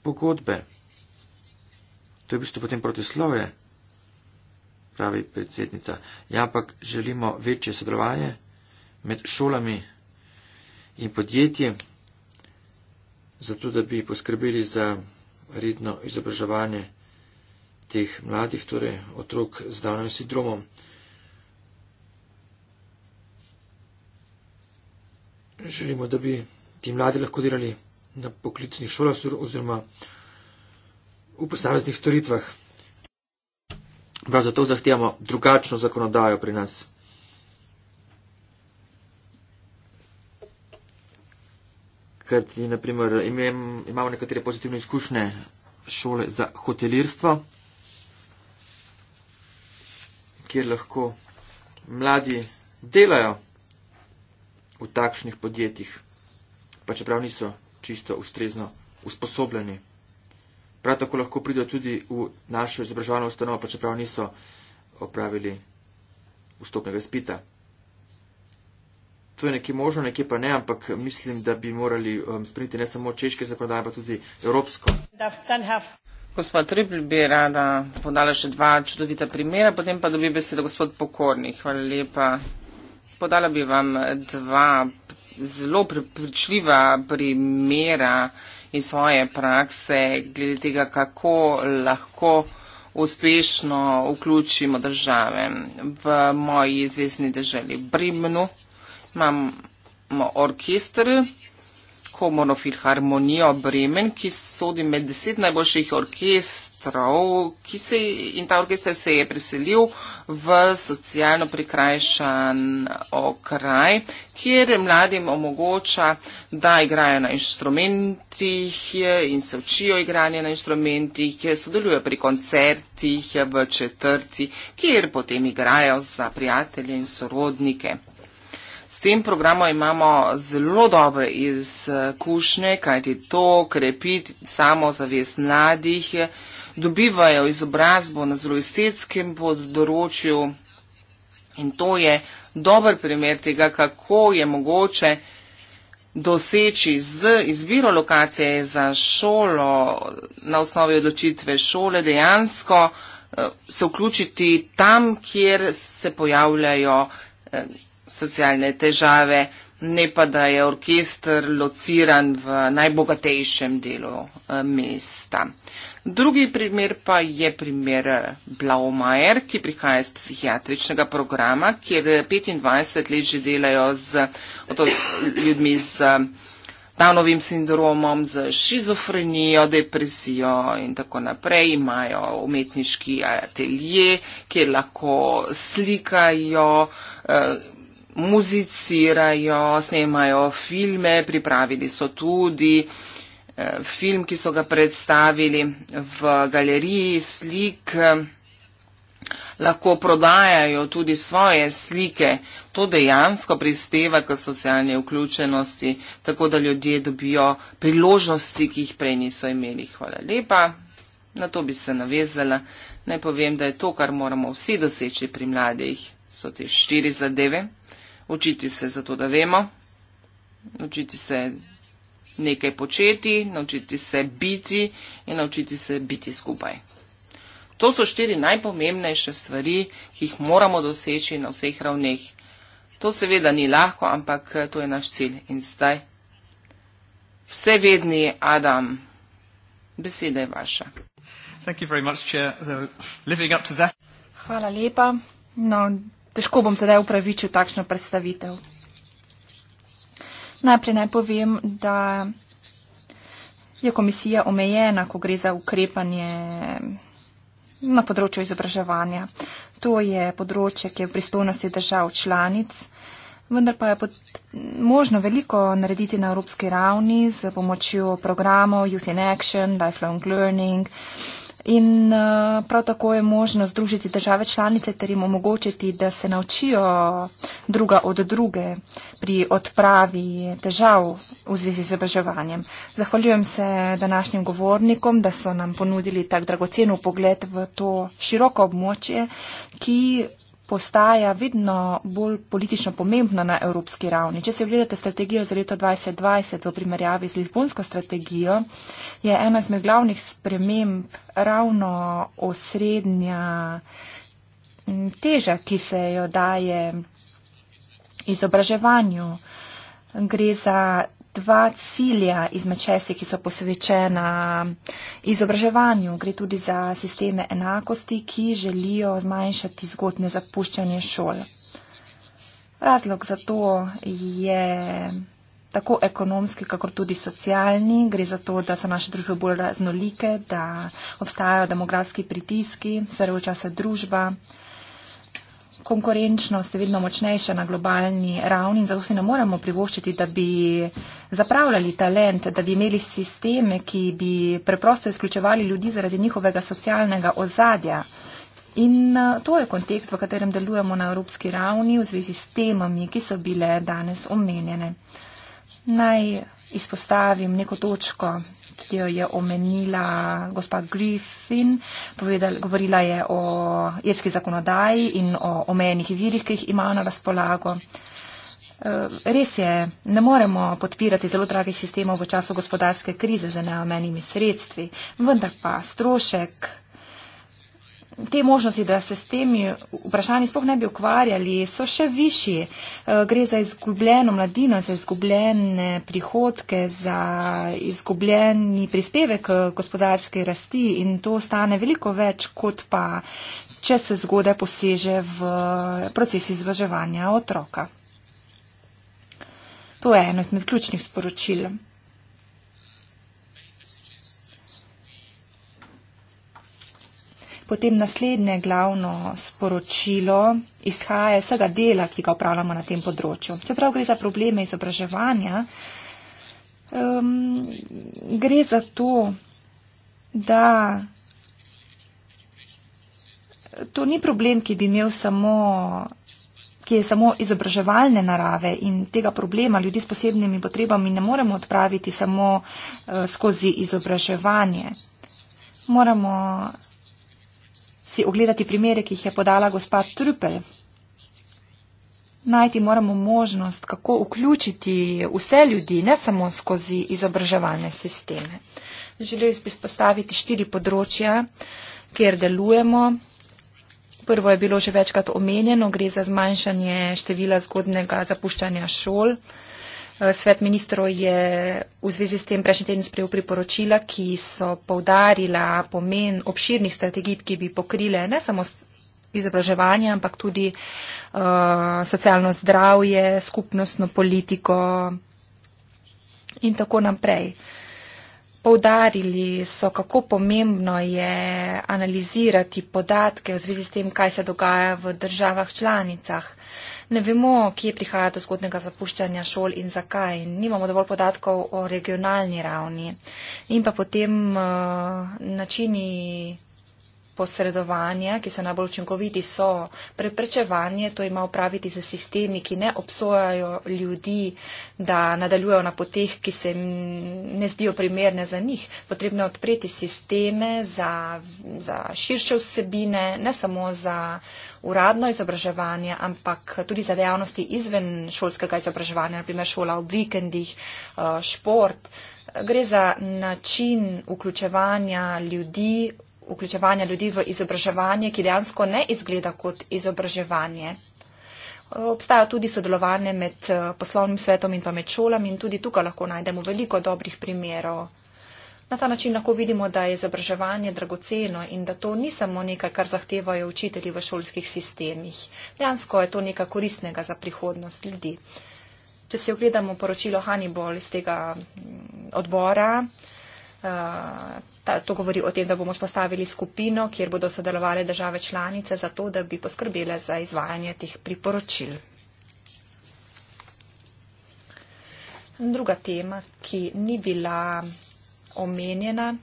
pogodbe. To je v bistvu potem protislovje, pravi predsednica. Ja, ampak želimo večje sodelovanje med šolami in podjetji, zato da bi poskrbeli za redno izobraževanje teh mladih, torej otrok z davnim sindromom. želimo, da bi ti mladi lahko delali na poklicnih šolah oziroma v posameznih storitvah. Prav zato zahtevamo drugačno zakonodajo pri nas. Ker ti, naprimer, imem, imamo nekatere pozitivne izkušnje šole za hotelirstvo, kjer lahko mladi delajo v takšnih podjetjih, pa čeprav niso čisto ustrezno usposobljeni. Prav tako lahko pridejo tudi v našo izobraževalno ustanovo, pa čeprav niso opravili vstopnega spita. To je nekje možno, nekje pa ne, ampak mislim, da bi morali um, spremeniti ne samo češke zakonodaje, pa tudi evropsko. Gospod Tribl bi rada podala še dva čudovita primera, potem pa dobi besedo gospod Pokornik. Hvala lepa podala bi vam dva zelo prepričljiva primera iz svoje prakse glede tega, kako lahko uspešno vključimo države. V moji zvezdni državi Brimnu imamo orkestr, komorofilharmonijo Bremen, ki sodi med deset najboljših orkestrov se, in ta orkester se je preselil v socijalno prikrajšan okraj, kjer mladim omogoča, da igrajo na inštrumentih in se učijo igranje na inštrumentih, sodelujo pri koncertih v četrti, kjer potem igrajo za prijatelje in sorodnike. S tem programom imamo zelo dobre izkušnje, kajti to krepi samo zavest mladih, dobivajo izobrazbo na zelo estetskem področju in to je dober primer tega, kako je mogoče doseči z izbiro lokacije za šolo na osnovi odločitve šole dejansko eh, se vključiti tam, kjer se pojavljajo eh, socialne težave, ne pa da je orkester lociran v najbogatejšem delu eh, mesta. Drugi primer pa je primer eh, Blaumeier, ki prihaja iz psihiatričnega programa, kjer 25 eh, let že delajo z ljudmi z Downovim sindromom, z šizofrenijo, depresijo in tako naprej. Imajo umetniški atelje, kjer lahko slikajo. Eh, muzicirajo, snemajo filme, pripravili so tudi eh, film, ki so ga predstavili v galeriji slik, lahko prodajajo tudi svoje slike. To dejansko prispeva k socialni vključenosti, tako da ljudje dobijo priložnosti, ki jih prej niso imeli. Hvala lepa. Na to bi se navezala. Naj povem, da je to, kar moramo vsi doseči pri mladih, so te štiri zadeve učiti se zato, da vemo, učiti se nekaj početi, naučiti se biti in naučiti se biti skupaj. To so štiri najpomembnejše stvari, ki jih moramo doseči na vseh ravneh. To seveda ni lahko, ampak to je naš cilj. In zdaj, vse vedni Adam, beseda je vaša. Much, Hvala lepa. No, težko bom sedaj upravičil takšno predstavitev. Najprej naj povem, da je komisija omejena, ko gre za ukrepanje na področju izobraževanja. To je področje, ki je v pristojnosti držav članic, vendar pa je možno veliko narediti na evropski ravni z pomočjo programov Youth in Action, Lifelong Learning, uh, In uh, prav tako je možno združiti države članice ter jim omogočiti, da se naučijo druga od druge pri odpravi težav v zvezi z obraževanjem. Zahvaljujem se današnjim govornikom, da so nam ponudili tak dragocen pogled v to široko območje, ki postaja vedno bolj politično pomembno na evropski ravni. Če se gledate strategijo za leto 2020 v primerjavi z Lizbonsko strategijo, je ena izmed glavnih sprememb ravno osrednja teža, ki se jo daje izobraževanju. Gre za dva cilja iz mečesi, ki so posvečena izobraževanju. Gre tudi za sisteme enakosti, ki želijo zmanjšati zgodne zapuščanje šol. Razlog za to je tako ekonomski, kakor tudi socialni. Gre za to, da so naše družbe bolj raznolike, da obstajajo demografski pritiski, starajoča se družba konkurenčno, številno močnejše na globalni ravni in zato si ne moremo privoščiti, da bi zapravljali talent, da bi imeli sisteme, ki bi preprosto izključevali ljudi zaradi njihovega socialnega ozadja. In eh, to je kontekst, v katerem delujemo na evropski ravni v zvezi s temami, ki so bile danes omenjene. Naj izpostavim neko točko, ki jo je omenila gospa Griffin. Povedal, govorila je o irski zakonodaji in o omejenih virih, ki jih ima na razpolago. Eh, res je, ne moremo podpirati zelo dragih sistemov v času gospodarske krize z neomenimi sredstvi, vendar pa strošek te možnosti, da se s temi vprašanji sploh ne bi ukvarjali, so še višji. Eh, gre za izgubljeno mladino, za izgubljene prihodke, za izgubljeni prispevek eh, gospodarske rasti in to stane veliko več, kot pa, če se zgodaj poseže v proces izobraževanja otroka. To je eno izmed ključnih sporočil. potem naslednje glavno sporočilo izhaja iz vsega dela, ki ga upravljamo na tem področju. Čeprav gre za probleme izobraževanja, um, gre za to, da to ni problem, ki bi imel samo ki je samo izobraževalne narave in tega problema ljudi s posebnimi potrebami ne moremo odpraviti samo eh, skozi izobraževanje. Moramo si ogledati primere, ki jih je podala gospa Trupel. Najti moramo možnost, kako vključiti vse ljudi, ne samo skozi izobraževalne sisteme. Želel bi spostaviti štiri področja, kjer delujemo. Prvo je bilo že večkrat omenjeno, gre za zmanjšanje števila zgodnega zapuščanja šol. Svet ministrov je v zvezi s tem prejšnji teden sprejel priporočila, ki so povdarila pomen obširnih strategij, ki bi pokrile ne samo izobraževanje, ampak tudi uh, socialno zdravje, skupnostno politiko in tako naprej. Poudarili so, kako pomembno je analizirati podatke v zvezi s tem, kaj se dogaja v državah članicah. Uh, ne vemo, kje prihaja do zgodnega zapuščanja šol in zakaj. Nimamo dovolj podatkov o regionalni ravni in pa potem uh, načini posredovanja, ki so najbolj učinkoviti, so preprečevanje, to ima upraviti za sistemi, ki ne obsojajo ljudi, da nadaljujejo na poteh, ki se jim ne zdijo primerne za njih. Potrebno je odpreti sisteme za, za širše vsebine, ne samo za uh, uradno izobraževanje, ampak tudi za dejavnosti izven šolskega izobraževanja, naprimer šola ob vikendih, eh, šport. Gre za način vključevanja ljudi, vključevanja ljudi v izobraževanje, ki dejansko ne izgleda kot izobraževanje. Obstaja tudi sodelovanje med eh, poslovnim svetom in pa med šolami in tudi tukaj lahko najdemo veliko dobrih primerov. Na ta način lahko vidimo, da je izobraževanje dragoceno in da to ni samo nekaj, kar zahtevajo učitelji v šolskih sistemih. Dejansko je to nekaj koristnega za prihodnost ljudi. Če si ogledamo poročilo Hannibal iz tega mm, odbora, eh, ta, to govori o tem, da bomo spostavili skupino, kjer bodo sodelovali države članice za to, da bi poskrbele za izvajanje teh priporočil. Druga tema, ki ni bila omenjena,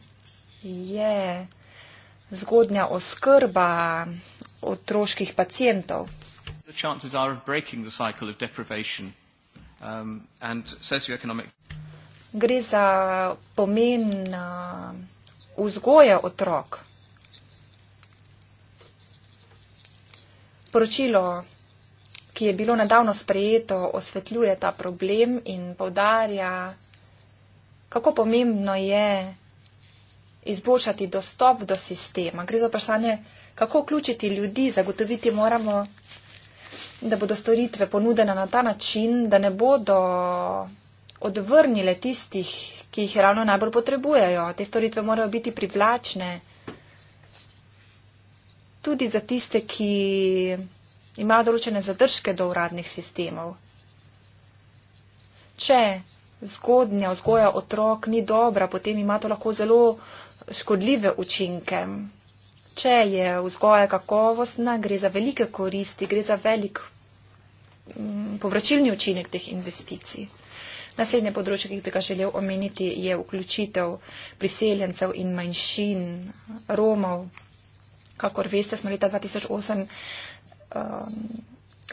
je zgodnja oskrba otroških pacijentov. Um, Gre za pomen uh, vzgoja otrok. Poročilo, ki je bilo nedavno sprejeto, osvetljuje ta problem in povdarja kako pomembno je izboljšati dostop do sistema. Gre za vprašanje, kako vključiti ljudi, zagotoviti moramo, da bodo storitve ponudene na ta način, da ne bodo odvrnile tistih, ki jih ravno najbolj potrebujejo. Te storitve morajo biti privlačne tudi za tiste, ki imajo določene zadržke do uradnih sistemov. Če zgodnja vzgoja otrok ni dobra, potem ima to lahko zelo škodljive učinke. Če je vzgoja kakovostna, gre za velike koristi, gre za velik mm, povračilni učinek teh investicij. Naslednje področje, ki bi ga želel omeniti, je vključitev priseljencev in manjšin, Romov. Kakor veste, smo leta 2008 um,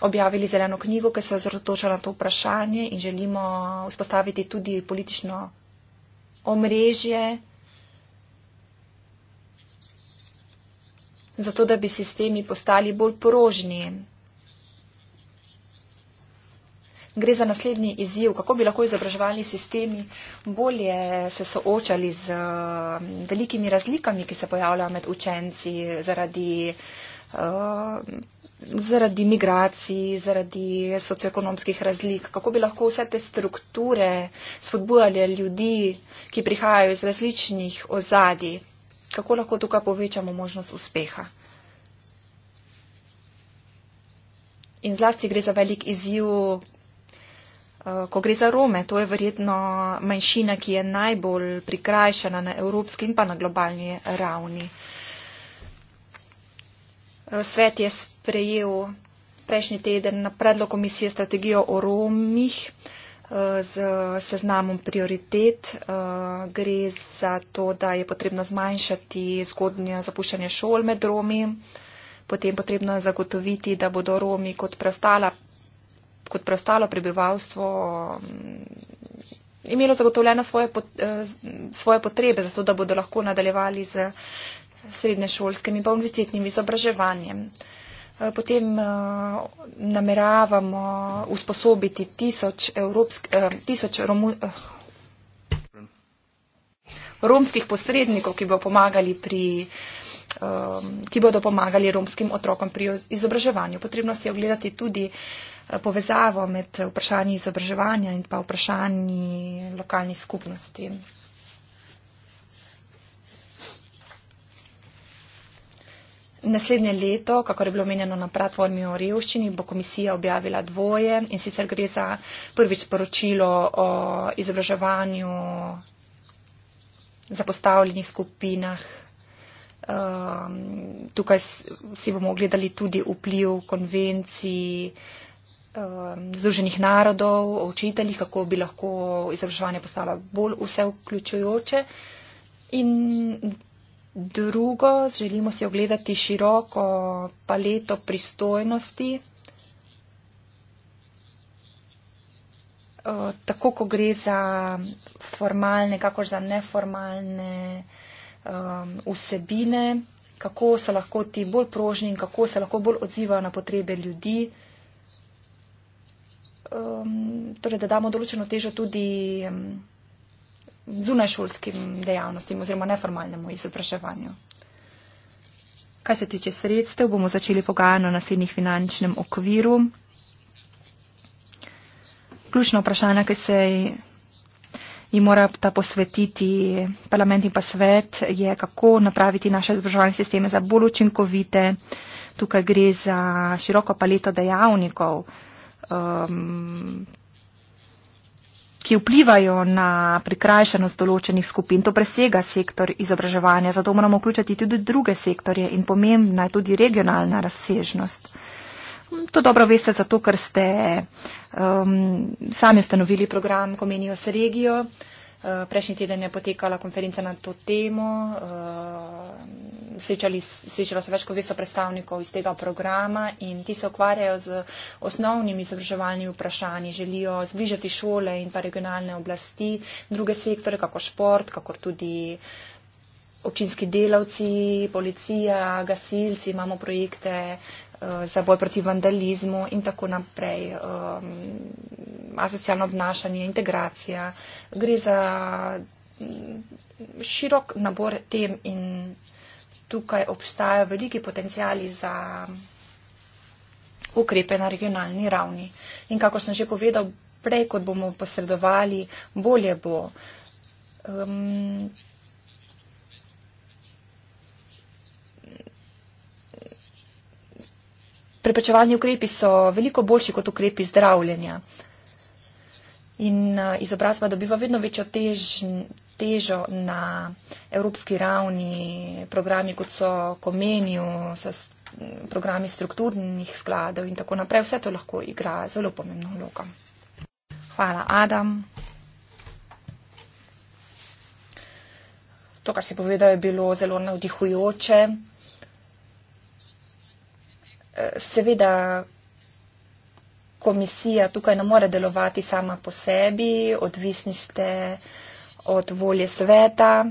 objavili zeleno knjigo, ki se ozrotoča na to vprašanje in želimo vzpostaviti tudi politično omrežje, zato da bi sistemi postali bolj prožni. Gre za naslednji izziv, kako bi lahko izobraževalni sistemi bolje se soočali z velikimi razlikami, ki se pojavljajo med učenci zaradi uh, zaradi migracij, zaradi socioekonomskih razlik, kako bi lahko vse te strukture spodbujali ljudi, ki prihajajo iz različnih ozadij, kako lahko tukaj povečamo možnost uspeha. In zlasti gre za velik izziv, eh, ko gre za Rome. To je verjetno manjšina, ki je najbolj prikrajšana na evropski in pa na globalni ravni. Eh, svet je sprejel prejšnji teden na predlog komisije strategijo o romih eh, z seznamom prioritet. Eh, gre za to, da je potrebno zmanjšati zgodnje zapuščanje šol med romi, potem potrebno je zagotoviti, da bodo romi kot, preostala, kot preostalo prebivalstvo mm, imelo zagotovljeno svoje, pot, svoje potrebe, zato da bodo lahko nadaljevali z srednješolskim in pa univerzitetnim izobraževanjem. Eh, potem eh, nameravamo usposobiti tisoč, evropsk, eh, tisoč romu, eh, romskih posrednikov, ki, bo pomagali pri, eh, ki bodo pomagali romskim otrokom pri izobraževanju. Potrebno si je ogledati tudi povezavo med vprašanji izobraževanja in pa vprašanji lokalnih skupnosti. Naslednje leto, kako je bilo omenjeno na platformi o revščini, bo komisija objavila dvoje in sicer gre za prvič poročilo o izobraževanju zapostavljenih skupinah. Um, tukaj si bomo ogledali tudi vpliv konvencij um, Združenih narodov, učiteljih, kako bi lahko izobraževanje postalo bolj vseuključujoče. Drugo, želimo si ogledati široko paleto pristojnosti, eh, tako ko gre za formalne, kakor za neformalne eh, vsebine, kako so lahko ti bolj prožni in kako se lahko bolj odzivajo na potrebe ljudi. Eh, torej, da damo določeno težo tudi zunajšolskim dejavnostim oziroma neformalnemu izobraževanju. Kaj se tiče sredstev, bomo začeli pogajanje o naslednjih finančnem okviru. Ključna vprašanja, ki se jim mora ta posvetiti parlament in pa svet, je kako napraviti naše izobraževalne sisteme za bolj učinkovite. Tukaj gre za široko paleto dejavnikov. Um, ki vplivajo na prikrajšanost določenih skupin. To presega sektor izobraževanja, zato moramo vključiti tudi druge sektorje in pomembna je tudi regionalna razsežnost. To dobro veste zato, ker ste um, sami ustanovili program Komenijo se regijo. Eh, prejšnji teden je potekala konferenca na to temo. Eh, srečalo se več kot 200 predstavnikov iz tega programa in ti se ukvarjajo z osnovnimi izobraževalnimi vprašanji. Želijo zbližati šole in pa regionalne oblasti, druge sektore, kako šport, kako tudi občinski delavci, policija, gasilci. Imamo projekte Eh, za boj proti vandalizmu in tako naprej. Um, asocialno obnašanje, integracija. Gre za mm, širok nabor tem in tukaj obstajajo veliki potencijali za ukrepe na regionalni ravni. In kako sem že povedal, prej kot bomo posredovali, bolje bo. Um, Prepečevalni ukrepi so veliko boljši kot ukrepi zdravljenja. In eh, izobrazba dobiva vedno večjo tež, težo na evropski ravni, programi kot so Komenijo, programi strukturnih skladov in tako naprej. Vse to lahko igra zelo pomembno vlogo. Hvala, Adam. To, kar si povedal, je bilo zelo navdihujoče seveda komisija tukaj ne more delovati sama po sebi, odvisni ste od volje sveta.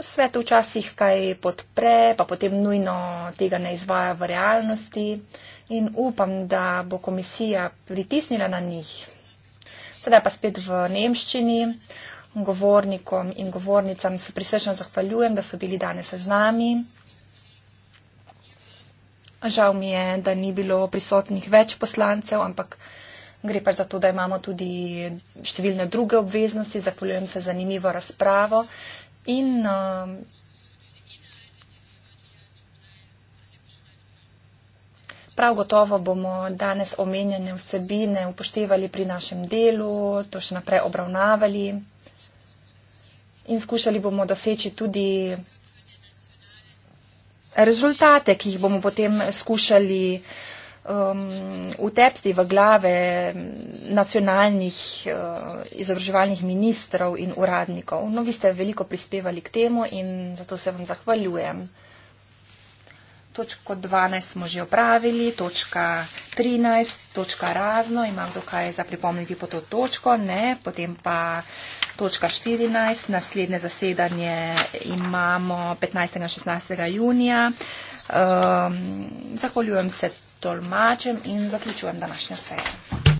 Svet včasih kaj podpre, pa potem nujno tega ne izvaja v realnosti in upam, da bo komisija pritisnila na njih. Sedaj pa spet v Nemščini. Govornikom in govornicam se prisrčno zahvaljujem, da so bili danes z nami. Žal mi je, da ni bilo prisotnih več poslancev, ampak gre pač za to, da imamo tudi številne druge obveznosti. Zahvaljujem se za zanimivo razpravo. In, um, Prav gotovo bomo danes omenjene vsebine upoštevali pri našem delu, to še naprej obravnavali in skušali bomo doseči tudi rezultate, ki jih bomo potem skušali um, utepti v glave nacionalnih uh, izobraževalnih ministrov in uradnikov. No, vi ste veliko prispevali k temu in zato se vam zahvaljujem. Točko 12 smo že opravili, točka 13, točka razno. Imam dokaj za pripomniti po to točko, ne, potem pa. Točka 14. Naslednje zasedanje imamo 15. in 16. junija. Um, zahvaljujem se tolmačem in zaključujem današnjo sejo.